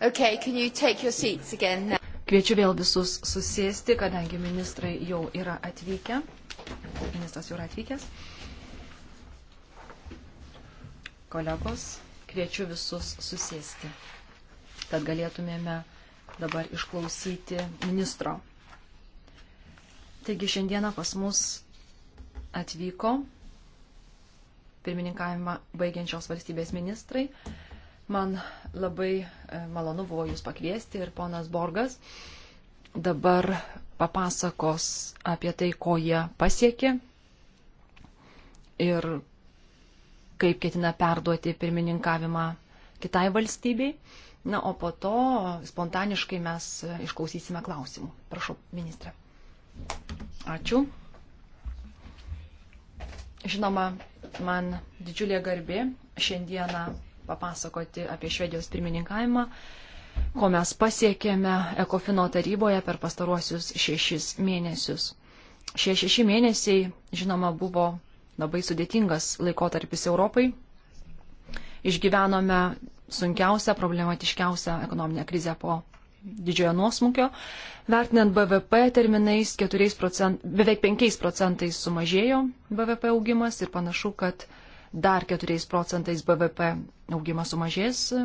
Okay, can you take your seats again now? Kviečiu vėl visus susėsti, kadangi ministrai jau yra atvykę. Ministras jau yra atvykęs. Kolegos, kviečiu visus susėsti, kad galėtumėme dabar išklausyti ministro. Taigi šiandieną pas mus atvyko pirmininkavimą baigiančios valstybės ministrai. Man Labai e, malonu buvo Jūs pakviesti ir ponas Borgas dabar papasakos apie tai, ko jie pasiekė ir kaip ketina perduoti pirmininkavimą kitai valstybei. Na, o po to spontaniškai mes išklausysime klausimų. Prašau, ministrė. Ačiū. Žinoma, man didžiulė garbė šiandieną papasakoti apie Švedijos pirmininkavimą, ko mes pasiekėme Ekofino taryboje per pastaruosius šešis mėnesius. Šie šeši mėnesiai, žinoma, buvo labai sudėtingas laikotarpis Europai. Išgyvenome sunkiausią, problematiškiausią ekonominę krizę po didžiojo nuosmukio. Vertinant BVP terminais, procent, beveik 5 procentais sumažėjo BVP augimas ir panašu, kad dar 4 procentais BVP augimas sumažės e,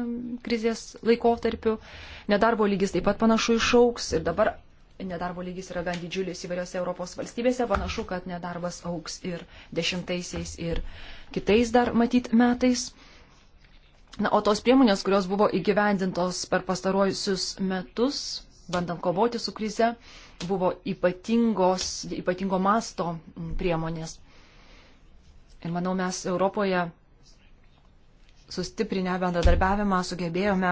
krizės laikotarpiu, nedarbo lygis taip pat panašu išauks ir dabar nedarbo lygis yra gan didžiulis įvairiose Europos valstybėse, panašu, kad nedarbas auks ir dešimtaisiais ir kitais dar matyt metais. Na, o tos priemonės, kurios buvo įgyvendintos per pastaruosius metus, bandant kovoti su krize, buvo ypatingos, ypatingo masto priemonės. Ir manau, mes Europoje sustiprinę bendradarbiavimą sugebėjome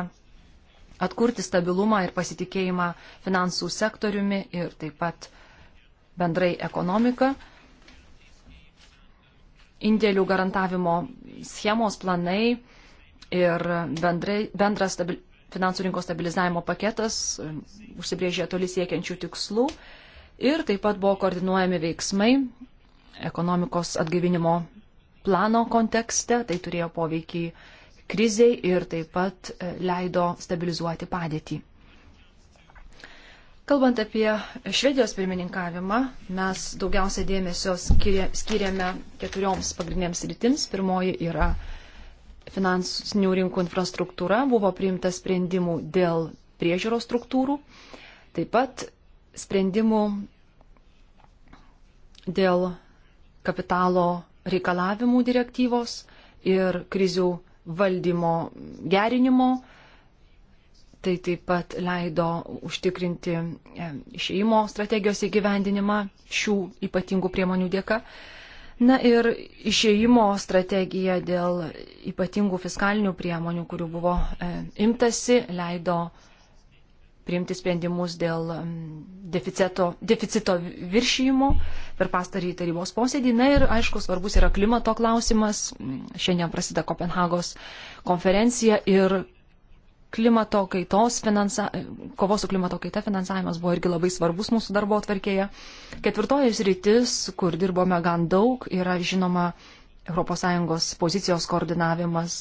atkurti stabilumą ir pasitikėjimą finansų sektoriumi ir taip pat bendrai ekonomiką. Indėlių garantavimo schemos planai ir bendrai, bendras stabil, finansų rinkos stabilizavimo paketas užsibrėžė toli siekiančių tikslų ir taip pat buvo koordinuojami veiksmai ekonomikos atgaivinimo plano kontekste, tai turėjo poveikį kriziai ir taip pat e, leido stabilizuoti padėtį. Kalbant apie Švedijos pirmininkavimą, mes daugiausia dėmesio skiriame keturioms pagrindinėms rytims. Pirmoji yra finansinių rinkų infrastruktūra, buvo priimta sprendimų dėl priežiūros struktūrų, taip pat sprendimų dėl kapitalo reikalavimų direktyvos ir krizių valdymo gerinimo. Tai taip pat leido užtikrinti e, išeimo strategijos įgyvendinimą šių ypatingų priemonių dėka. Na ir išeimo strategija dėl ypatingų fiskalinių priemonių, kurių buvo e, imtasi, leido priimti sprendimus dėl mm, deficito, deficito viršyjimo per pastarį tarybos posėdį. Na ir aišku, svarbus yra klimato klausimas. Šiandien prasideda Kopenhagos konferencija ir klimato kaitos finansa, kovos su klimato kaita finansavimas buvo irgi labai svarbus mūsų darbo atvarkėje. Ketvirtoji sritis, kur dirbome gan daug, yra žinoma ES pozicijos koordinavimas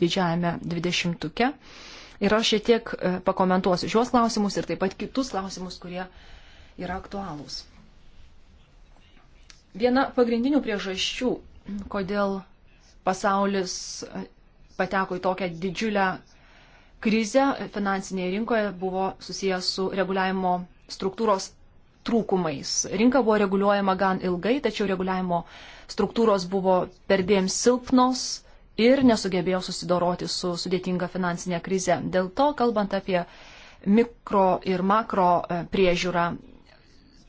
didžiajame dvidešimtuke. 20 Ir aš šiek tiek e, pakomentuosiu šios klausimus ir taip pat kitus klausimus, kurie yra aktualūs. Viena pagrindinių priežasčių, kodėl pasaulis e, pateko į tokią didžiulę krizę finansinėje rinkoje, buvo susijęs su reguliavimo struktūros trūkumais. Rinka buvo reguliuojama gan ilgai, tačiau reguliavimo struktūros buvo perdėm silpnos ir nesugebėjo susidoroti su sudėtinga finansinė krize. Dėl to, kalbant apie mikro ir makro e, priežiūrą,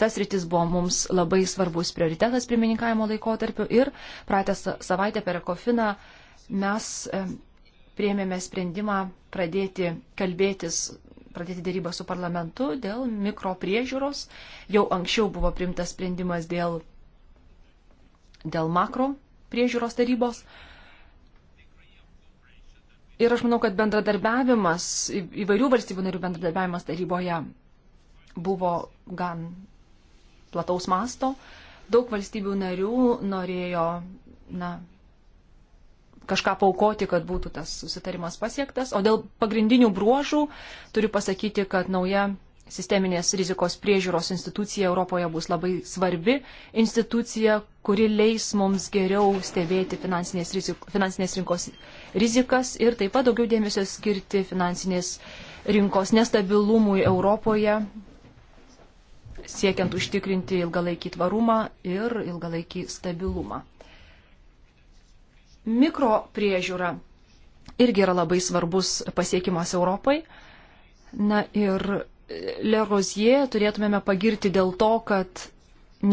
tas rytis buvo mums labai svarbus prioritetas pirmininkavimo laikotarpiu ir praeitą savaitę per Ekofiną mes e, priėmėme sprendimą pradėti kalbėtis pradėti dėrybą su parlamentu dėl mikro priežiūros. Jau anksčiau buvo primtas sprendimas dėl, dėl makro priežiūros tarybos. Uh, Ir aš manau, kad bendradarbiavimas, įvairių valstybių narių bendradarbiavimas taryboje buvo gan plataus masto. Daug valstybių narių norėjo na, kažką paukoti, kad būtų tas susitarimas pasiektas. O dėl pagrindinių bruožų turiu pasakyti, kad nauja sisteminės rizikos priežiūros institucija Europoje bus labai svarbi institucija, kuri leis mums geriau stebėti finansinės, rizik, finansinės rinkos rizikas ir taip pat daugiau dėmesio skirti finansinės rinkos nestabilumui Europoje, siekiant užtikrinti ilgalaikį tvarumą ir ilgalaikį stabilumą. Mikro priežiūra irgi yra labai svarbus pasiekimas Europai. Na ir Lerozie turėtumėme pagirti dėl to, kad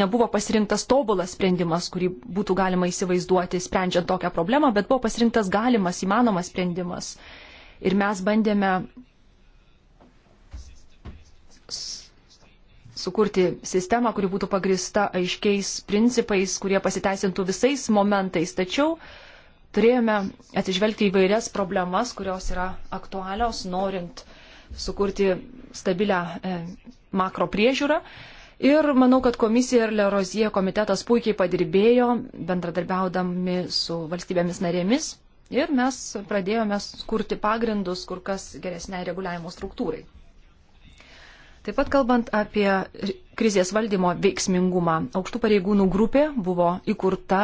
nebuvo pasirinktas tobulas sprendimas, kurį būtų galima įsivaizduoti sprendžiant tokią problemą, bet buvo pasirinktas galimas, įmanomas sprendimas. Ir mes bandėme sukurti sistemą, kuri būtų pagrista aiškiais principais, kurie pasiteisintų visais momentais. Tačiau turėjome atsižvelgti į vairias problemas, kurios yra aktualios, norint sukurti stabilę e, makro priežiūrą. Ir manau, kad komisija ir Lerozie komitetas puikiai padirbėjo, bendradarbiaudami su valstybėmis narėmis. Ir mes pradėjome kurti pagrindus kur kas geresniai reguliavimo struktūrai. Taip pat kalbant apie krizės valdymo veiksmingumą, aukštų pareigūnų grupė buvo įkurta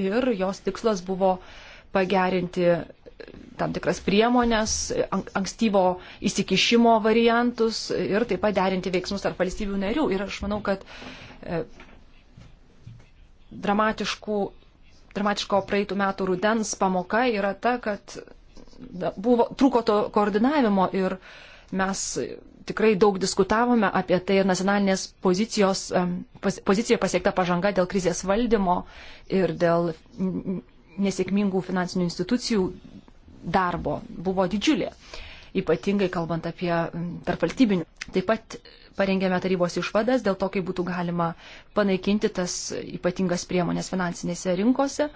ir jos tikslas buvo pagerinti tam tikras priemonės, ankstyvo įsikišimo variantus ir taip pat derinti veiksmus tarp valstybių narių. Ir aš manau, kad e, dramatiško praeitų metų rudens pamoka yra ta, kad buvo, trūko to koordinavimo ir mes tikrai daug diskutavome apie tai ir nacionalinės pozicijos, e, pozicijoje pasiekta pažanga dėl krizės valdymo ir dėl nesėkmingų finansinių institucijų darbo buvo didžiulė, ypatingai kalbant apie tarpvaltybinių. Taip pat parengėme tarybos išvadas dėl to, kaip būtų galima panaikinti tas ypatingas priemonės finansinėse rinkose.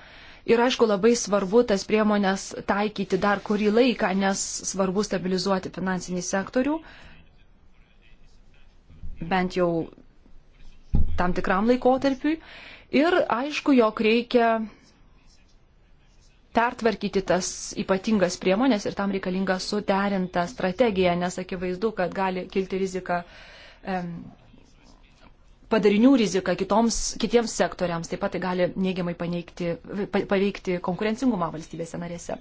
Ir aišku, labai svarbu tas priemonės taikyti dar kurį laiką, nes svarbu stabilizuoti finansinį sektorių, bent jau tam tikram laikotarpiui. Ir aišku, jog reikia pertvarkyti tas ypatingas priemonės ir tam reikalinga suderinta strategija, nes akivaizdu, kad gali kilti rizika, padarinių rizika kitoms, kitiems sektoriams, taip pat tai gali neigiamai paneigti, paveikti konkurencingumą valstybėse narėse.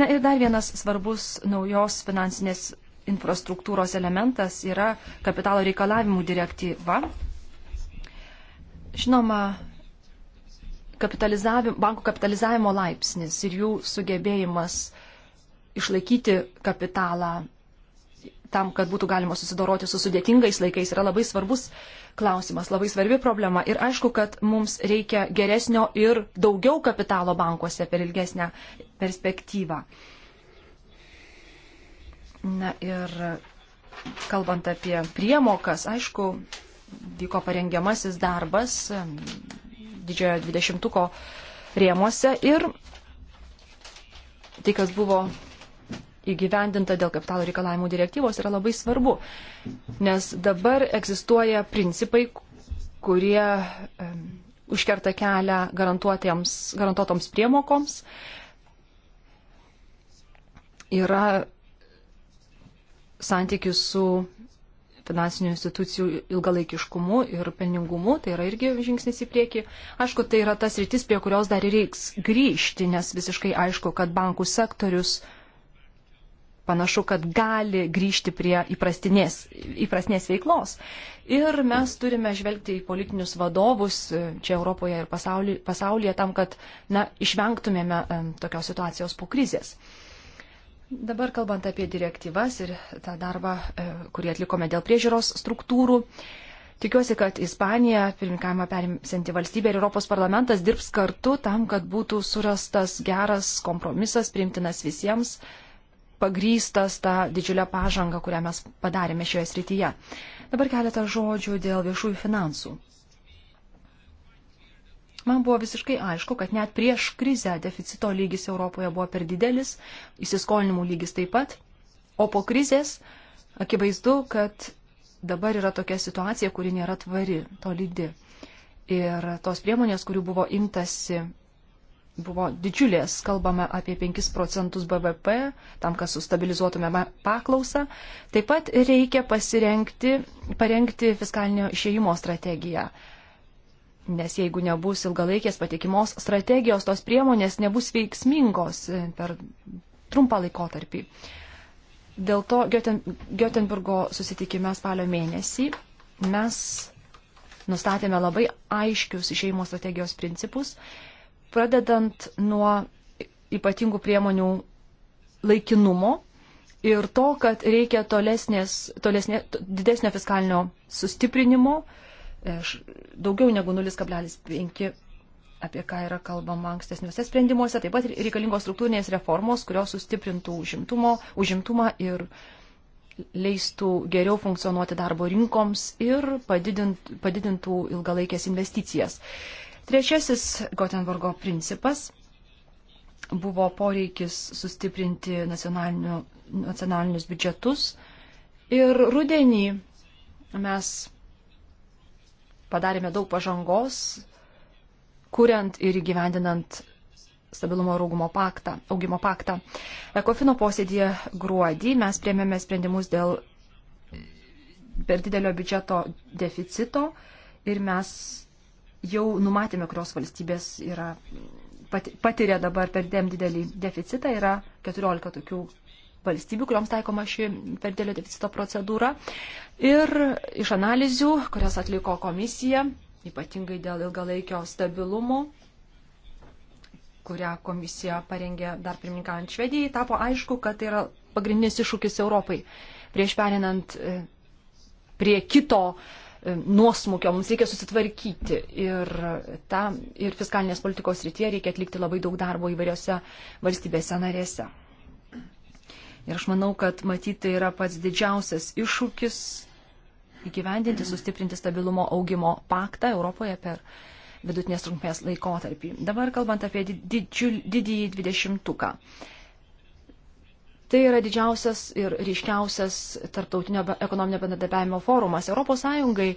Na ir dar vienas svarbus naujos finansinės infrastruktūros elementas yra kapitalo reikalavimų direktyva. Žinoma, kapitalizavim, bankų kapitalizavimo laipsnis ir jų sugebėjimas išlaikyti kapitalą tam, kad būtų galima susidoroti su sudėtingais laikais, yra labai svarbus klausimas, labai svarbi problema. Ir aišku, kad mums reikia geresnio ir daugiau kapitalo bankuose per ilgesnę perspektyvą. Na ir kalbant apie priemokas, aišku, vyko parengiamasis darbas, didžiojo dvidešimtuko rėmuose ir tai, kas buvo įgyvendinta dėl kapitalo reikalavimų direktyvos, yra labai svarbu, nes dabar egzistuoja principai, kurie um, užkerta kelią garantuotoms priemokoms. Yra santykių su finansinių institucijų ilgalaikiškumu ir pelningumu, tai yra irgi žingsnis į priekį. Aišku, tai yra tas rytis, prie kurios dar reiks grįžti, nes visiškai aišku, kad bankų sektorius panašu, kad gali grįžti prie įprastinės, įprastinės veiklos. Ir mes turime žvelgti į politinius vadovus čia Europoje ir pasaulyje, pasaulyje tam, kad na, išvengtumėme tokios situacijos po krizės. Dabar kalbant apie direktyvas ir tą darbą, e, kurį atlikome dėl priežiūros struktūrų, tikiuosi, kad Ispanija, pirmininkavimą perimsinti valstybė ir Europos parlamentas dirbs kartu tam, kad būtų surastas geras kompromisas, primtinas visiems, pagrystas tą didžiulę pažangą, kurią mes padarėme šioje srityje. Dabar keletą žodžių dėl viešųjų finansų. Man buvo visiškai aišku, kad net prieš krizę deficito lygis Europoje buvo per didelis, įsiskolinimų lygis taip pat, o po krizės akivaizdu, kad dabar yra tokia situacija, kuri nėra tvari, tolydi. Ir tos priemonės, kurių buvo imtasi, buvo didžiulės, kalbame apie 5 procentus BVP, tam, kad sustabilizuotumėme paklausą. Taip pat reikia pasirengti, parengti fiskalinio išėjimo strategiją Nes jeigu nebus ilgalaikės patikimos strategijos, tos priemonės nebus veiksmingos e, per trumpą laikotarpį. Dėl to Göten, Götenburgo susitikime spalio mėnesį mes nustatėme labai aiškius išeimo strategijos principus, pradedant nuo ypatingų priemonių laikinumo ir to, kad reikia tolesnės, tolesnė, didesnio fiskalinio sustiprinimo, uh, E, daugiau negu 0,5, apie ką yra kalbama ankstesniuose sprendimuose. Taip pat reikalingos struktūrinės reformos, kurios sustiprintų užimtumo, užimtumą ir leistų geriau funkcionuoti darbo rinkoms ir padidint, padidintų ilgalaikės investicijas. Trečiasis Gotenburgo principas buvo poreikis sustiprinti nacionalinius biudžetus. Ir rudenį mes padarėme daug pažangos, kuriant ir įgyvendinant stabilumo rūgumo paktą, augimo paktą. Ekofino posėdėje gruodį mes priemėme sprendimus dėl per didelio biudžeto deficito ir mes jau numatėme, kurios valstybės yra, pat, patiria dabar per dėm didelį deficitą, yra 14 tokių valstybių, kuriuoms taikoma ši per dėlio deficito procedūra. Ir iš analizių, kurias atliko komisija, ypatingai dėl ilgalaikio stabilumo, kurią komisija parengė dar pirmininkant Švedijai, tapo aišku, kad tai yra pagrindinis iššūkis Europai. Prieš perinant e, prie kito e, nuosmukio mums reikia susitvarkyti ir, ta, ir fiskalinės politikos rytyje reikia atlikti labai daug darbo įvairiose valstybėse narėse. Ir aš manau, kad matyti tai yra pats didžiausias iššūkis įgyvendinti, sustiprinti stabilumo augimo paktą Europoje per vidutinės trumpės laikotarpį. Dabar kalbant apie didžiul, didįjį dvidešimtuką. Tai yra didžiausias ir ryškiausias tarptautinio ekonominio bendradarbiavimo forumas. Europos Sąjungai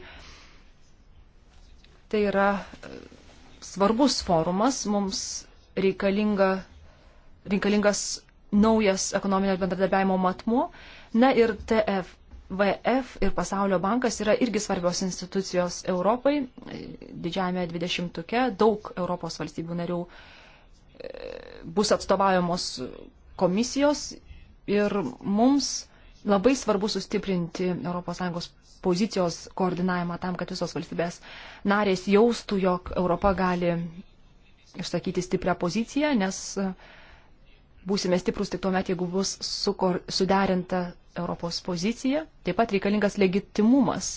tai yra e, svarbus forumas, mums reikalinga, reikalingas naujas ekonominio bendradarbiavimo matmuo. Na ir TFVF ir Pasaulio bankas yra irgi svarbios institucijos Europai, didžiajame dvidešimtuke daug Europos valstybių narių e, bus atstovaujamos komisijos ir mums labai svarbu sustiprinti ES pozicijos koordinavimą tam, kad visos valstybės narės jaustų, jog Europa gali išsakyti stiprią poziciją, nes uh, būsime stiprus tik tuomet, jeigu bus sukor, suderinta Europos pozicija. Taip pat reikalingas legitimumas,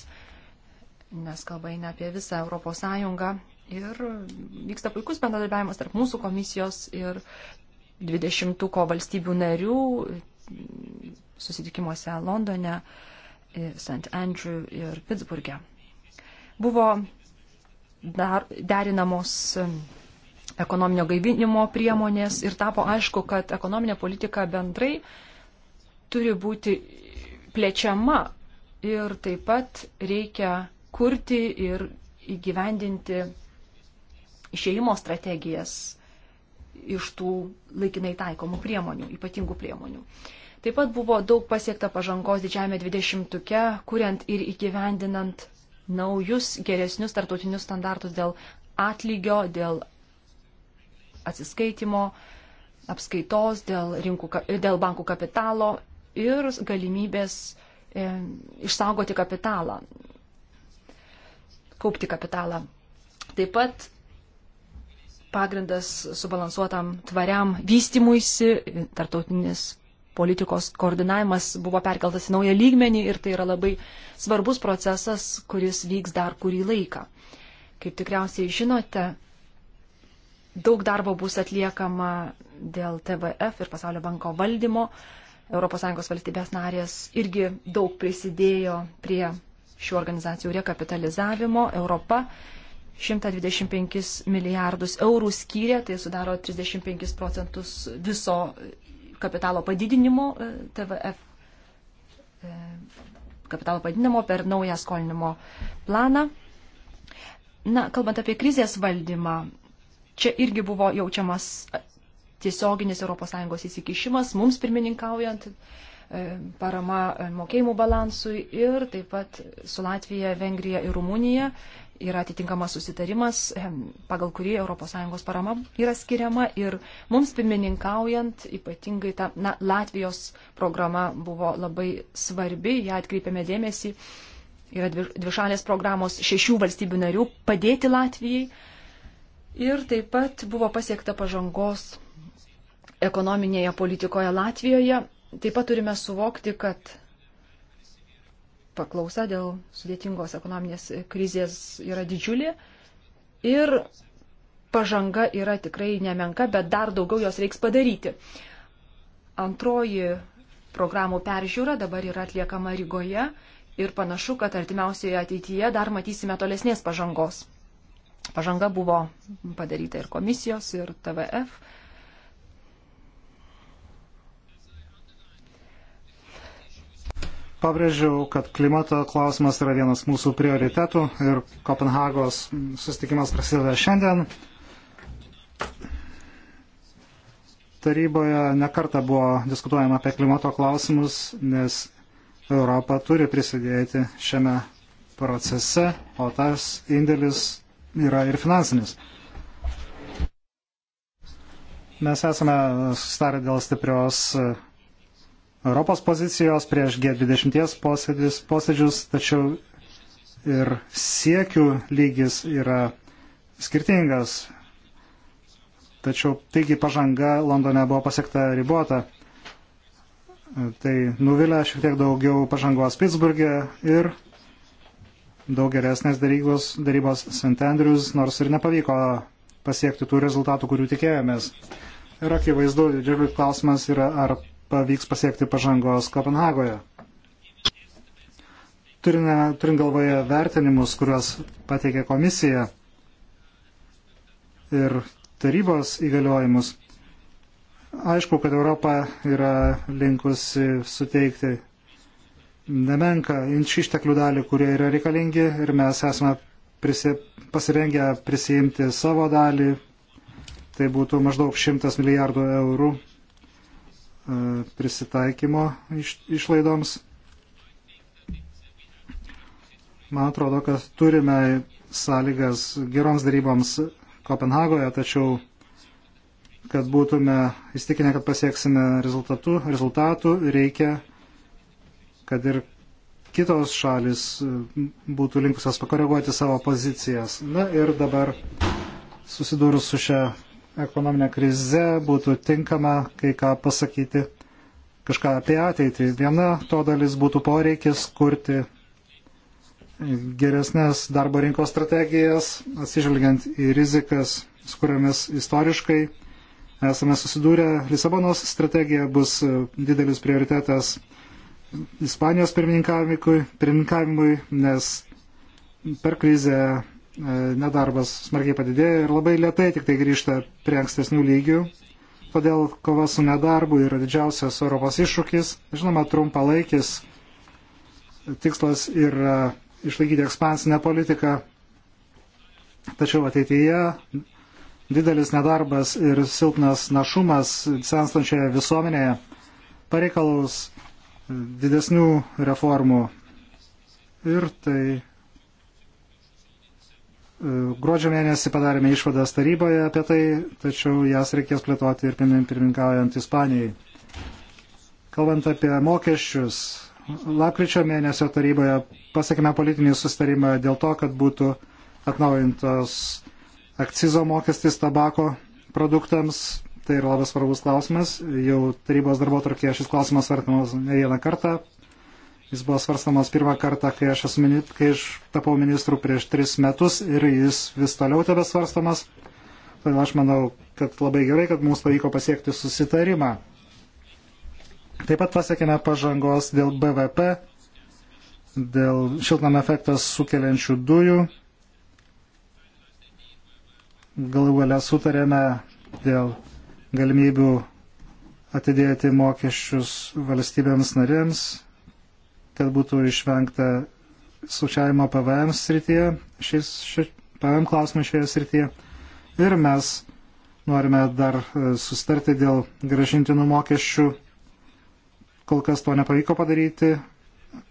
nes kalba eina apie visą Europos Sąjungą. Ir vyksta puikus bendradarbiavimas tarp mūsų komisijos ir 20-ko valstybių narių susitikimuose Londone, e, St. Andrew ir Pittsburghe. Buvo dar derinamos ekonominio gaivinimo priemonės ir tapo aišku, kad ekonominė politika bendrai turi būti plečiama ir taip pat reikia kurti ir įgyvendinti išėjimo strategijas iš tų laikinai taikomų priemonių, ypatingų priemonių. Taip pat buvo daug pasiekta pažangos didžiajame dvidešimtuke, kuriant ir įgyvendinant naujus geresnius tartutinius standartus dėl atlygio, dėl atsiskaitimo, apskaitos, dėl, rinkų, dėl bankų kapitalo ir galimybės e, išsaugoti kapitalą, kaupti kapitalą. Taip pat pagrindas subalansuotam tvariam vystimuisi, tartautinis politikos koordinavimas buvo perkeltas į naują lygmenį ir tai yra labai svarbus procesas, kuris vyks dar kurį laiką. Kaip tikriausiai žinote, Daug darbo bus atliekama dėl TVF ir Pasaulio banko valdymo. ES valstybės narės irgi daug prisidėjo prie šių organizacijų rekapitalizavimo. Europa 125 milijardus eurų skyrė, tai sudaro 35 procentus viso kapitalo padidinimo e, TVF e, kapitalo padidinimo per naują skolinimo planą. Na, kalbant apie krizės valdymą, čia irgi buvo jaučiamas tiesioginis ES įsikišimas, mums pirmininkaujant, e, parama mokėjimų balansui ir taip pat su Latvija, Vengrija ir Rumunija yra atitinkamas susitarimas, e, pagal kurį ES parama yra skiriama ir mums pirmininkaujant ypatingai ta na, Latvijos programa buvo labai svarbi, ją atkreipėme dėmesį, yra dvišalės programos šešių valstybių narių padėti Latvijai Ir taip pat buvo pasiekta pažangos ekonominėje politikoje Latvijoje. Taip pat turime suvokti, kad paklausa dėl sudėtingos ekonominės krizės yra didžiulė ir pažanga yra tikrai nemenka, bet dar daugiau jos reiks padaryti. Antroji programų peržiūra dabar yra atliekama Rygoje ir panašu, kad artimiausioje ateityje dar matysime tolesnės pažangos. Pažanga buvo padaryta ir komisijos, ir TVF. Pabrėžiau, kad klimato klausimas yra vienas mūsų prioritetų ir Kopenhagos susitikimas prasideda šiandien. Taryboje nekarta buvo diskutuojama apie klimato klausimus, nes Europa turi prisidėti šiame procese, o tas indėlis yra ir finansinis. Mes esame sustarę dėl stiprios e, Europos pozicijos prieš G20 posėdžius, posėdžius tačiau ir siekių lygis yra skirtingas. Tačiau taigi pažanga Londone buvo pasiekta ribota. E, tai nuvilia šiek tiek daugiau pažangos Pittsburgė ir daug geresnės darybos, darybos St. Andrews, nors ir nepavyko pasiekti tų rezultatų, kurių tikėjomės. Ir akivaizdu, didžiulis klausimas yra, ar pavyks pasiekti pažangos Kopenhagoje. Turime, turint galvoje vertinimus, kuriuos pateikė komisija ir tarybos įgaliojimus, aišku, kad Europa yra linkusi suteikti nemenka išteklių dalį, kurie yra reikalingi ir mes esame prisi, pasirengę prisijimti savo dalį. Tai būtų maždaug 100 milijardų eurų e, prisitaikymo iš, išlaidoms. Man atrodo, kad turime sąlygas geroms daryboms Kopenhagoje, tačiau kad būtume įstikinę, kad pasieksime rezultatų, rezultatų reikia kad ir kitos šalis e, būtų linkusios pakoreguoti savo pozicijas. Na ir dabar susidūrus su šia ekonominė krize būtų tinkama kai ką pasakyti kažką apie ateitį. Viena to dalis būtų poreikis kurti geresnės darbo rinkos strategijas, atsižvelgiant į rizikas, su kuriamis istoriškai esame susidūrę. Lisabonos strategija bus e, didelis prioritetas Ispanijos pirmininkavimui, nes per krizę e, nedarbas smarkiai padidėjo ir labai lietai tik tai grįžta prie ankstesnių lygių. Todėl kova su nedarbu yra didžiausias Europos iššūkis. Žinoma, trumpalaikis tikslas yra išlaikyti ekspansinę politiką, tačiau ateityje didelis nedarbas ir silpnas našumas senstančioje visuomenėje pareikalaus didesnių reformų. Ir tai e, gruodžio mėnesį padarėme išvadas taryboje apie tai, tačiau jas reikės plėtoti ir pirmininkaujant Ispanijai. Kalbant apie mokesčius, lapkričio mėnesio taryboje pasiekime politinį sustarimą dėl to, kad būtų atnaujintos akcizo mokestis tabako produktams tai yra labai svarbus klausimas. Jau tarybos darbo tarkėje šis klausimas svartamas ne vieną kartą. Jis buvo svarstamas pirmą kartą, kai aš, minit, kai aš tapau ministru prieš tris metus ir jis vis toliau tebe svarstamas. Todėl aš manau, kad labai gerai, kad mums pavyko pasiekti susitarimą. Taip pat pasiekėme pažangos dėl BVP, dėl šiltnam efektas sukeliančių dujų. Galų galę sutarėme dėl galimybių atidėti mokesčius valstybėms narėms, kad būtų išvengta sučiavimo PVM srityje, šis ši, PVM klausimai šioje srityje. Ir mes norime dar e, sustarti dėl gražintinų mokesčių. Kol kas to nepavyko padaryti.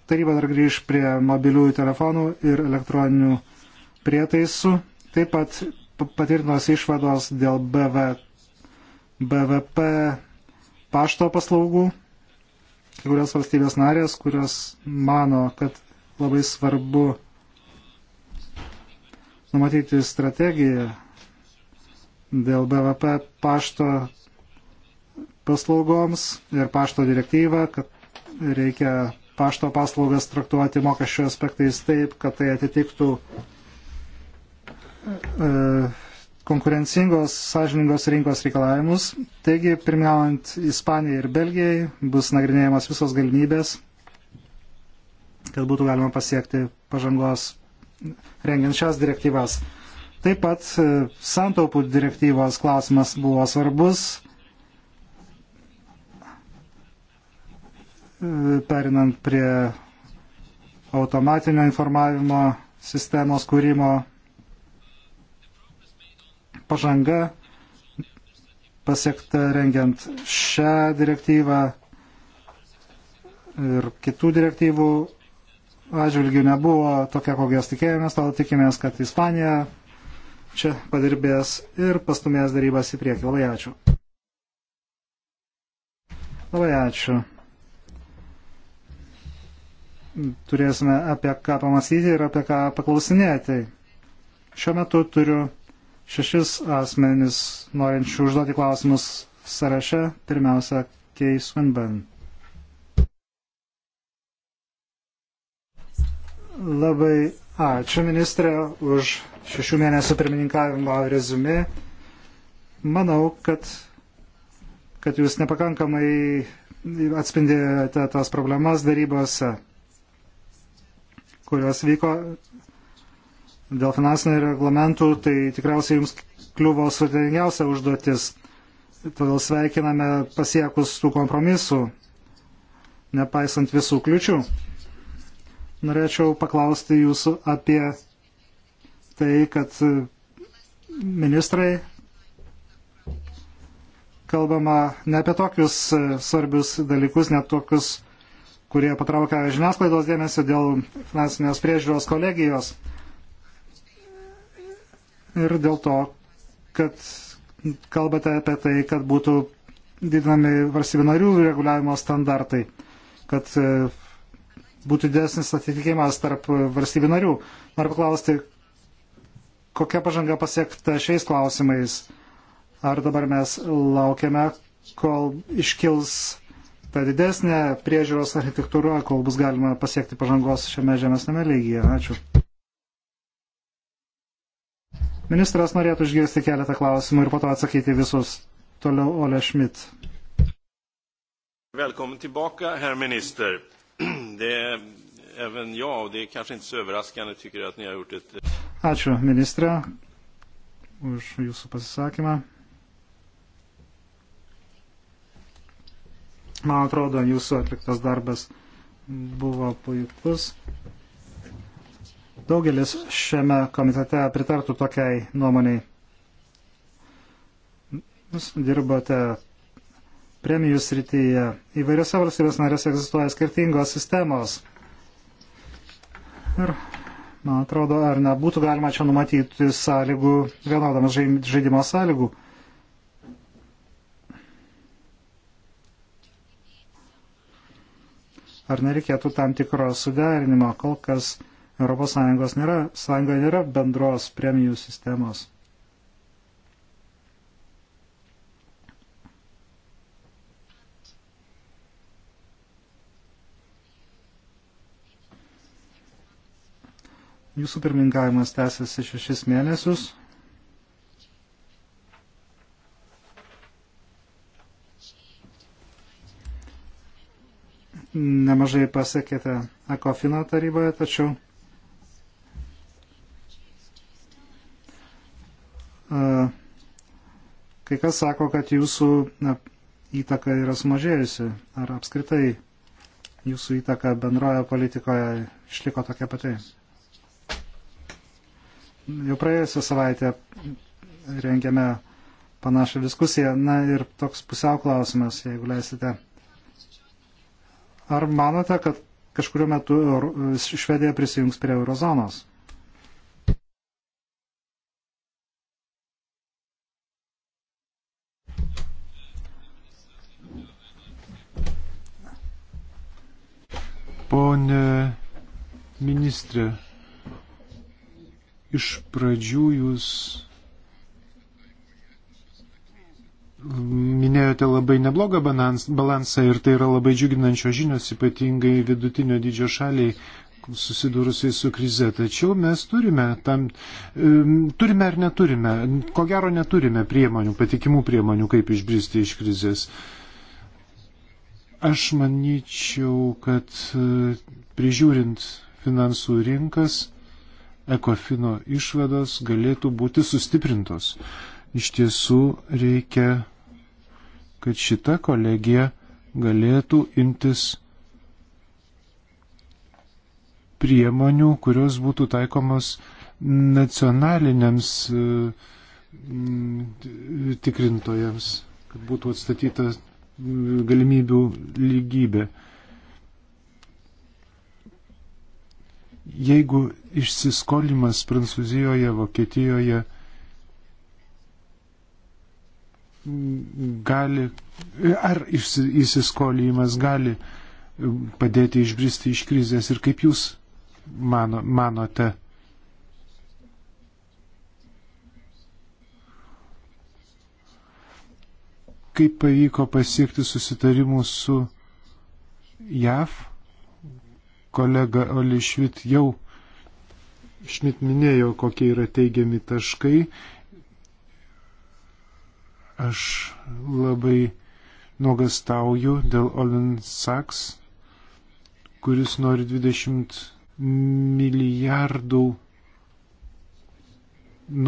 Taryba dar grįž prie mobiliųjų telefonų ir elektroninių prietaisų. Taip pat patvirtinos išvados dėl BVT BVP pašto paslaugų. Kai kurios valstybės narės, kurios mano, kad labai svarbu numatyti strategiją dėl BVP pašto paslaugoms ir pašto direktyvą, kad reikia pašto paslaugas traktuoti mokesčių aspektais taip, kad tai atitiktų uh, konkurencingos, sąžiningos rinkos reikalavimus. Taigi, pirmiaujant Ispanijai ir Belgijai, bus nagrinėjamas visos galimybės, kad būtų galima pasiekti pažangos rengiant šias direktyvas. Taip pat e, santaupų direktyvos klausimas buvo svarbus, e, perinant prie automatinio informavimo sistemos kūrimo pažanga pasiekta rengiant šią direktyvą ir kitų direktyvų atžvilgių nebuvo tokia, kokios tikėjomės, tol tikimės, kad Ispanija čia padirbės ir pastumės darybas į priekį. Labai ačiū. Labai ačiū. Turėsime apie ką pamastyti ir apie ką paklausinėti. Šiuo metu turiu šešis asmenis norinčių užduoti klausimus sąraše. Pirmiausia, Kei Swinburne. Labai ačiū ministrė už šešių mėnesių pirmininkavimo rezumė. Manau, kad, kad jūs nepakankamai atspindėjote tas problemas darybose, kurios vyko Dėl finansinių reglamentų tai tikriausiai jums kliuvo sudėtingiausia užduotis. Todėl sveikiname pasiekus tų kompromisų, nepaisant visų kliučių. Norėčiau paklausti jūsų apie tai, kad ministrai kalbama ne apie tokius svarbius dalykus, net tokius, kurie patraukia žiniasklaidos dėmesį dėl finansinės priežiūros kolegijos ir dėl to, kad kalbate apie tai, kad būtų didinami valstybių narių reguliavimo standartai, kad e, būtų didesnis atitikimas tarp valstybių narių. Noriu paklausti, kokia pažanga pasiekta šiais klausimais? Ar dabar mes laukiame, kol iškils ta didesnė priežiūros architektūra, kol bus galima pasiekti pažangos šiame žemesnėme lygyje? Ačiū. Ministras norėtų išgirsti keletą klausimų ir po to atsakyti visus. Toliau Ole Schmidt. Välkommen tillbaka, herr minister. Det, även jag, och det är kanske inte så överraskande, tycker att ni har gjort ett... Ačiū, ministre, už jūsų pasisakymą. Man atrodo, jūsų atliktas darbas buvo puikus. Daugelis šiame komitete pritartų tokiai nuomoniai. Jūs dirbote premijų srityje. Įvairiose valstybės narėse egzistuoja skirtingos sistemos. Ir, man atrodo, ar nebūtų galima čia numatyti sąlygų, vienodamas žaidimo sąlygų. Ar nereikėtų tam tikro suderinimo, kol kas Europos Sąjungos nėra, Sąjungoje nėra bendros premijų sistemos. Jūsų pirmininkavimas tęsiasi šešis mėnesius. Nemažai pasiekėte Ekofino taryboje, tačiau Kai kas sako, kad jūsų na, įtaka yra sumažėjusi, ar apskritai jūsų įtaka bendroje politikoje išliko tokia pati. Jau praėjusią savaitę rengėme panašią diskusiją. Na ir toks pusiau klausimas, jeigu leisite. Ar manote, kad kažkuriuo metu Švedija prisijungs prie eurozonos? Pone ministrė, iš pradžių jūs minėjote labai neblogą balansą ir tai yra labai džiuginančios žinios, ypatingai vidutinio dydžio šaliai susidūrusiai su krize. Tačiau mes turime tam, turime ar neturime, ko gero neturime priemonių, patikimų priemonių, kaip išbristi iš krizės. Aš manyčiau, kad e, prižiūrint finansų rinkas, ekofino išvados galėtų būti sustiprintos. Iš tiesų reikia, kad šita kolegija galėtų imtis priemonių, kurios būtų taikomos nacionaliniams e, tikrintojams, kad būtų atstatytas galimybių lygybė. Jeigu išsiskolimas Prancūzijoje, Vokietijoje gali, ar įsiskolimas gali padėti išbristi iš krizės ir kaip jūs mano, manote, kaip pavyko pasiekti susitarimų su JAV. Kolega Oli Švit jau Šmit minėjo, kokie yra teigiami taškai. Aš labai nuogastauju dėl Olin Saks, kuris nori 20 milijardų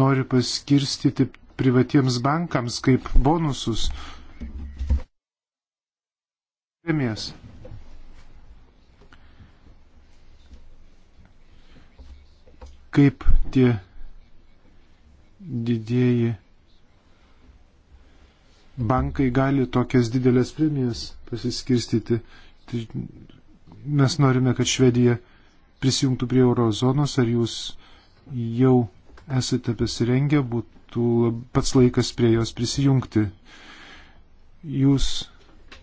nori paskirstyti privatiems bankams kaip bonusus puhemies. Kaip tie didieji bankai gali tokias didelės premijas pasiskirstyti. Tai mes norime, kad Švedija prisijungtų prie eurozonos. Ar jūs jau esate pasirengę, būtų pats laikas prie jos prisijungti? Jūs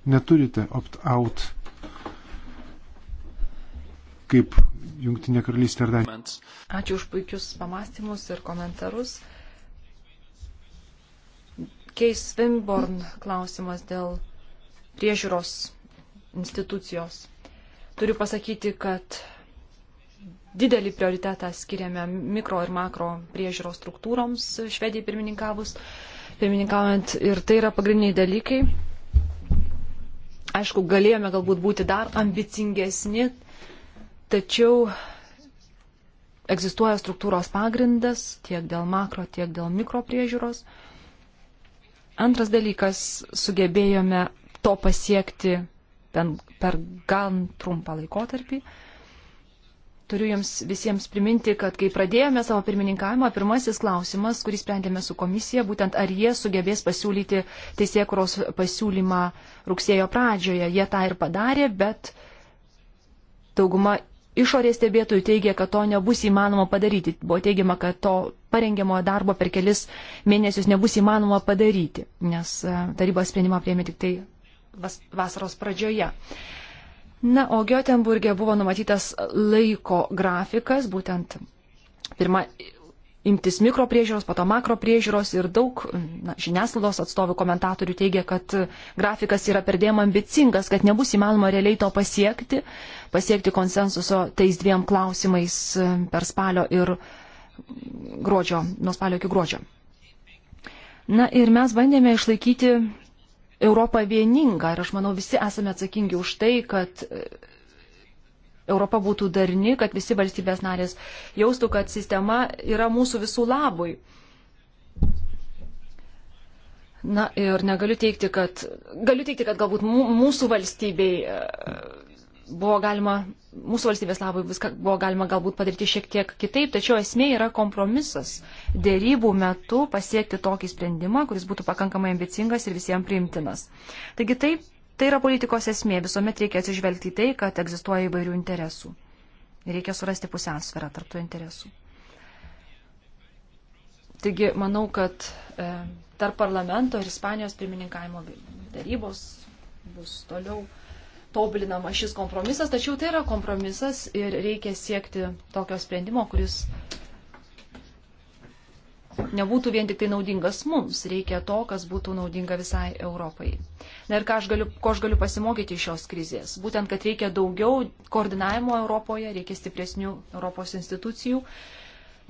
neturite opt-out kaip Jungtinė karalystė ar dar. Ačiū už puikius pamastymus ir komentarus. Keis Swinburn klausimas dėl priežiūros institucijos. Turiu pasakyti, kad didelį prioritetą skiriame mikro ir makro priežiūros struktūroms švediai pirmininkavus, pirmininkaujant ir tai yra pagrindiniai dalykai Aišku, galėjome galbūt būti dar ambicingesni, tačiau egzistuoja struktūros pagrindas tiek dėl makro, tiek dėl mikro priežiūros. Antras dalykas, sugebėjome to pasiekti per gan trumpą laikotarpį. Turiu jums visiems priminti, kad kai pradėjome savo pirmininkavimą, pirmasis klausimas, kurį sprendėme su komisija, būtent ar jie sugebės pasiūlyti teisėkuros pasiūlymą rugsėjo pradžioje. Jie tą ir padarė, bet dauguma išorės stebėtojų teigia, kad to nebus įmanoma padaryti. Buvo teigiama, kad to parengiamojo darbo per kelis mėnesius nebus įmanoma padaryti, nes e, tarybos sprendimą prieimė tik tai vasaros pradžioje. Na, o Göteborgė buvo numatytas laiko grafikas, būtent pirma imtis mikropriežiūros, pato makropriežiūros ir daug na, žiniasklaidos atstovų komentatorių teigia, kad grafikas yra perdėm ambicingas, kad nebus įmanoma realiai to pasiekti, pasiekti konsensuso tais dviem klausimais e, per spalio ir gruodžio, nuo spalio iki gruodžio. Na ir mes bandėme išlaikyti Europa vieninga ir aš manau visi esame atsakingi už tai, kad e, Europa būtų darni, kad visi valstybės narės jaustų, kad sistema yra mūsų visų labui. Na ir negaliu teikti, kad, galiu teikti, kad galbūt mūsų valstybei e, buvo galima mūsų valstybės labai viską buvo galima galbūt padaryti šiek tiek kitaip, tačiau esmė yra kompromisas. Dėrybų metu pasiekti tokį sprendimą, kuris būtų pakankamai ambicingas ir visiems priimtinas. Taigi taip, tai yra politikos esmė. Visuomet reikia atsižvelgti į tai, kad egzistuoja įvairių interesų. Reikia surasti pusiausvyrą tarptų interesų. Taigi manau, kad e, tarp parlamento ir Ispanijos pirmininkavimo darybos bus toliau tobulinamas šis kompromisas, tačiau tai yra kompromisas ir reikia siekti tokio sprendimo, kuris nebūtų vien tik tai naudingas mums, reikia to, kas būtų naudinga visai Europai. Na ir ką aš galiu, ko aš galiu pasimokyti iš šios krizės? Būtent, kad reikia daugiau koordinavimo Europoje, reikia stipresnių Europos institucijų,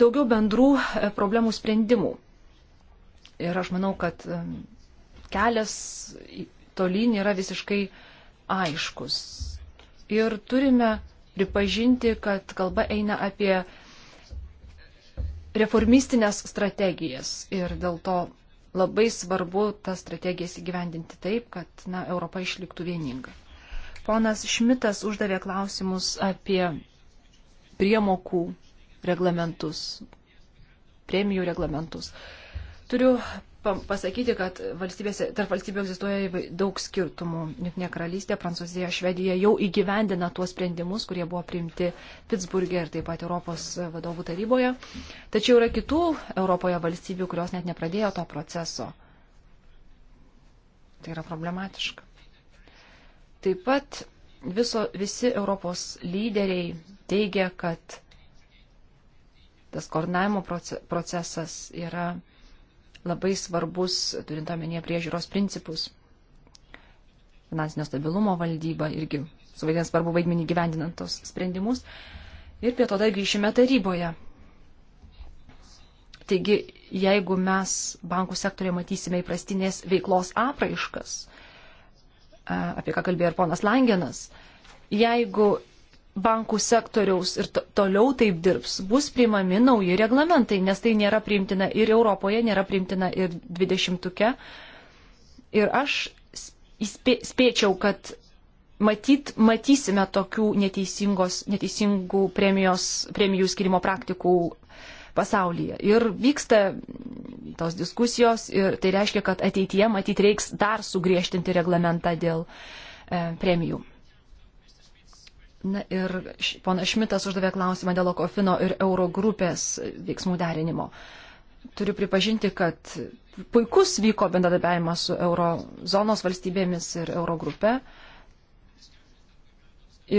daugiau bendrų e, problemų sprendimų. Ir aš manau, kad e, kelias tolyn yra visiškai uh, aiškus. Ir turime pripažinti, kad kalba eina apie reformistinės strategijas ir dėl to labai svarbu tas strategijas įgyvendinti taip, kad na, Europa išliktų vieninga. Ponas Šmitas uždavė klausimus apie priemokų reglamentus, premijų reglamentus. Turiu pasakyti, kad tarp valstybių egzistuoja daug skirtumų. Junktinė karalystė, Prancūzija, Švedija jau įgyvendina tuos sprendimus, kurie buvo priimti Pittsburgė ir taip pat Europos vadovų taryboje. Tačiau yra kitų Europoje valstybių, kurios net nepradėjo to proceso. Tai yra problematiška. Taip pat viso, visi Europos lyderiai teigia, kad tas koordinavimo procesas yra labai svarbus, turint omenyje priežiūros principus. Finansinio stabilumo valdyba irgi suvaidins svarbu vaidmenį gyvendinant tos sprendimus. Ir prie to dar grįšime taryboje. Taigi, jeigu mes bankų sektorėje matysime įprastinės veiklos apraiškas, apie ką kalbėjo ir ponas Langenas, jeigu bankų sektoriaus ir toliau taip dirbs, bus priimami nauji reglamentai, nes tai nėra priimtina ir Europoje, nėra priimtina ir dvidešimtuke. Ir aš spė spėčiau, kad matyt, matysime tokių neteisingų premijos, premijų skirimo praktikų pasaulyje. Ir vyksta tos diskusijos ir tai reiškia, kad ateityje matyt reiks dar sugriežtinti reglamentą dėl e, premijų. Na ir pona Šmitas uždavė klausimą dėl Okofino ir Eurogrupės veiksmų derinimo. Turiu pripažinti, kad puikus vyko bendradarbiavimas su Eurozonos valstybėmis ir Eurogrupe.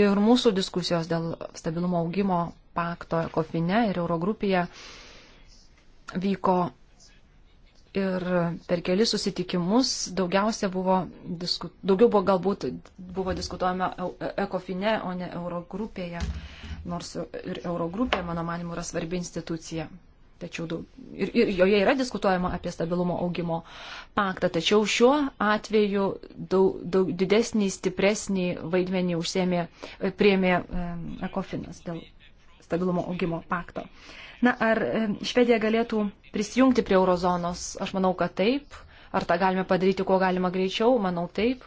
Ir mūsų diskusijos dėl stabilumo augimo pakto Ekofine ir Eurogrupėje vyko Ir per kelis susitikimus daugiausia buvo, disku, daugiau buvo galbūt buvo diskutuojama ekofine, o ne eurogrupėje, nors ir eurogrupė, mano manimu, yra svarbi institucija. Tačiau daug, ir, ir joje yra diskutuojama apie stabilumo augimo paktą, tačiau šiuo atveju daug, daug didesnį, stipresnį vaidmenį užsėmė, priemė ekofinas dėl stabilumo augimo pakto. Uh, Na, ar e, Švedija galėtų prisijungti prie eurozonos? Aš manau, kad taip. Ar tą galime padaryti kuo galima greičiau? Manau, taip.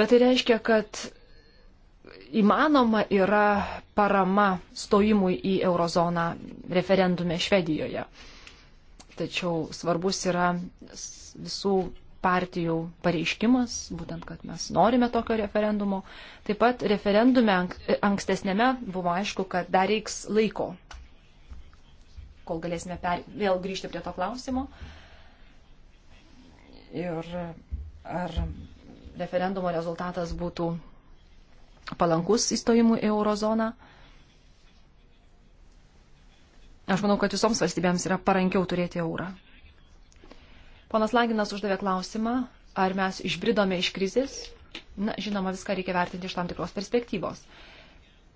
Bet tai reiškia, kad įmanoma yra parama stojimui į eurozoną referendume Švedijoje. Tačiau svarbus yra visų partijų pareiškimas, būtent, kad mes norime tokio referendumo. Taip pat referendume ankstesnėme buvo aišku, kad dar reiks laiko kol galėsime per, vėl grįžti prie to klausimo. Ir ar referendumo rezultatas būtų palankus įstojimui į eurozoną. Aš manau, kad visoms valstybėms yra parankiau turėti eurą. Ponas Langinas uždavė klausimą, ar mes išbridome iš krizės. Na, žinoma, viską reikia vertinti iš tam tikros perspektyvos.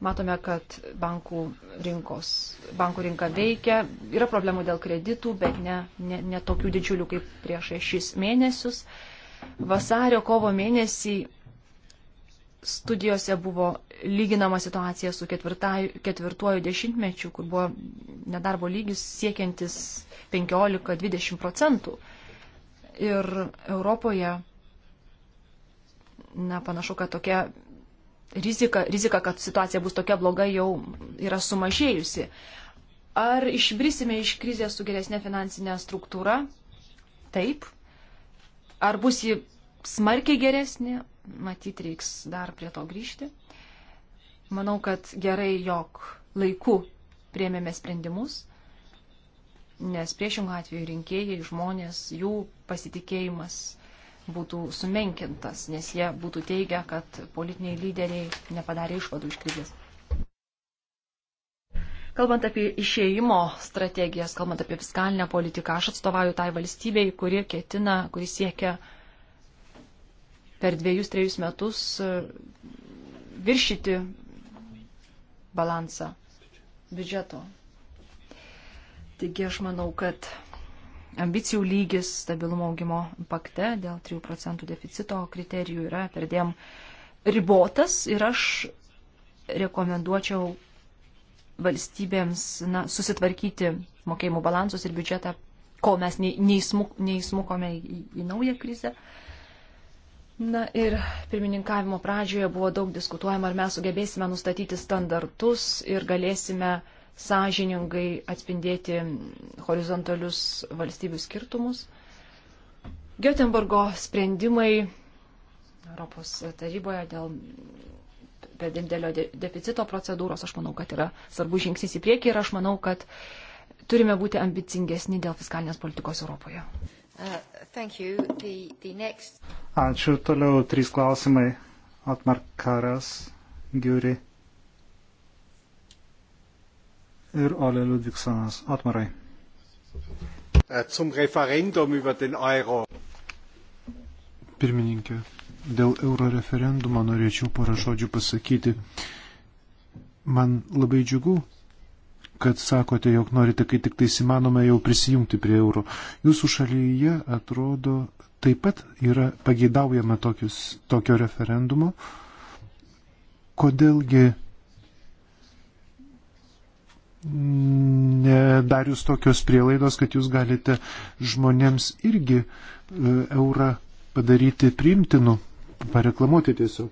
Matome, kad bankų, rinkos, bankų rinka veikia, yra problemų dėl kreditų, bet ne, ne, ne tokių didžiulių kaip prieš šešis mėnesius. Vasario, kovo mėnesį studijose buvo lyginama situacija su ketvirtuoju dešimtmečiu, kur buvo nedarbo lygis siekiantis 15-20 procentų. Ir Europoje, na, panašu, kad tokia rizika, rizika, kad situacija bus tokia bloga, jau yra sumažėjusi. Ar išbrisime iš krizės su geresnė finansinė struktūra? Taip. Ar bus ji smarkiai geresnė? Matyt, reiks dar prie to grįžti. Manau, kad gerai, jog laiku priemėme sprendimus, nes priešingų atveju rinkėjai, žmonės, jų pasitikėjimas būtų sumenkintas, nes jie būtų teigia, kad politiniai lyderiai nepadarė išvadų iš krizės. Kalbant apie išėjimo strategijas, kalbant apie fiskalinę politiką, aš atstovauju tai valstybei, kuri ketina, kuri siekia per dviejus, trejus metus e, viršyti balansą biudžeto. Taigi aš manau, kad ambicijų lygis stabilumo augimo pakte dėl 3 procentų deficito kriterijų yra perdėm ribotas ir aš rekomenduočiau valstybėms na, susitvarkyti mokėjimų balansus ir biudžetą, kol mes neįsmuk, neįsmukome į, į naują krizę. Na ir pirmininkavimo pradžioje buvo daug diskutuojama, ar mes sugebėsime nustatyti standartus ir galėsime uh, sąžiningai atspindėti horizontalius valstybių skirtumus. Göteborgo sprendimai Europos taryboje dėl per didelio deficito procedūros, aš manau, kad yra svarbus žingsnis į priekį ir aš manau, kad turime būti ambicingesni dėl fiskalinės politikos Europoje. Uh, the, the next... Ačiū. Toliau trys klausimai. Atmarkaras, Giuri ir Ole Ludvigsonas. Otmarai. Äh, zum referendum über den euro. Pirmininkė, dėl euro referendumo norėčiau porą žodžių pasakyti. Man labai džiugu, kad sakote, jog norite, kai tik tai įmanoma, jau prisijungti prie euro. Jūsų šalyje atrodo taip pat yra pageidaujama tokius, tokio referendumo. Kodėlgi darius tokios prielaidos, kad jūs galite žmonėms irgi e, eurą padaryti priimtinu, pareklamuoti tiesiog.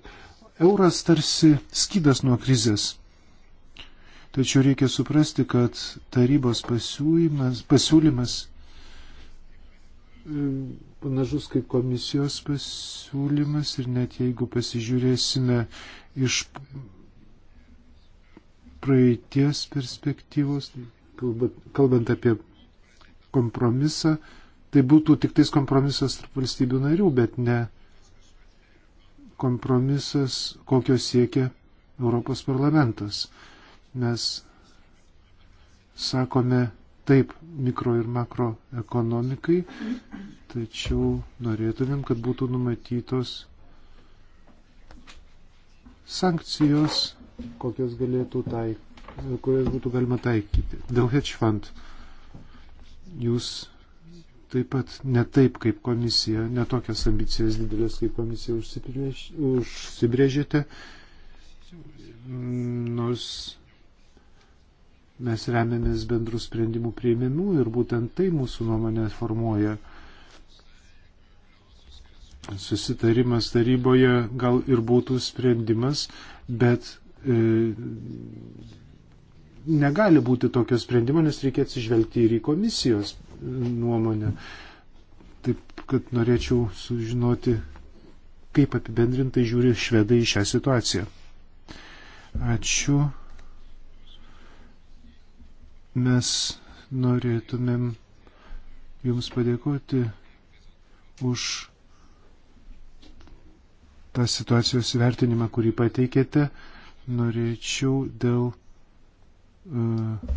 Euras tarsi skydas nuo krizės. Tačiau reikia suprasti, kad tarybos pasiūlymas, pasiūlymas e, panašus kaip komisijos pasiūlymas ir net jeigu pasižiūrėsime iš praeities perspektyvos, kalbant apie kompromisą, tai būtų tik tais kompromisas tarp valstybių narių, bet ne kompromisas, kokio siekia Europos parlamentas. Mes sakome taip mikro ir makro ekonomikai, tačiau norėtumėm, kad būtų numatytos sankcijos kokias galėtų taik, kurias būtų galima taikyti. Dėl hedge fund jūs taip pat ne taip kaip komisija, netokias ambicijas didelės kaip komisija užsibrėžėte, nors mes remiamės bendrų sprendimų prieimimu ir būtent tai mūsų nuomonė formuoja. Susitarimas taryboje gal ir būtų sprendimas, bet E, negali būti tokio sprendimo, nes reikia atsižvelgti ir į komisijos nuomonę. Taip, kad norėčiau sužinoti, kaip apibendrintai žiūri švedai į šią situaciją. Ačiū. Mes norėtumėm Jums padėkoti už tą situacijos vertinimą, kurį pateikėte norėčiau dėl uh,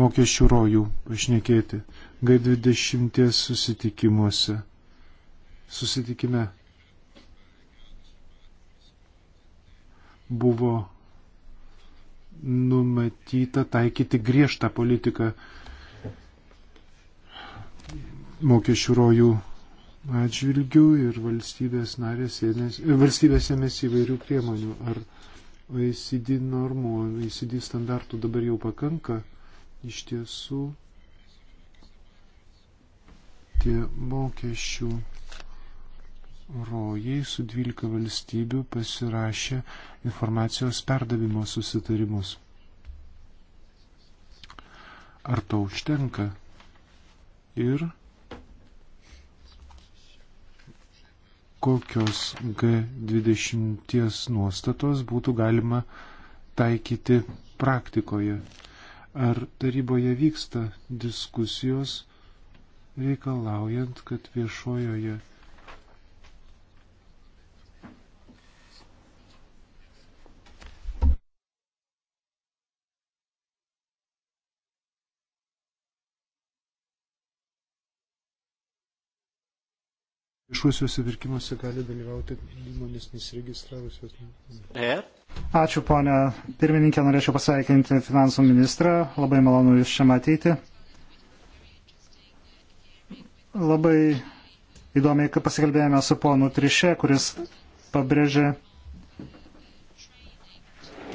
mokesčių rojų pašnekėti. G20 susitikimuose. Susitikime buvo numatyta taikyti griežtą politiką mokesčių rojų atžvilgių ir valstybės narės ėmėsi, valstybės ėmėsi įvairių priemonių. Ar OECD normų, OECD standartų dabar jau pakanka. Iš tiesų tie mokesčių rojai su 12 valstybių pasirašė informacijos perdavimo susitarimus. Ar to užtenka? Ir kokios G20 nuostatos būtų galima taikyti praktikoje. Ar taryboje vyksta diskusijos reikalaujant, kad viešojoje Viešuosiuose pirkimuose gali dalyvauti įmonės nesiregistravusios. Ačiū, ponia pirmininkė, norėčiau pasveikinti finansų ministrą. Labai malonu Jūs čia matyti. Labai įdomiai, kad pasikalbėjome su ponu Trišė, kuris pabrėžė,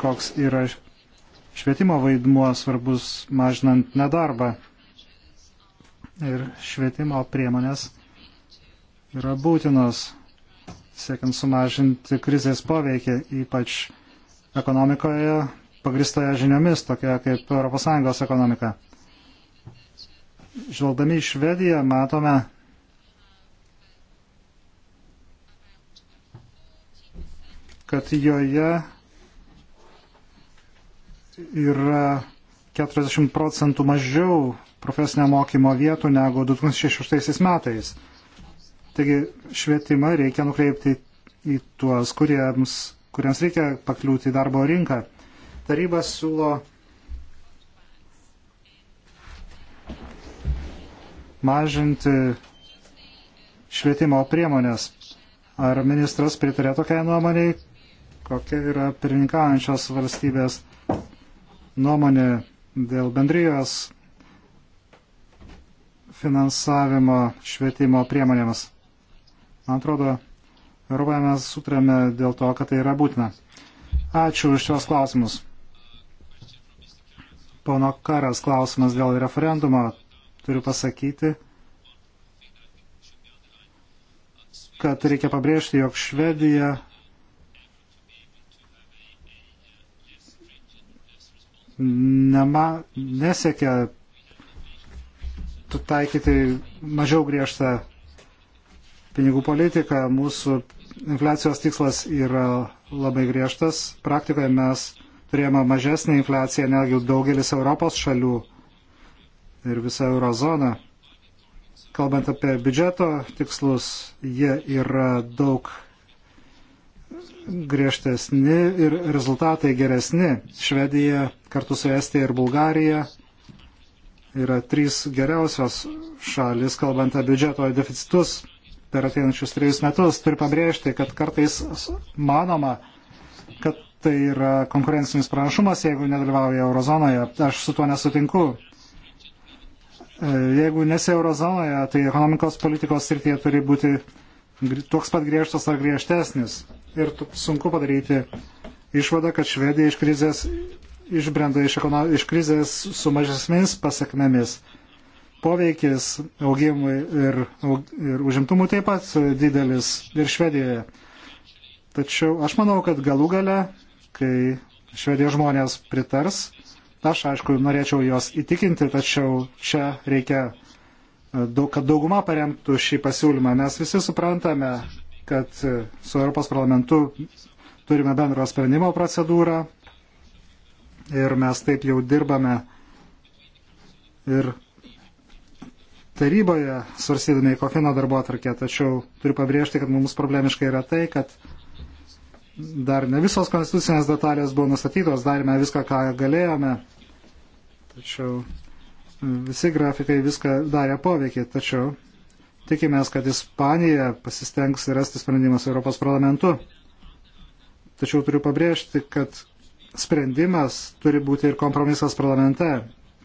koks yra švietimo vaidmuo svarbus mažinant nedarbą ir švietimo priemonės yra būtinos siekiant sumažinti krizės poveikį, ypač ekonomikoje pagristoje žiniomis, tokia kaip ES ekonomika. Žvelgdami į Švediją matome, kad joje yra 40 procentų mažiau profesinio mokymo vietų negu 2006 metais. Taigi švietimą reikia nukreipti į tuos, kuriems, kuriems reikia pakliūti į darbo rinką. Taryba siūlo mažinti švietimo priemonės. Ar ministras pritarė tokiai nuomonėj? Kokia yra pirmininkaujančios valstybės nuomonė dėl bendrijos finansavimo švietimo priemonėms? Man atrodo, Europoje mes sutrėme dėl to, kad tai yra būtina. Ačiū už šios klausimus. Pono Karas klausimas dėl referendumo. Turiu pasakyti, kad reikia pabrėžti, jog Švedija nema, nesiekia taikyti mažiau griežtą pinigų politiką. Mūsų infliacijos tikslas yra labai griežtas. Praktikoje mes turėjome mažesnį infliaciją negu daugelis Europos šalių ir visa eurozona. Kalbant apie biudžeto tikslus, jie yra daug griežtesni ir rezultatai geresni. Švedija kartu su Estija ir Bulgarija yra trys geriausios šalis, kalbant apie biudžeto deficitus per ateinančius trejus metus. Turiu pabrėžti, kad kartais manoma, kad tai yra konkurencinis pranašumas, jeigu nedalyvauja eurozonoje. Aš su tuo nesutinku. E, jeigu nesi eurozonoje, tai ekonomikos politikos srityje turi būti toks pat griežtas ar griežtesnis. Ir sunku padaryti išvadą, kad Švedija iš krizės išbrenda iš, ekono, iš krizės su mažesnėmis pasiekmėmis poveikis augimui ir, ir užimtumui taip pat didelis ir Švedijoje. Tačiau aš manau, kad galų gale, kai Švedijos žmonės pritars, aš aišku norėčiau juos įtikinti, tačiau čia reikia, e, kad dauguma paremtų šį pasiūlymą. Mes visi suprantame, kad e, su Europos parlamentu turime bendro sprendimo procedūrą ir mes taip jau dirbame ir taryboje, svarstydami kofino darbo atvarkę, tačiau turiu pabrėžti, kad mums problemiškai yra tai, kad dar ne visos konstitucinės detalės buvo nustatytos, darėme viską, ką galėjome, tačiau visi grafikai viską darė poveikį, tačiau tikimės, kad Ispanija pasistengs rasti sprendimą su Europos parlamentu. Tačiau turiu pabrėžti, kad sprendimas turi būti ir kompromisas parlamente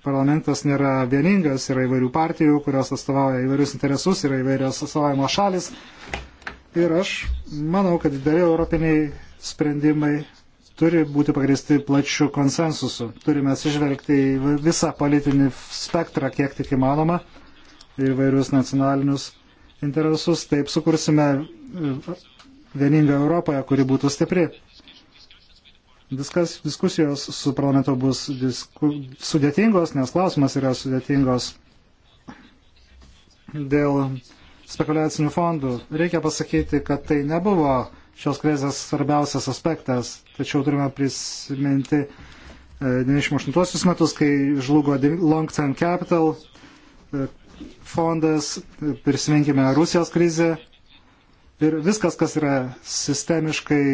parlamentas nėra vieningas, yra įvairių partijų, kurios atstovauja įvairius interesus, yra įvairios atstovavimo šalis. Ir aš manau, kad dideli europiniai sprendimai turi būti pagristi plačiu konsensusu. Turime atsižvelgti į visą politinį spektrą, kiek tik įmanoma, ir vairius nacionalinius interesus. Taip sukursime vieningą Europą, kuri būtų stipri. Viskas diskusijos su parlamentu bus disku, sudėtingos, nes klausimas yra sudėtingos dėl spekuliacinių fondų. Reikia pasakyti, kad tai nebuvo šios krizės svarbiausias aspektas, tačiau turime prisiminti 98 e, metus, kai žlugo Long Term Capital e, fondas, prisiminkime Rusijos krizę Ir viskas, kas yra sistemiškai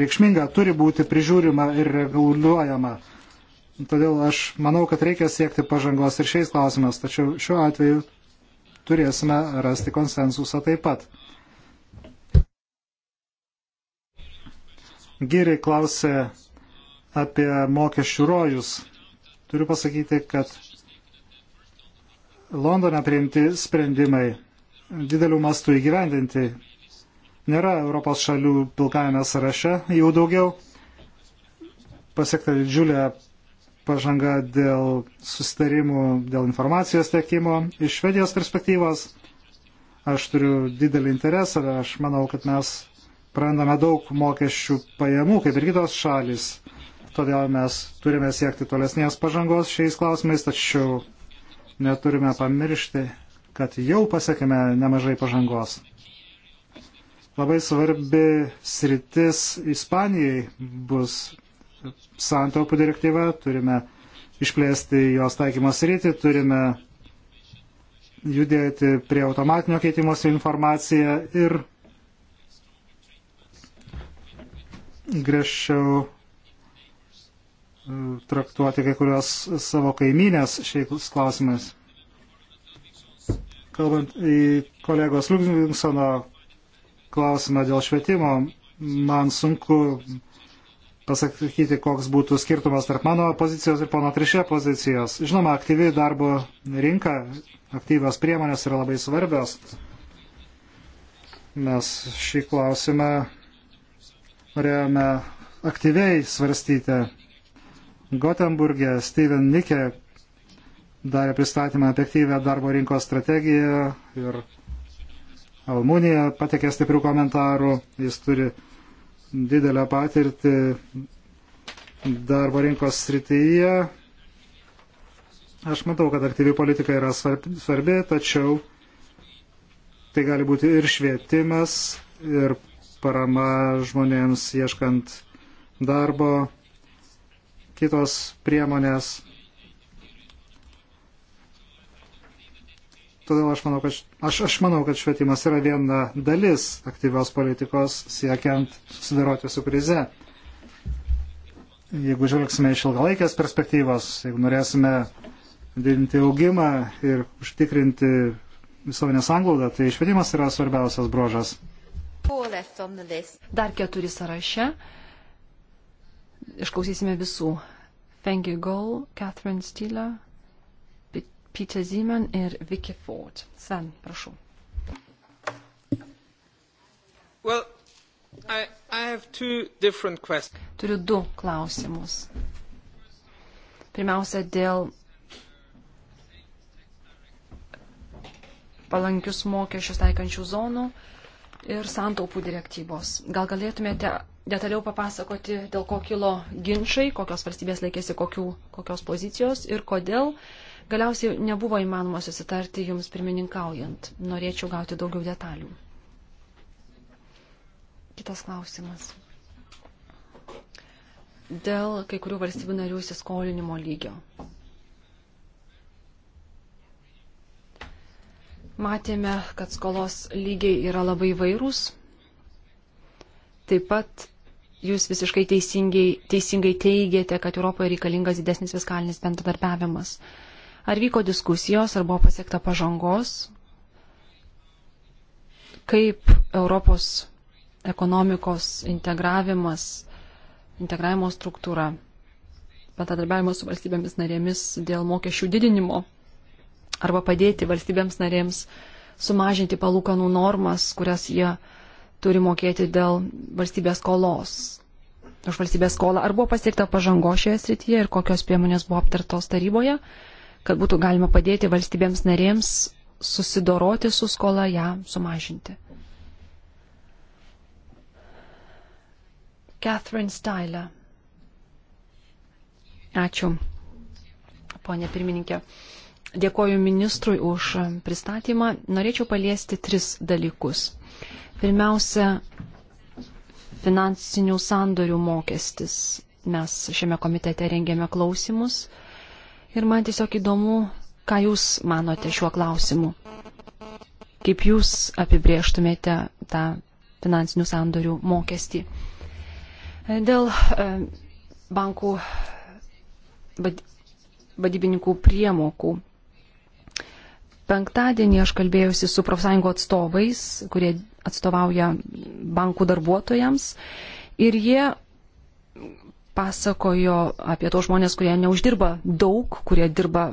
reikšminga, turi būti prižiūrima ir reguliuojama. Todėl aš manau, kad reikia siekti pažangos ir šiais klausimas, tačiau šiuo atveju turėsime rasti konsensusą taip pat. Gyriai klausė apie mokesčių rojus. Turiu pasakyti, kad Londone priimti sprendimai didelių mastų įgyvendinti. Nėra Europos šalių pilkajame sąraše jau daugiau. Pasiekta didžiulė pažanga dėl susitarimų, dėl informacijos tiekimo. Iš Švedijos perspektyvos aš turiu didelį interesą, aš manau, kad mes prarandame daug mokesčių pajamų, kaip ir kitos šalis. Todėl mes turime siekti tolesnės pažangos šiais klausimais, tačiau neturime pamiršti, kad jau pasiekėme nemažai pažangos. Labai svarbi sritis Ispanijai bus santaupų direktyva, turime išplėsti jos taikymo sritį, turime judėti prie automatinio keitimosi informaciją ir griežčiau e, traktuoti kai kurios savo kaimynės šiais klausimais. Kalbant į kolegos Liugvinsono klausimą dėl švietimo, man sunku pasakyti, koks būtų skirtumas tarp mano pozicijos ir pono Trišė pozicijos. Žinoma, aktyvi darbo rinka, aktyvios priemonės yra labai svarbios. Mes šį klausimą norėjome aktyviai svarstyti. Gotenburgė Steven Nikė darė pristatymą efektyvę darbo rinkos strategiją ir Almunija patekė stiprių komentarų, jis turi didelę patirtį darbo rinkos srityje. Aš matau, kad aktyvi politika yra svarbi, tačiau tai gali būti ir švietimas, ir parama žmonėms ieškant darbo, kitos priemonės Todėl aš manau, kad, aš, aš manau, kad švietimas yra viena dalis aktyvios politikos siekiant susidaroti su krize. Jeigu žvelgsime iš ilgalaikės perspektyvos, jeigu norėsime didinti augimą ir užtikrinti visuomenės anglaudą, tai švietimas yra svarbiausias brožas. Dar keturi sąraše. Išklausysime visų. Fengi Gol, Catherine Steeler. Peter Zeman ir Vicky Ford. Sam, prašau. Well, I, I Turiu du klausimus. Pirmiausia, dėl palankius mokesčius taikančių zonų ir santaupų direktyvos. Gal galėtumėte detaliau papasakoti, dėl ko kilo ginčiai, kokios valstybės laikėsi kokių, kokios pozicijos ir kodėl uh, Galiausiai nebuvo įmanoma susitarti jums pirmininkaujant. Norėčiau gauti daugiau detalių. Kitas klausimas. Dėl kai kurių valstybių narių įsiskolinimo lygio. Matėme, kad skolos lygiai yra labai vairūs. Taip pat jūs visiškai teisingai, teisingai teigiate, kad Europoje reikalingas didesnis fiskalinis bendradarbiavimas. Uh, Ar vyko diskusijos, ar buvo pasiekta pažangos, kaip Europos ekonomikos integravimas, integravimo struktūra, patadarbiavimas su valstybėmis narėmis dėl mokesčių didinimo arba padėti valstybėms narėms sumažinti palūkanų normas, kurias jie turi mokėti dėl valstybės skolos. Už valstybės skolą ar buvo pasiekta pažango šioje srityje ir kokios priemonės buvo aptartos taryboje kad būtų galima padėti valstybėms narėms susidoroti su skola, ją sumažinti. Catherine Styler. Ačiū, ponė pirmininkė. Dėkoju ministrui už pristatymą. Norėčiau paliesti tris dalykus. Pirmiausia, finansinių sandorių mokestis. Mes šiame komitete rengėme klausimus Ir man tiesiog įdomu, ką Jūs manote šiuo klausimu. Kaip Jūs apibrieštumėte tą finansinių sandorių mokestį. Dėl e, bankų vadybininkų priemokų. Penktadienį aš kalbėjausi su profsąjungo atstovais, kurie atstovauja bankų darbuotojams ir jie pasakojo apie tos žmonės, kurie neuždirba daug, kurie dirba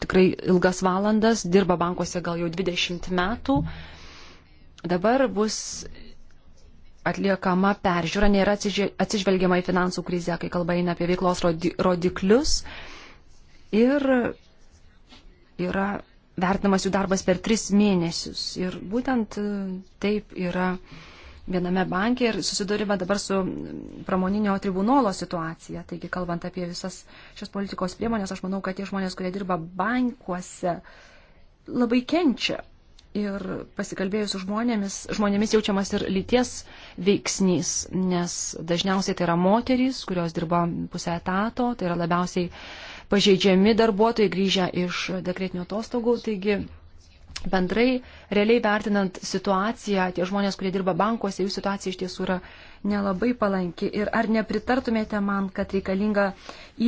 tikrai ilgas valandas, dirba bankuose gal jau 20 metų. Dabar bus atliekama peržiūra, nėra atsižvelgiama į finansų krizę, kai kalba eina apie veiklos rodiklius. Ir yra vertinamas jų darbas per tris mėnesius. Ir būtent e, taip yra viename banke ir susidurime dabar su pramoninio tribunolo situacija. Taigi, kalbant apie visas šias politikos priemonės, aš manau, kad tie žmonės, kurie dirba bankuose, labai kenčia. Ir pasikalbėjus su žmonėmis, žmonėmis jaučiamas ir lyties veiksnys, nes dažniausiai tai yra moterys, kurios dirba pusę etato, tai yra labiausiai pažeidžiami darbuotojai grįžę iš dekretinių atostogų. Taigi, Bendrai, realiai vertinant situaciją, tie žmonės, kurie dirba bankuose, jų situacija iš tiesų yra nelabai palanki. Ir ar nepritartumėte man, kad reikalinga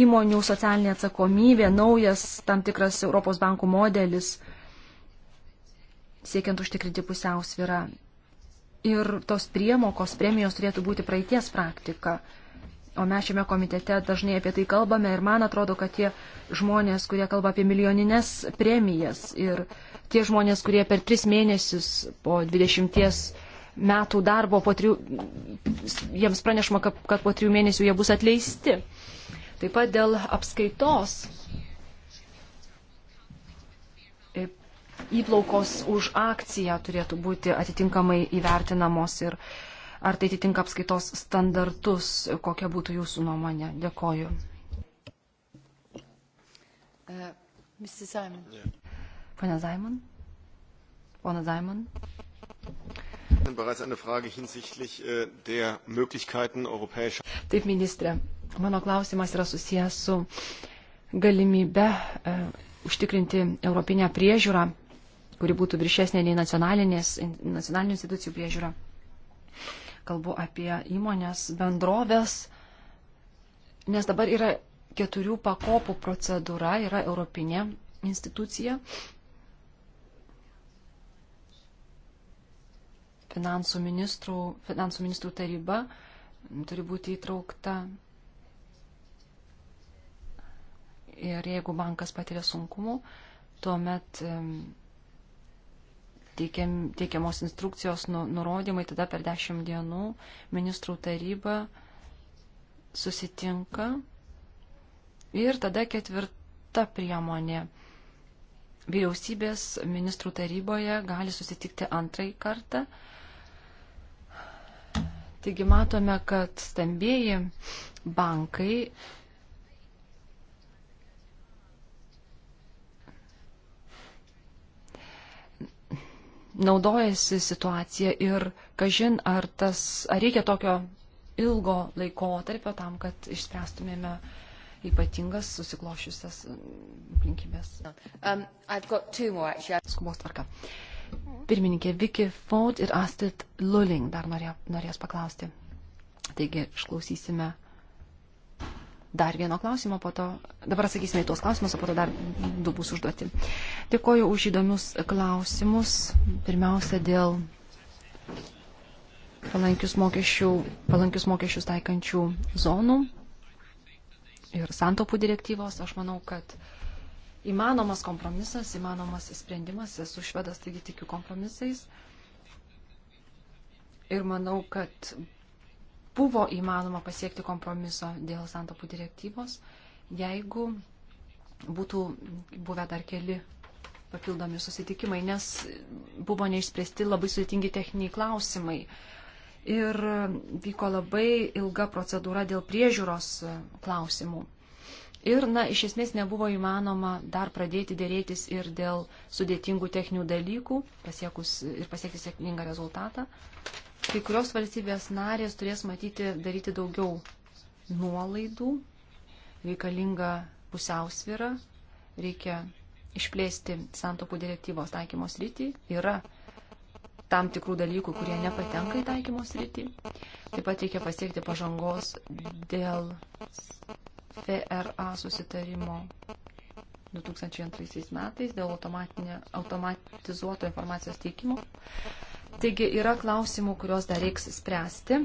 įmonių socialinė atsakomybė, naujas tam tikras Europos bankų modelis, siekiant užtikrinti pusiausvyrą? Ir tos priemokos, premijos turėtų būti praeities praktika. O mes šiame komitete dažnai apie tai kalbame ir man atrodo, kad tie žmonės, kurie kalba apie milijoninės premijas ir uh, tie žmonės, kurie per tris mėnesius po 20 metų darbo, po trijų, jiems pranešama, kad, kad po trijų mėnesių jie bus atleisti. Taip pat dėl apskaitos e, įplaukos už akciją turėtų būti atitinkamai įvertinamos ir ar tai atitinka apskaitos standartus, kokia būtų jūsų nuomonė. Dėkoju. Uh, Mr. Simon. Yeah. Pane Zaimon? Pana Zaimon? bereits eine Frage hinsichtlich äh, der Möglichkeiten europäischer. Taip, ministrė, mano klausimas yra susijęs su galimybe e, užtikrinti europinę priežiūrą, kuri būtų viršesnė nei nacionalinių institucijų priežiūra. Kalbu apie įmonės, bendrovės, nes dabar yra keturių pakopų procedūra, yra europinė institucija, finansų ministrų, finansų ministrų taryba turi būti įtraukta. Ir jeigu bankas patiria sunkumų, tuomet teikiam, teikiamos instrukcijos nu, nurodymai, tada per dešimt dienų ministrų taryba susitinka ir tada ketvirta priemonė. Vyriausybės ministrų taryboje gali susitikti antrąjį kartą Taigi matome, kad stambėjai bankai naudojasi situacija ir kažin, ar, tas, ar reikia tokio ilgo laiko tarpio tam, kad išspręstumėme ypatingas susiklošiusias aplinkybės. Um, Skubos tvarka. Uh, Pirmininkė Vicky Ford ir Astrid Lulling dar norėjo, norės paklausti. Taigi išklausysime dar vieno klausimo, po to dabar sakysime į tuos klausimus, o po to dar du bus užduoti. Dėkoju už įdomius klausimus. Pirmiausia, dėl palankius, mokesčių, palankius mokesčius taikančių zonų ir santopų direktyvos. Aš manau, kad uh, įmanomas kompromisas, įmanomas sprendimas, esu švedas, taigi tikiu kompromisais. Ir manau, kad buvo įmanoma pasiekti kompromiso dėl santopų direktyvos, jeigu būtų buvę dar keli papildomi susitikimai, nes buvo neišspręsti labai sudėtingi techniniai klausimai. Ir vyko labai ilga procedūra dėl priežiūros klausimų. Ir, na, iš esmės nebuvo įmanoma dar pradėti dėrėtis ir dėl sudėtingų techninių dalykų pasiekus, ir pasiekti sėkmingą rezultatą. Kai kurios valstybės narės turės matyti daryti daugiau nuolaidų, reikalinga pusiausvyra, reikia išplėsti santokų direktyvos taikymos rytį, yra tam tikrų dalykų, kurie nepatenka į taikymos rytį. Taip pat reikia pasiekti pažangos dėl PRA susitarimo 2002 metais dėl automatizuoto informacijos teikimo. Taigi yra klausimų, kuriuos dar reiks spręsti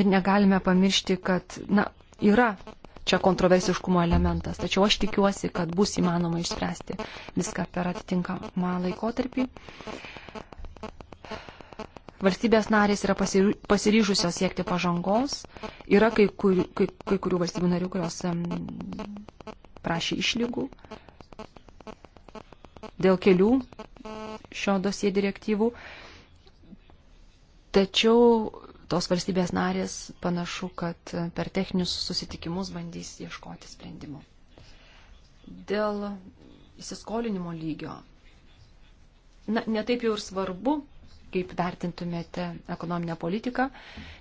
ir negalime pamiršti, kad na, yra čia kontroversiškumo elementas, tačiau aš tikiuosi, kad bus įmanoma išspręsti viską per atitinkamą laikotarpį. Valstybės narės yra pasiryžusios siekti pažangos. Yra kai, kur, kai, kai kurių valstybių narių, kurios prašė išlygų dėl kelių šio dosie direktyvų. Tačiau tos valstybės narės panašu, kad per techninius susitikimus bandys ieškoti sprendimų. Dėl įsiskolinimo lygio. Na, netaip jau ir svarbu, kaip vertintumėte ekonominę politiką,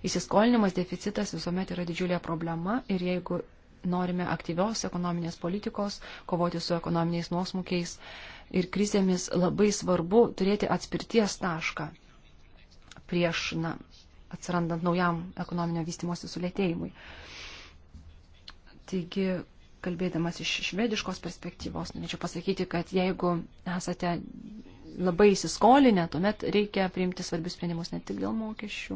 įsiskolinimas, deficitas visuomet yra didžiulė problema ir jeigu norime aktyvios ekonominės politikos, kovoti su ekonominiais nuosmukiais ir krizėmis, labai svarbu turėti atspirties tašką prieš, na, atsirandant naujam ekonominio vystimosi sulėtėjimui. Taigi, kalbėdamas iš švediškos perspektyvos, norėčiau pasakyti, kad jeigu esate labai įsiskolinę, tuomet reikia priimti svarbius sprendimus ne tik dėl mokesčių,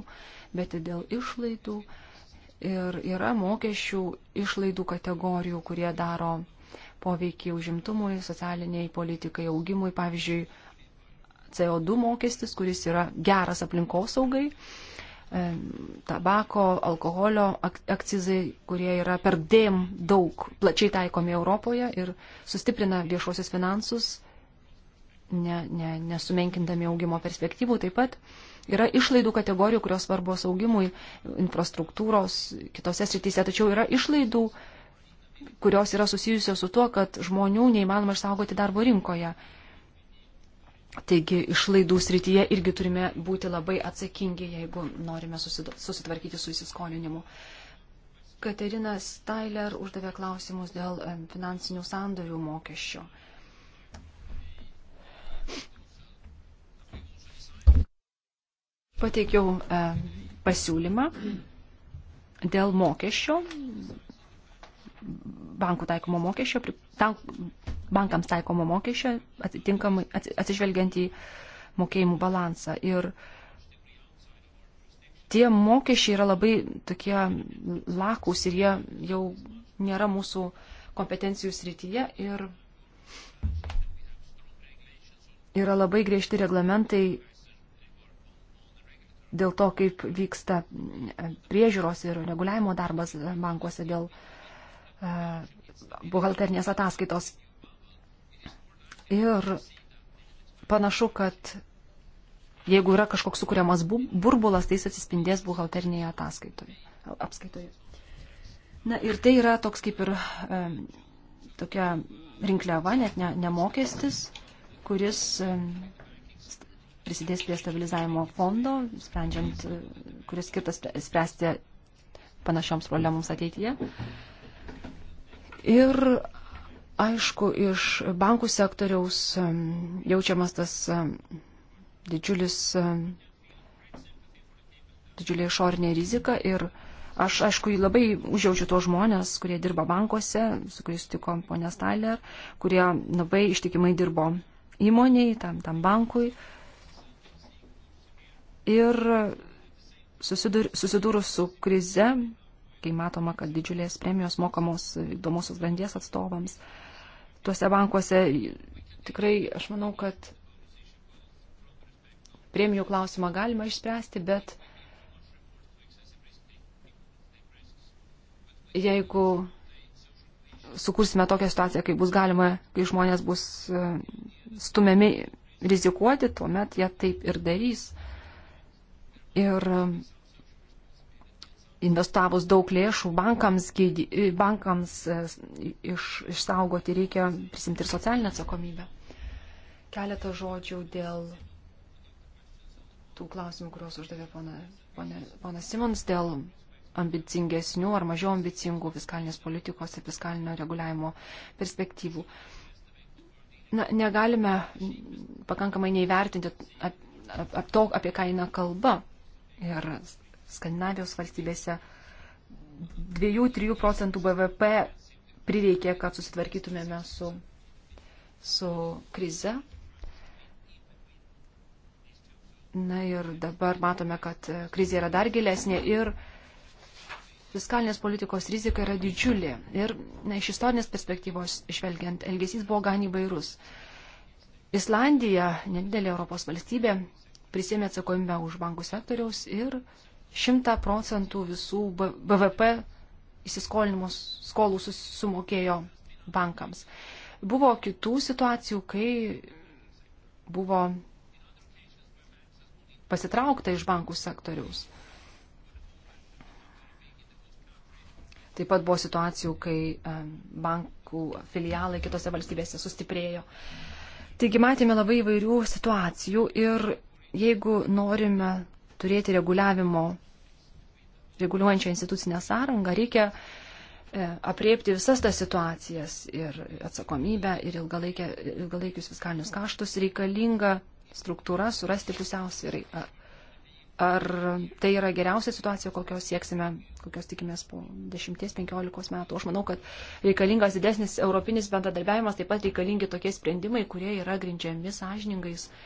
bet ir dėl išlaidų. Ir yra mokesčių išlaidų kategorijų, kurie daro poveikį užimtumui, socialiniai politikai, augimui. Pavyzdžiui, CO2 mokestis, kuris yra geras aplinkosaugai, e, tabako, alkoholio akcizai, kurie yra per dėm daug plačiai taikomi Europoje ir sustiprina viešuosius finansus ne, ne, nesumenkindami augimo perspektyvų. Taip pat yra išlaidų kategorijų, kurios svarbos augimui, infrastruktūros, kitose srityse, tačiau yra išlaidų, kurios yra susijusios su tuo, kad žmonių neįmanoma išsaugoti darbo rinkoje. Taigi išlaidų srityje irgi turime būti labai atsakingi, jeigu norime susitvarkyti su įsiskolinimu. Katerina Steiler uždavė klausimus dėl finansinių sandorių mokesčio. Uh, pateikiau e, pasiūlymą dėl mokesčio, bankų taikomo mokesčio, bankams taikomo mokesčio, atitinkamai atsižvelgiant į mokėjimų balansą. Ir tie mokesčiai yra labai tokie lakūs ir jie jau nėra mūsų kompetencijų srityje ir yra labai griežti reglamentai dėl to, kaip vyksta priežiūros ir reguliavimo darbas bankuose dėl e, buhalternės ataskaitos. Ir panašu, kad jeigu yra kažkoks sukūriamas burbulas, tai jis atsispindės buhalternėje ataskaitoje, apskaitoje. Na ir tai yra toks kaip ir e, tokia rinkliava, net ne, nemokestis, kuris e, prisidės prie stabilizavimo fondo, sprendžiant, e, kuris skirtas spręsti panašioms problemams ateityje. Ir aišku, iš bankų sektoriaus e, jaučiamas tas e, didžiulis, didžiulė išorinė rizika ir Aš, aišku, labai užjaučiu tos žmonės, kurie dirba bankuose, su kuriais sutiko ponė Staler, kurie labai ištikimai dirbo įmoniai, tam, tam bankui. Uh, Ir susidur, susidūrus su krize, kai matoma, kad didžiulės premijos mokamos vykdomosios grandies atstovams, tuose bankuose tikrai aš manau, kad premijų klausimą galima išspręsti, bet jeigu sukursime tokią situaciją, kai bus galima, kai žmonės bus e, stumiami rizikuoti, tuomet jie taip ir darys. Ir investavus daug lėšų bankams, bankams e, iš, išsaugoti reikia prisimti ir socialinę atsakomybę. Keletą žodžių dėl tų klausimų, kuriuos uždavė ponas Simons, dėl ambicingesnių ar mažiau ambicingų fiskalinės politikos ir fiskalinio reguliavimo perspektyvų. Na, negalime pakankamai neįvertinti ap, ap, ap to, apie ką eina kalba ir Skandinavijos valstybėse 2-3 procentų BVP prireikė, kad susitvarkytumėme su, su krize. Na ir dabar matome, kad krizė yra dar gilesnė ir fiskalinės politikos rizika yra didžiulė. Ir na, iš istorinės perspektyvos žvelgiant, elgesys buvo gan įvairus. Islandija, nedidelė Europos valstybė, prisėmė atsakomybę už bankų sektoriaus ir 100 procentų visų BVP įsiskolinimo skolų sumokėjo bankams. Buvo kitų situacijų, kai buvo pasitraukta iš bankų sektoriaus. Taip pat buvo situacijų, kai bankų filialai kitose valstybėse sustiprėjo. Taigi matėme labai įvairių situacijų ir Jeigu norime turėti reguliavimo, reguliuojančią institucinę sąrangą, reikia e, apriepti visas tas situacijas ir atsakomybę, ir ilgalaikius fiskalinius kaštus reikalinga struktūra surasti pusiausvirai. Ar tai yra geriausia situacija, kokios sieksime, kokios tikimės po 10-15 metų? Aš manau, kad reikalingas didesnis europinis bendradarbiavimas, taip pat reikalingi tokie sprendimai, kurie yra grindžiami sąžiningais uh,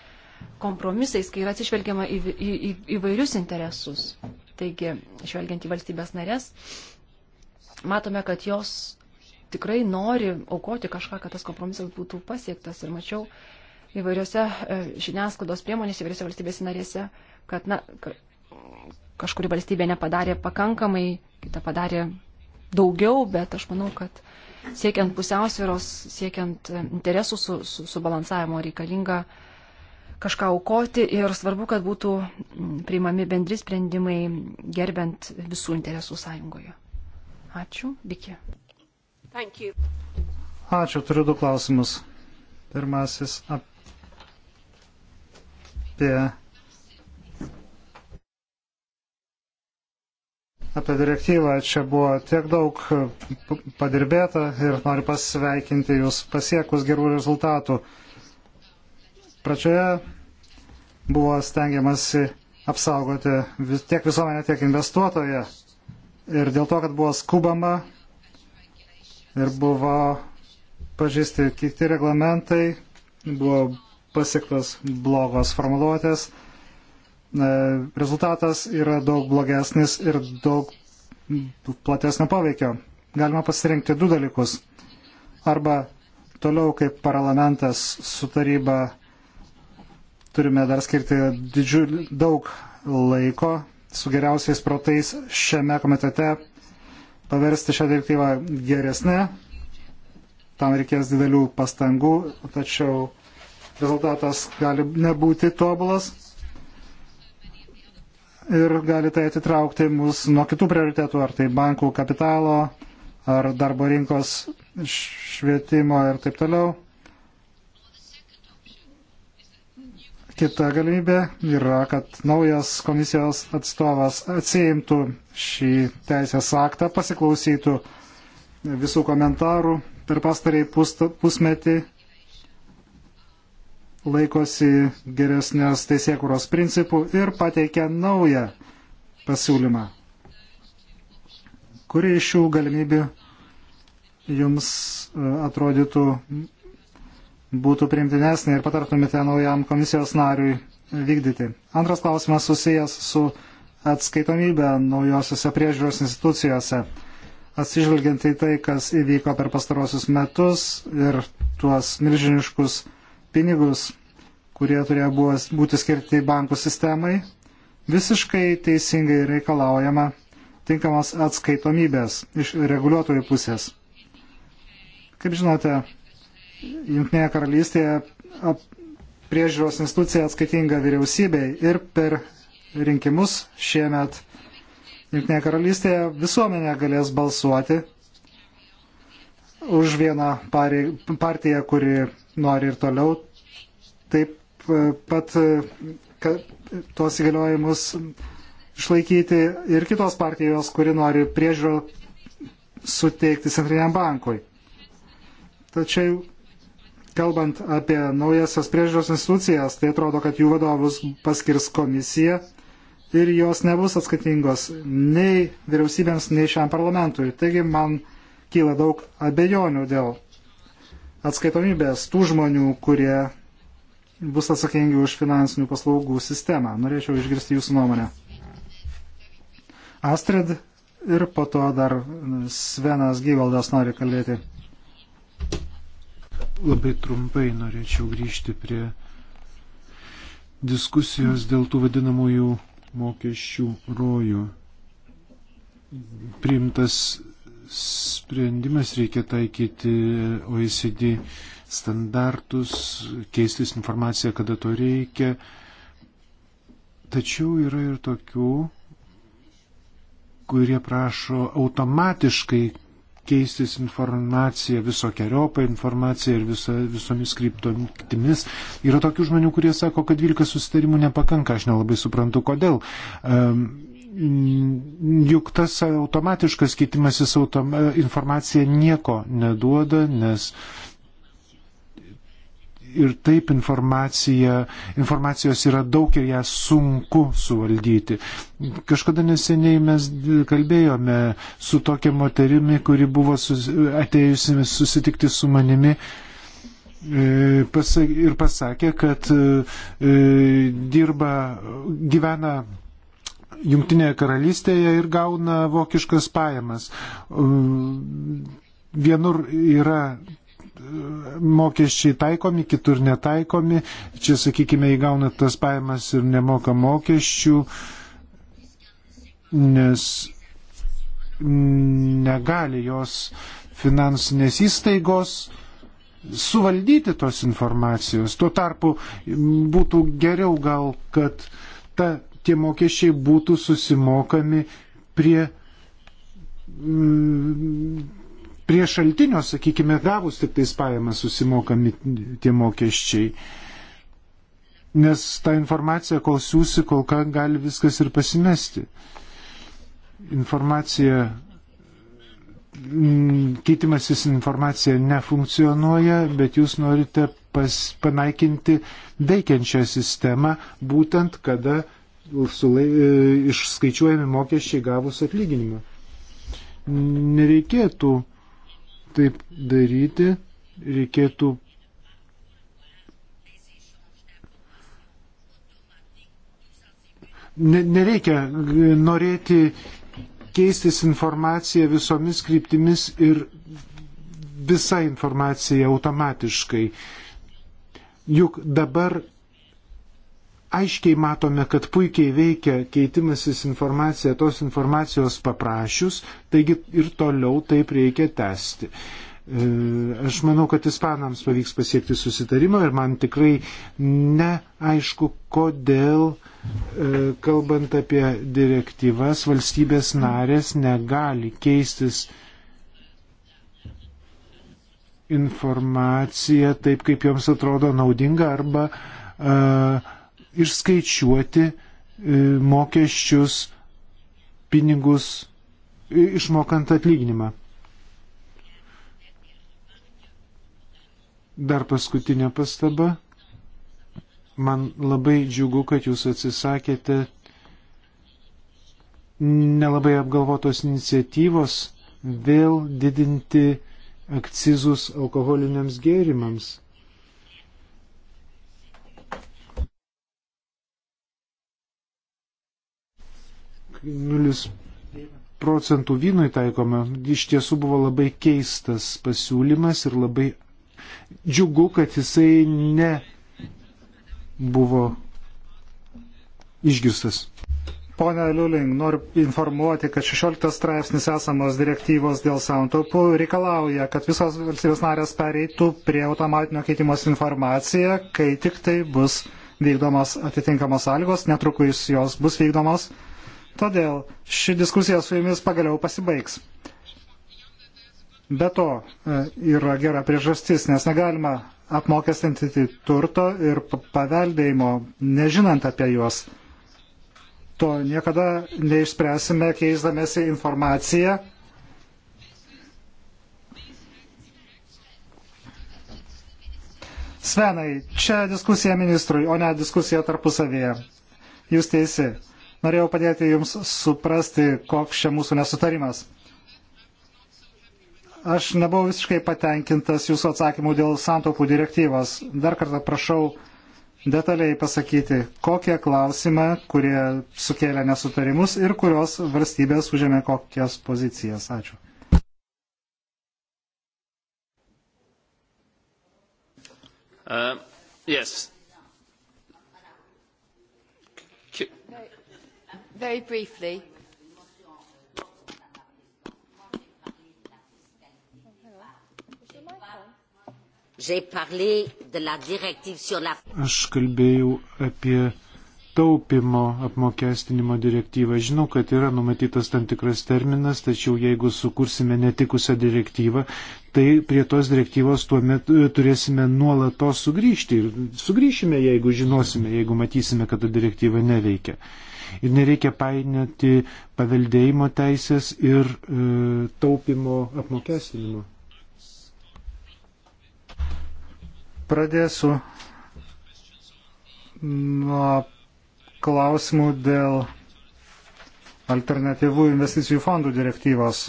kompromisais, kai yra atsižvelgiama į, į, į įvairius interesus. Taigi, žvelgiant į valstybės narės, matome, kad jos tikrai nori aukoti kažką, kad tas kompromisas būtų pasiektas. Ir mačiau įvairiose e, žiniasklaidos priemonėse, įvairiose valstybės narėse, kad na, kažkuri valstybė nepadarė pakankamai, kita padarė daugiau, bet aš manau, kad siekiant pusiausvėros, siekiant interesų su, su, subalansavimo reikalinga uh, kažką aukoti ir svarbu, kad būtų priimami bendri sprendimai gerbent visų interesų sąjungoje. Ačiū, Bikė. Ačiū, turiu du klausimus. Pirmasis apie, apie direktyvą. Čia buvo tiek daug padirbėta ir noriu pasveikinti jūs pasiekus gerų rezultatų. Pradžioje buvo stengiamasi apsaugoti vis, tiek visuomenę, tiek investuotoje. Ir dėl to, kad buvo skubama ir buvo pažįsti kiti reglamentai, buvo pasiektas blogos formuluotės. Rezultatas yra daug blogesnis ir daug platesnio poveikio. Galima pasirinkti du dalykus. Arba toliau kaip parlamentas su taryba turime dar skirti didžiulį daug laiko su geriausiais protais šiame komitete paversti šią direktyvą geresnę. Tam reikės didelių pastangų, tačiau rezultatas gali nebūti tobulas ir gali tai atitraukti mus nuo kitų prioritetų, ar tai bankų kapitalo, ar darbo rinkos švietimo ir taip toliau. Kita galimybė yra, kad naujas komisijos atstovas atsiimtų šį teisės aktą, pasiklausytų visų komentarų per pastarį pusmetį, laikosi geresnės teisėkuros principų ir pateikia naują pasiūlymą. Kuri iš šių galimybių jums e, atrodytų būtų priimtinesnė ir patartumėte naujam komisijos nariui vykdyti. Antras klausimas susijęs su atskaitomybė naujosiuose priežiūros institucijose. Atsižvelgiant į tai, kas įvyko per pastarosius metus ir tuos milžiniškus pinigus, kurie turėjo būti skirti bankų sistemai, visiškai teisingai reikalaujama tinkamos atskaitomybės iš reguliuotojų pusės. Kaip žinote, Junktinėje karalystėje priežiūros institucija atskaitinga vyriausybei ir per rinkimus šiemet Junktinėje karalystėje visuomenė galės balsuoti už vieną partiją, kuri nori ir toliau taip e, pat e, tuos įgaliojimus išlaikyti ir kitos partijos, kuri nori priežiūrą suteikti Centriniam bankui. Tačiau Kalbant apie naujasias priežiūros institucijas, tai atrodo, kad jų vadovus paskirs komisija ir jos nebus atskaitingos nei vyriausybėms, nei šiam parlamentui. Taigi man kyla daug abejonių dėl atskaitomybės tų žmonių, kurie bus atsakingi už finansinių paslaugų sistemą. Norėčiau išgirsti jūsų nuomonę. Astrid ir po to dar Svenas Gyvaldas nori kalbėti. Labai trumpai norėčiau grįžti prie diskusijos dėl tų vadinamųjų mokesčių rojų. Priimtas sprendimas reikia taikyti OECD standartus, keistis informaciją, kada to reikia. Tačiau yra ir tokių, kurie prašo automatiškai keistis informacija, visokiojopą informaciją ir viso, visomis kryptomis. Yra tokių žmonių, kurie sako, kad 12 susitarimų nepakanka, aš nelabai suprantu kodėl. Um, juk tas automatiškas keitimasis autom informacija nieko neduoda, nes uh, ir taip informacijos yra daug ir ją sunku suvaldyti. Kažkada neseniai mes kalbėjome su tokia moterimi, kuri buvo sus, atėjusi susitikti su manimi. E, ir pasakė, kad e, e, dirba, gyvena Junktinėje karalystėje ir gauna vokiškas pajamas. Vienur yra mokesčiai taikomi, kitur netaikomi. Čia, sakykime, įgauna tas pajamas ir nemoka mokesčių, nes negali jos finansinės įstaigos suvaldyti tos informacijos. Tuo tarpu būtų geriau gal, kad ta, tie mokesčiai būtų susimokami prie mm, prie šaltinio, sakykime, gavus tik tais pajamas susimokami tie mokesčiai. Nes ta informacija, kol siūsi, kol ką gali viskas ir pasimesti. Informacija, mm, keitimasis informacija nefunkcionuoja, bet jūs norite pas, panaikinti veikiančią sistemą, būtent kada sulai, e, išskaičiuojami mokesčiai gavus atlyginimą. Nereikėtų taip daryti, reikėtų nereikia norėti keistis informaciją visomis kryptimis ir visa informacija automatiškai. Juk dabar aiškiai matome, kad puikiai veikia keitimasis informacija tos informacijos paprašius, taigi ir toliau taip reikia tęsti. E, aš manau, kad ispanams pavyks pasiekti susitarimą ir man tikrai neaišku, kodėl, e, kalbant apie direktyvas, valstybės narės negali keistis informacija taip, kaip joms atrodo naudinga arba uh, išskaičiuoti e, mokesčius, pinigus e, išmokant atlyginimą. Dar paskutinė pastaba. Man labai džiugu, kad jūs atsisakėte nelabai apgalvotos iniciatyvos vėl didinti akcizus alkoholiniams gėrimams. 0 procentų vynui taikoma, iš tiesų buvo labai keistas pasiūlymas ir labai džiugu, kad jisai ne buvo išgirstas. Pone Liuling, noriu informuoti, kad 16 straipsnis esamos direktyvos dėl santaupų reikalauja, kad visos valstybės narės pereitų prie automatinio keitimos informaciją, kai tik tai bus vykdomos atitinkamos sąlygos, netrukus jos bus vykdomos Todėl ši diskusija su jumis pagaliau pasibaigs. Be to e, yra gera priežastis, nes negalima apmokestinti turto ir paveldėjimo, nežinant apie juos. To niekada neišspręsime keisdamėsi informaciją. Svenai, čia diskusija ministrui, o ne diskusija tarpusavėje. Jūs teisi. Norėjau padėti Jums suprasti, koks čia mūsų nesutarimas. Aš nebuvau visiškai patenkintas Jūsų atsakymu dėl santaupų direktyvos. Dar kartą prašau detaliai pasakyti, kokie klausimai, kurie sukėlė nesutarimus ir kurios valstybės užėmė kokias pozicijas. Ačiū. Uh, yes. very briefly. Aš kalbėjau apie taupimo apmokestinimo direktyvą. Žinau, kad yra numatytas tam tikras terminas, tačiau jeigu sukursime netikusią direktyvą, tai prie tos direktyvos tuomet e, turėsime nuolatos sugrįžti. Ir sugrįšime, jeigu žinosime, jeigu matysime, kad ta direktyva neveikia. Uh, Ir nereikia painioti paveldėjimo teisės ir e, taupimo apmokestinimo. Pradėsiu nuo klausimų dėl alternatyvų investicijų fondų direktyvos.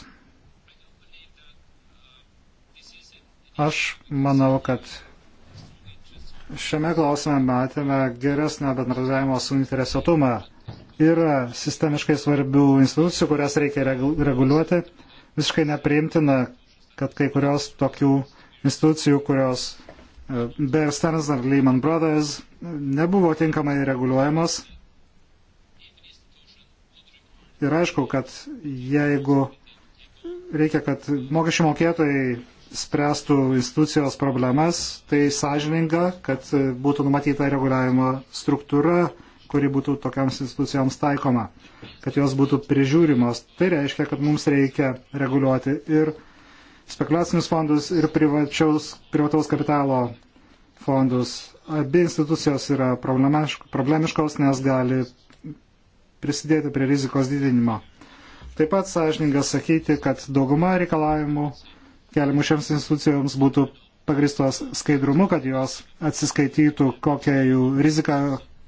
Aš manau, kad šiame klausime matėme geresnę bendradarbiavimo suinteresuotumą yra sistemiškai svarbių institucijų, kurias reikia reguliuoti. Visiškai nepriimtina, kad kai kurios tokių institucijų, kurios e, Bear Stearns ar Lehman Brothers nebuvo tinkamai reguliuojamos. Ir aišku, kad jeigu reikia, kad mokesčių mokėtojai spręstų institucijos problemas, tai sąžininga, kad e, būtų numatyta reguliavimo struktūra kuri būtų tokiams institucijoms taikoma, kad jos būtų prižiūrimos. Tai reiškia, kad mums reikia reguliuoti ir spekuliacinius fondus, ir privataus kapitalo fondus. Abi institucijos yra problemiškos, nes gali prisidėti prie rizikos didinimo. Taip pat sąžininga sakyti, kad dauguma reikalavimų keliamų šiems institucijoms būtų pagristos skaidrumu, kad jos atsiskaitytų, kokia jų rizika,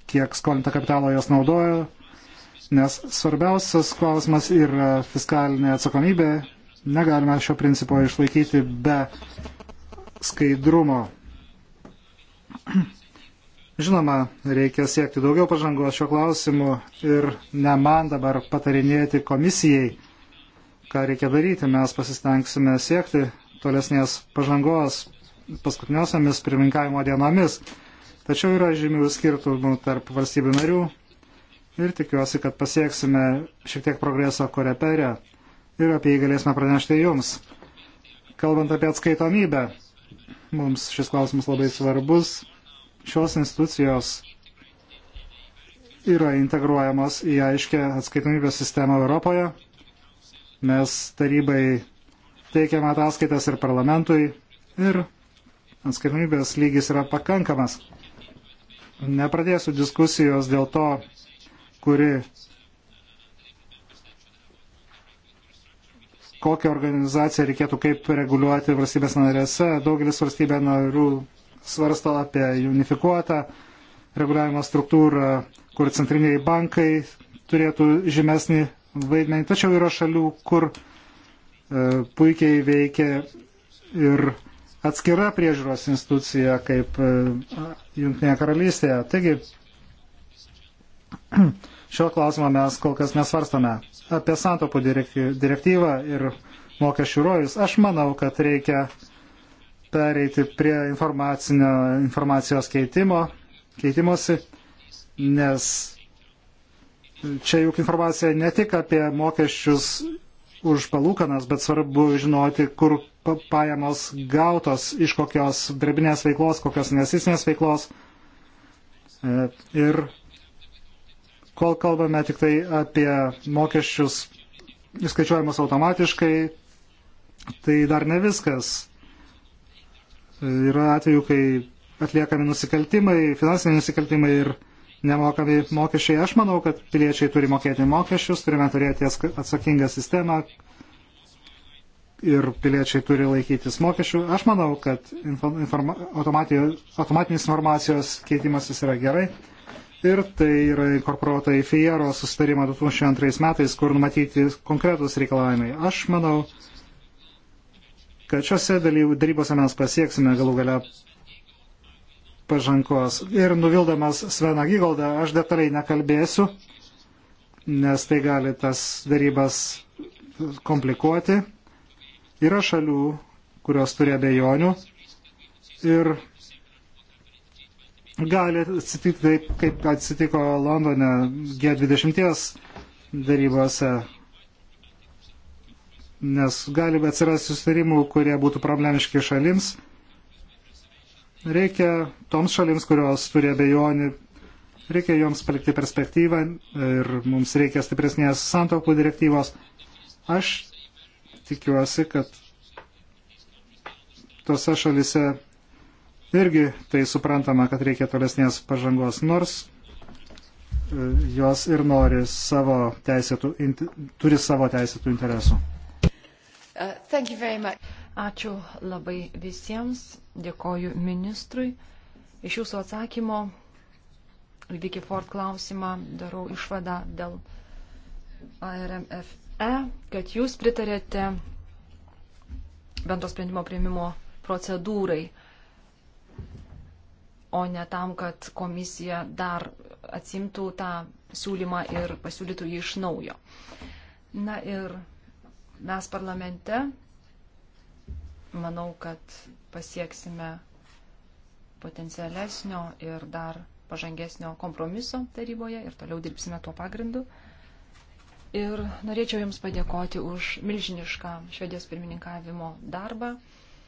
kiek skolintą kapitalą jos naudoja, nes svarbiausias klausimas yra fiskalinė atsakomybė. Negalime šio principo išlaikyti be skaidrumo. Žinoma, reikia siekti daugiau pažangos šiuo klausimu ir ne man dabar patarinėti komisijai, ką reikia daryti. Mes pasistengsime siekti tolesnės pažangos paskutiniosiamis pirmininkavimo dienomis. Tačiau yra žymių skirtumų tarp valstybių narių ir tikiuosi, kad pasieksime šiek tiek progreso koreperę ir apie jį galėsime pranešti jums. Kalbant apie atskaitomybę, mums šis klausimas labai svarbus. Šios institucijos yra integruojamos į aiškę atskaitomybės sistemą Europoje. Mes tarybai teikiame ataskaitas ir parlamentui ir atskaitomybės lygis yra pakankamas. Nepradėsiu diskusijos dėl to, kuri kokią organizaciją reikėtų kaip reguliuoti valstybės narėse. Daugelis valstybė narių svarsto apie unifikuotą reguliavimo struktūrą, kur centriniai bankai turėtų žymesnį vaidmenį. Tačiau yra šalių, kur e, puikiai veikia ir atskira priežiūros institucija kaip e, Junktinėje karalystėje. Taigi, šio klausimo mes kol kas nesvarstame. Apie santopų direktyvą ir mokesčių rojus, aš manau, kad reikia pereiti prie informacijos keitimo, keitimosi, nes čia juk informacija ne tik apie mokesčius už palūkanas, bet svarbu žinoti, kur pajamos gautos, iš kokios darbinės veiklos, kokios investicinės veiklos. E, ir kol kalbame tik tai apie mokesčius įskaičiuojamus automatiškai, tai dar ne viskas. E, yra atveju, kai atliekami nusikaltimai, finansiniai nusikaltimai ir nemokami mokesčiai. Aš manau, kad piliečiai turi mokėti mokesčius, turime turėti atsakingą sistemą ir piliečiai turi laikytis mokesčių. Aš manau, kad informa automatinis informacijos keitimasis yra gerai. Ir tai yra inkorporuota į Fiero susitarimą 2002 metais, kur numatyti konkretus reikalavimai. Aš manau, kad šiuose darybose mes pasieksime galų gale pažangos. Ir nuvildamas Sveną Gygoldą, aš detaliai nekalbėsiu, nes tai gali tas darybas komplikuoti. Yra šalių, kurios turi abejonių ir gali atsitikti taip, kaip atsitiko Londone G20 darybose, nes gali atsirasti susitarimų, kurie būtų problemiški šalims Reikia toms šalims, kurios turi abejonių, reikia joms palikti perspektyvą ir mums reikia stipresnės santokų direktyvos. Aš tikiuosi, kad tose šalise irgi tai suprantama, kad reikia tolesnės pažangos, nors e, jos ir nori savo teisėtų, turi savo teisėtų interesų. Uh, Ačiū labai visiems, dėkoju ministrui. Iš jūsų atsakymo į Vicky Ford klausimą darau išvadą dėl ARMFE, kad jūs pritarėte bendro sprendimo prieimimo procedūrai, o ne tam, kad komisija dar atsimtų tą siūlymą ir pasiūlytų jį iš naujo. Na ir mes parlamente manau, kad pasieksime potencialesnio ir dar pažangesnio kompromiso taryboje ir toliau dirbsime tuo pagrindu. Ir norėčiau Jums padėkoti už milžinišką švedijos pirmininkavimo darbą.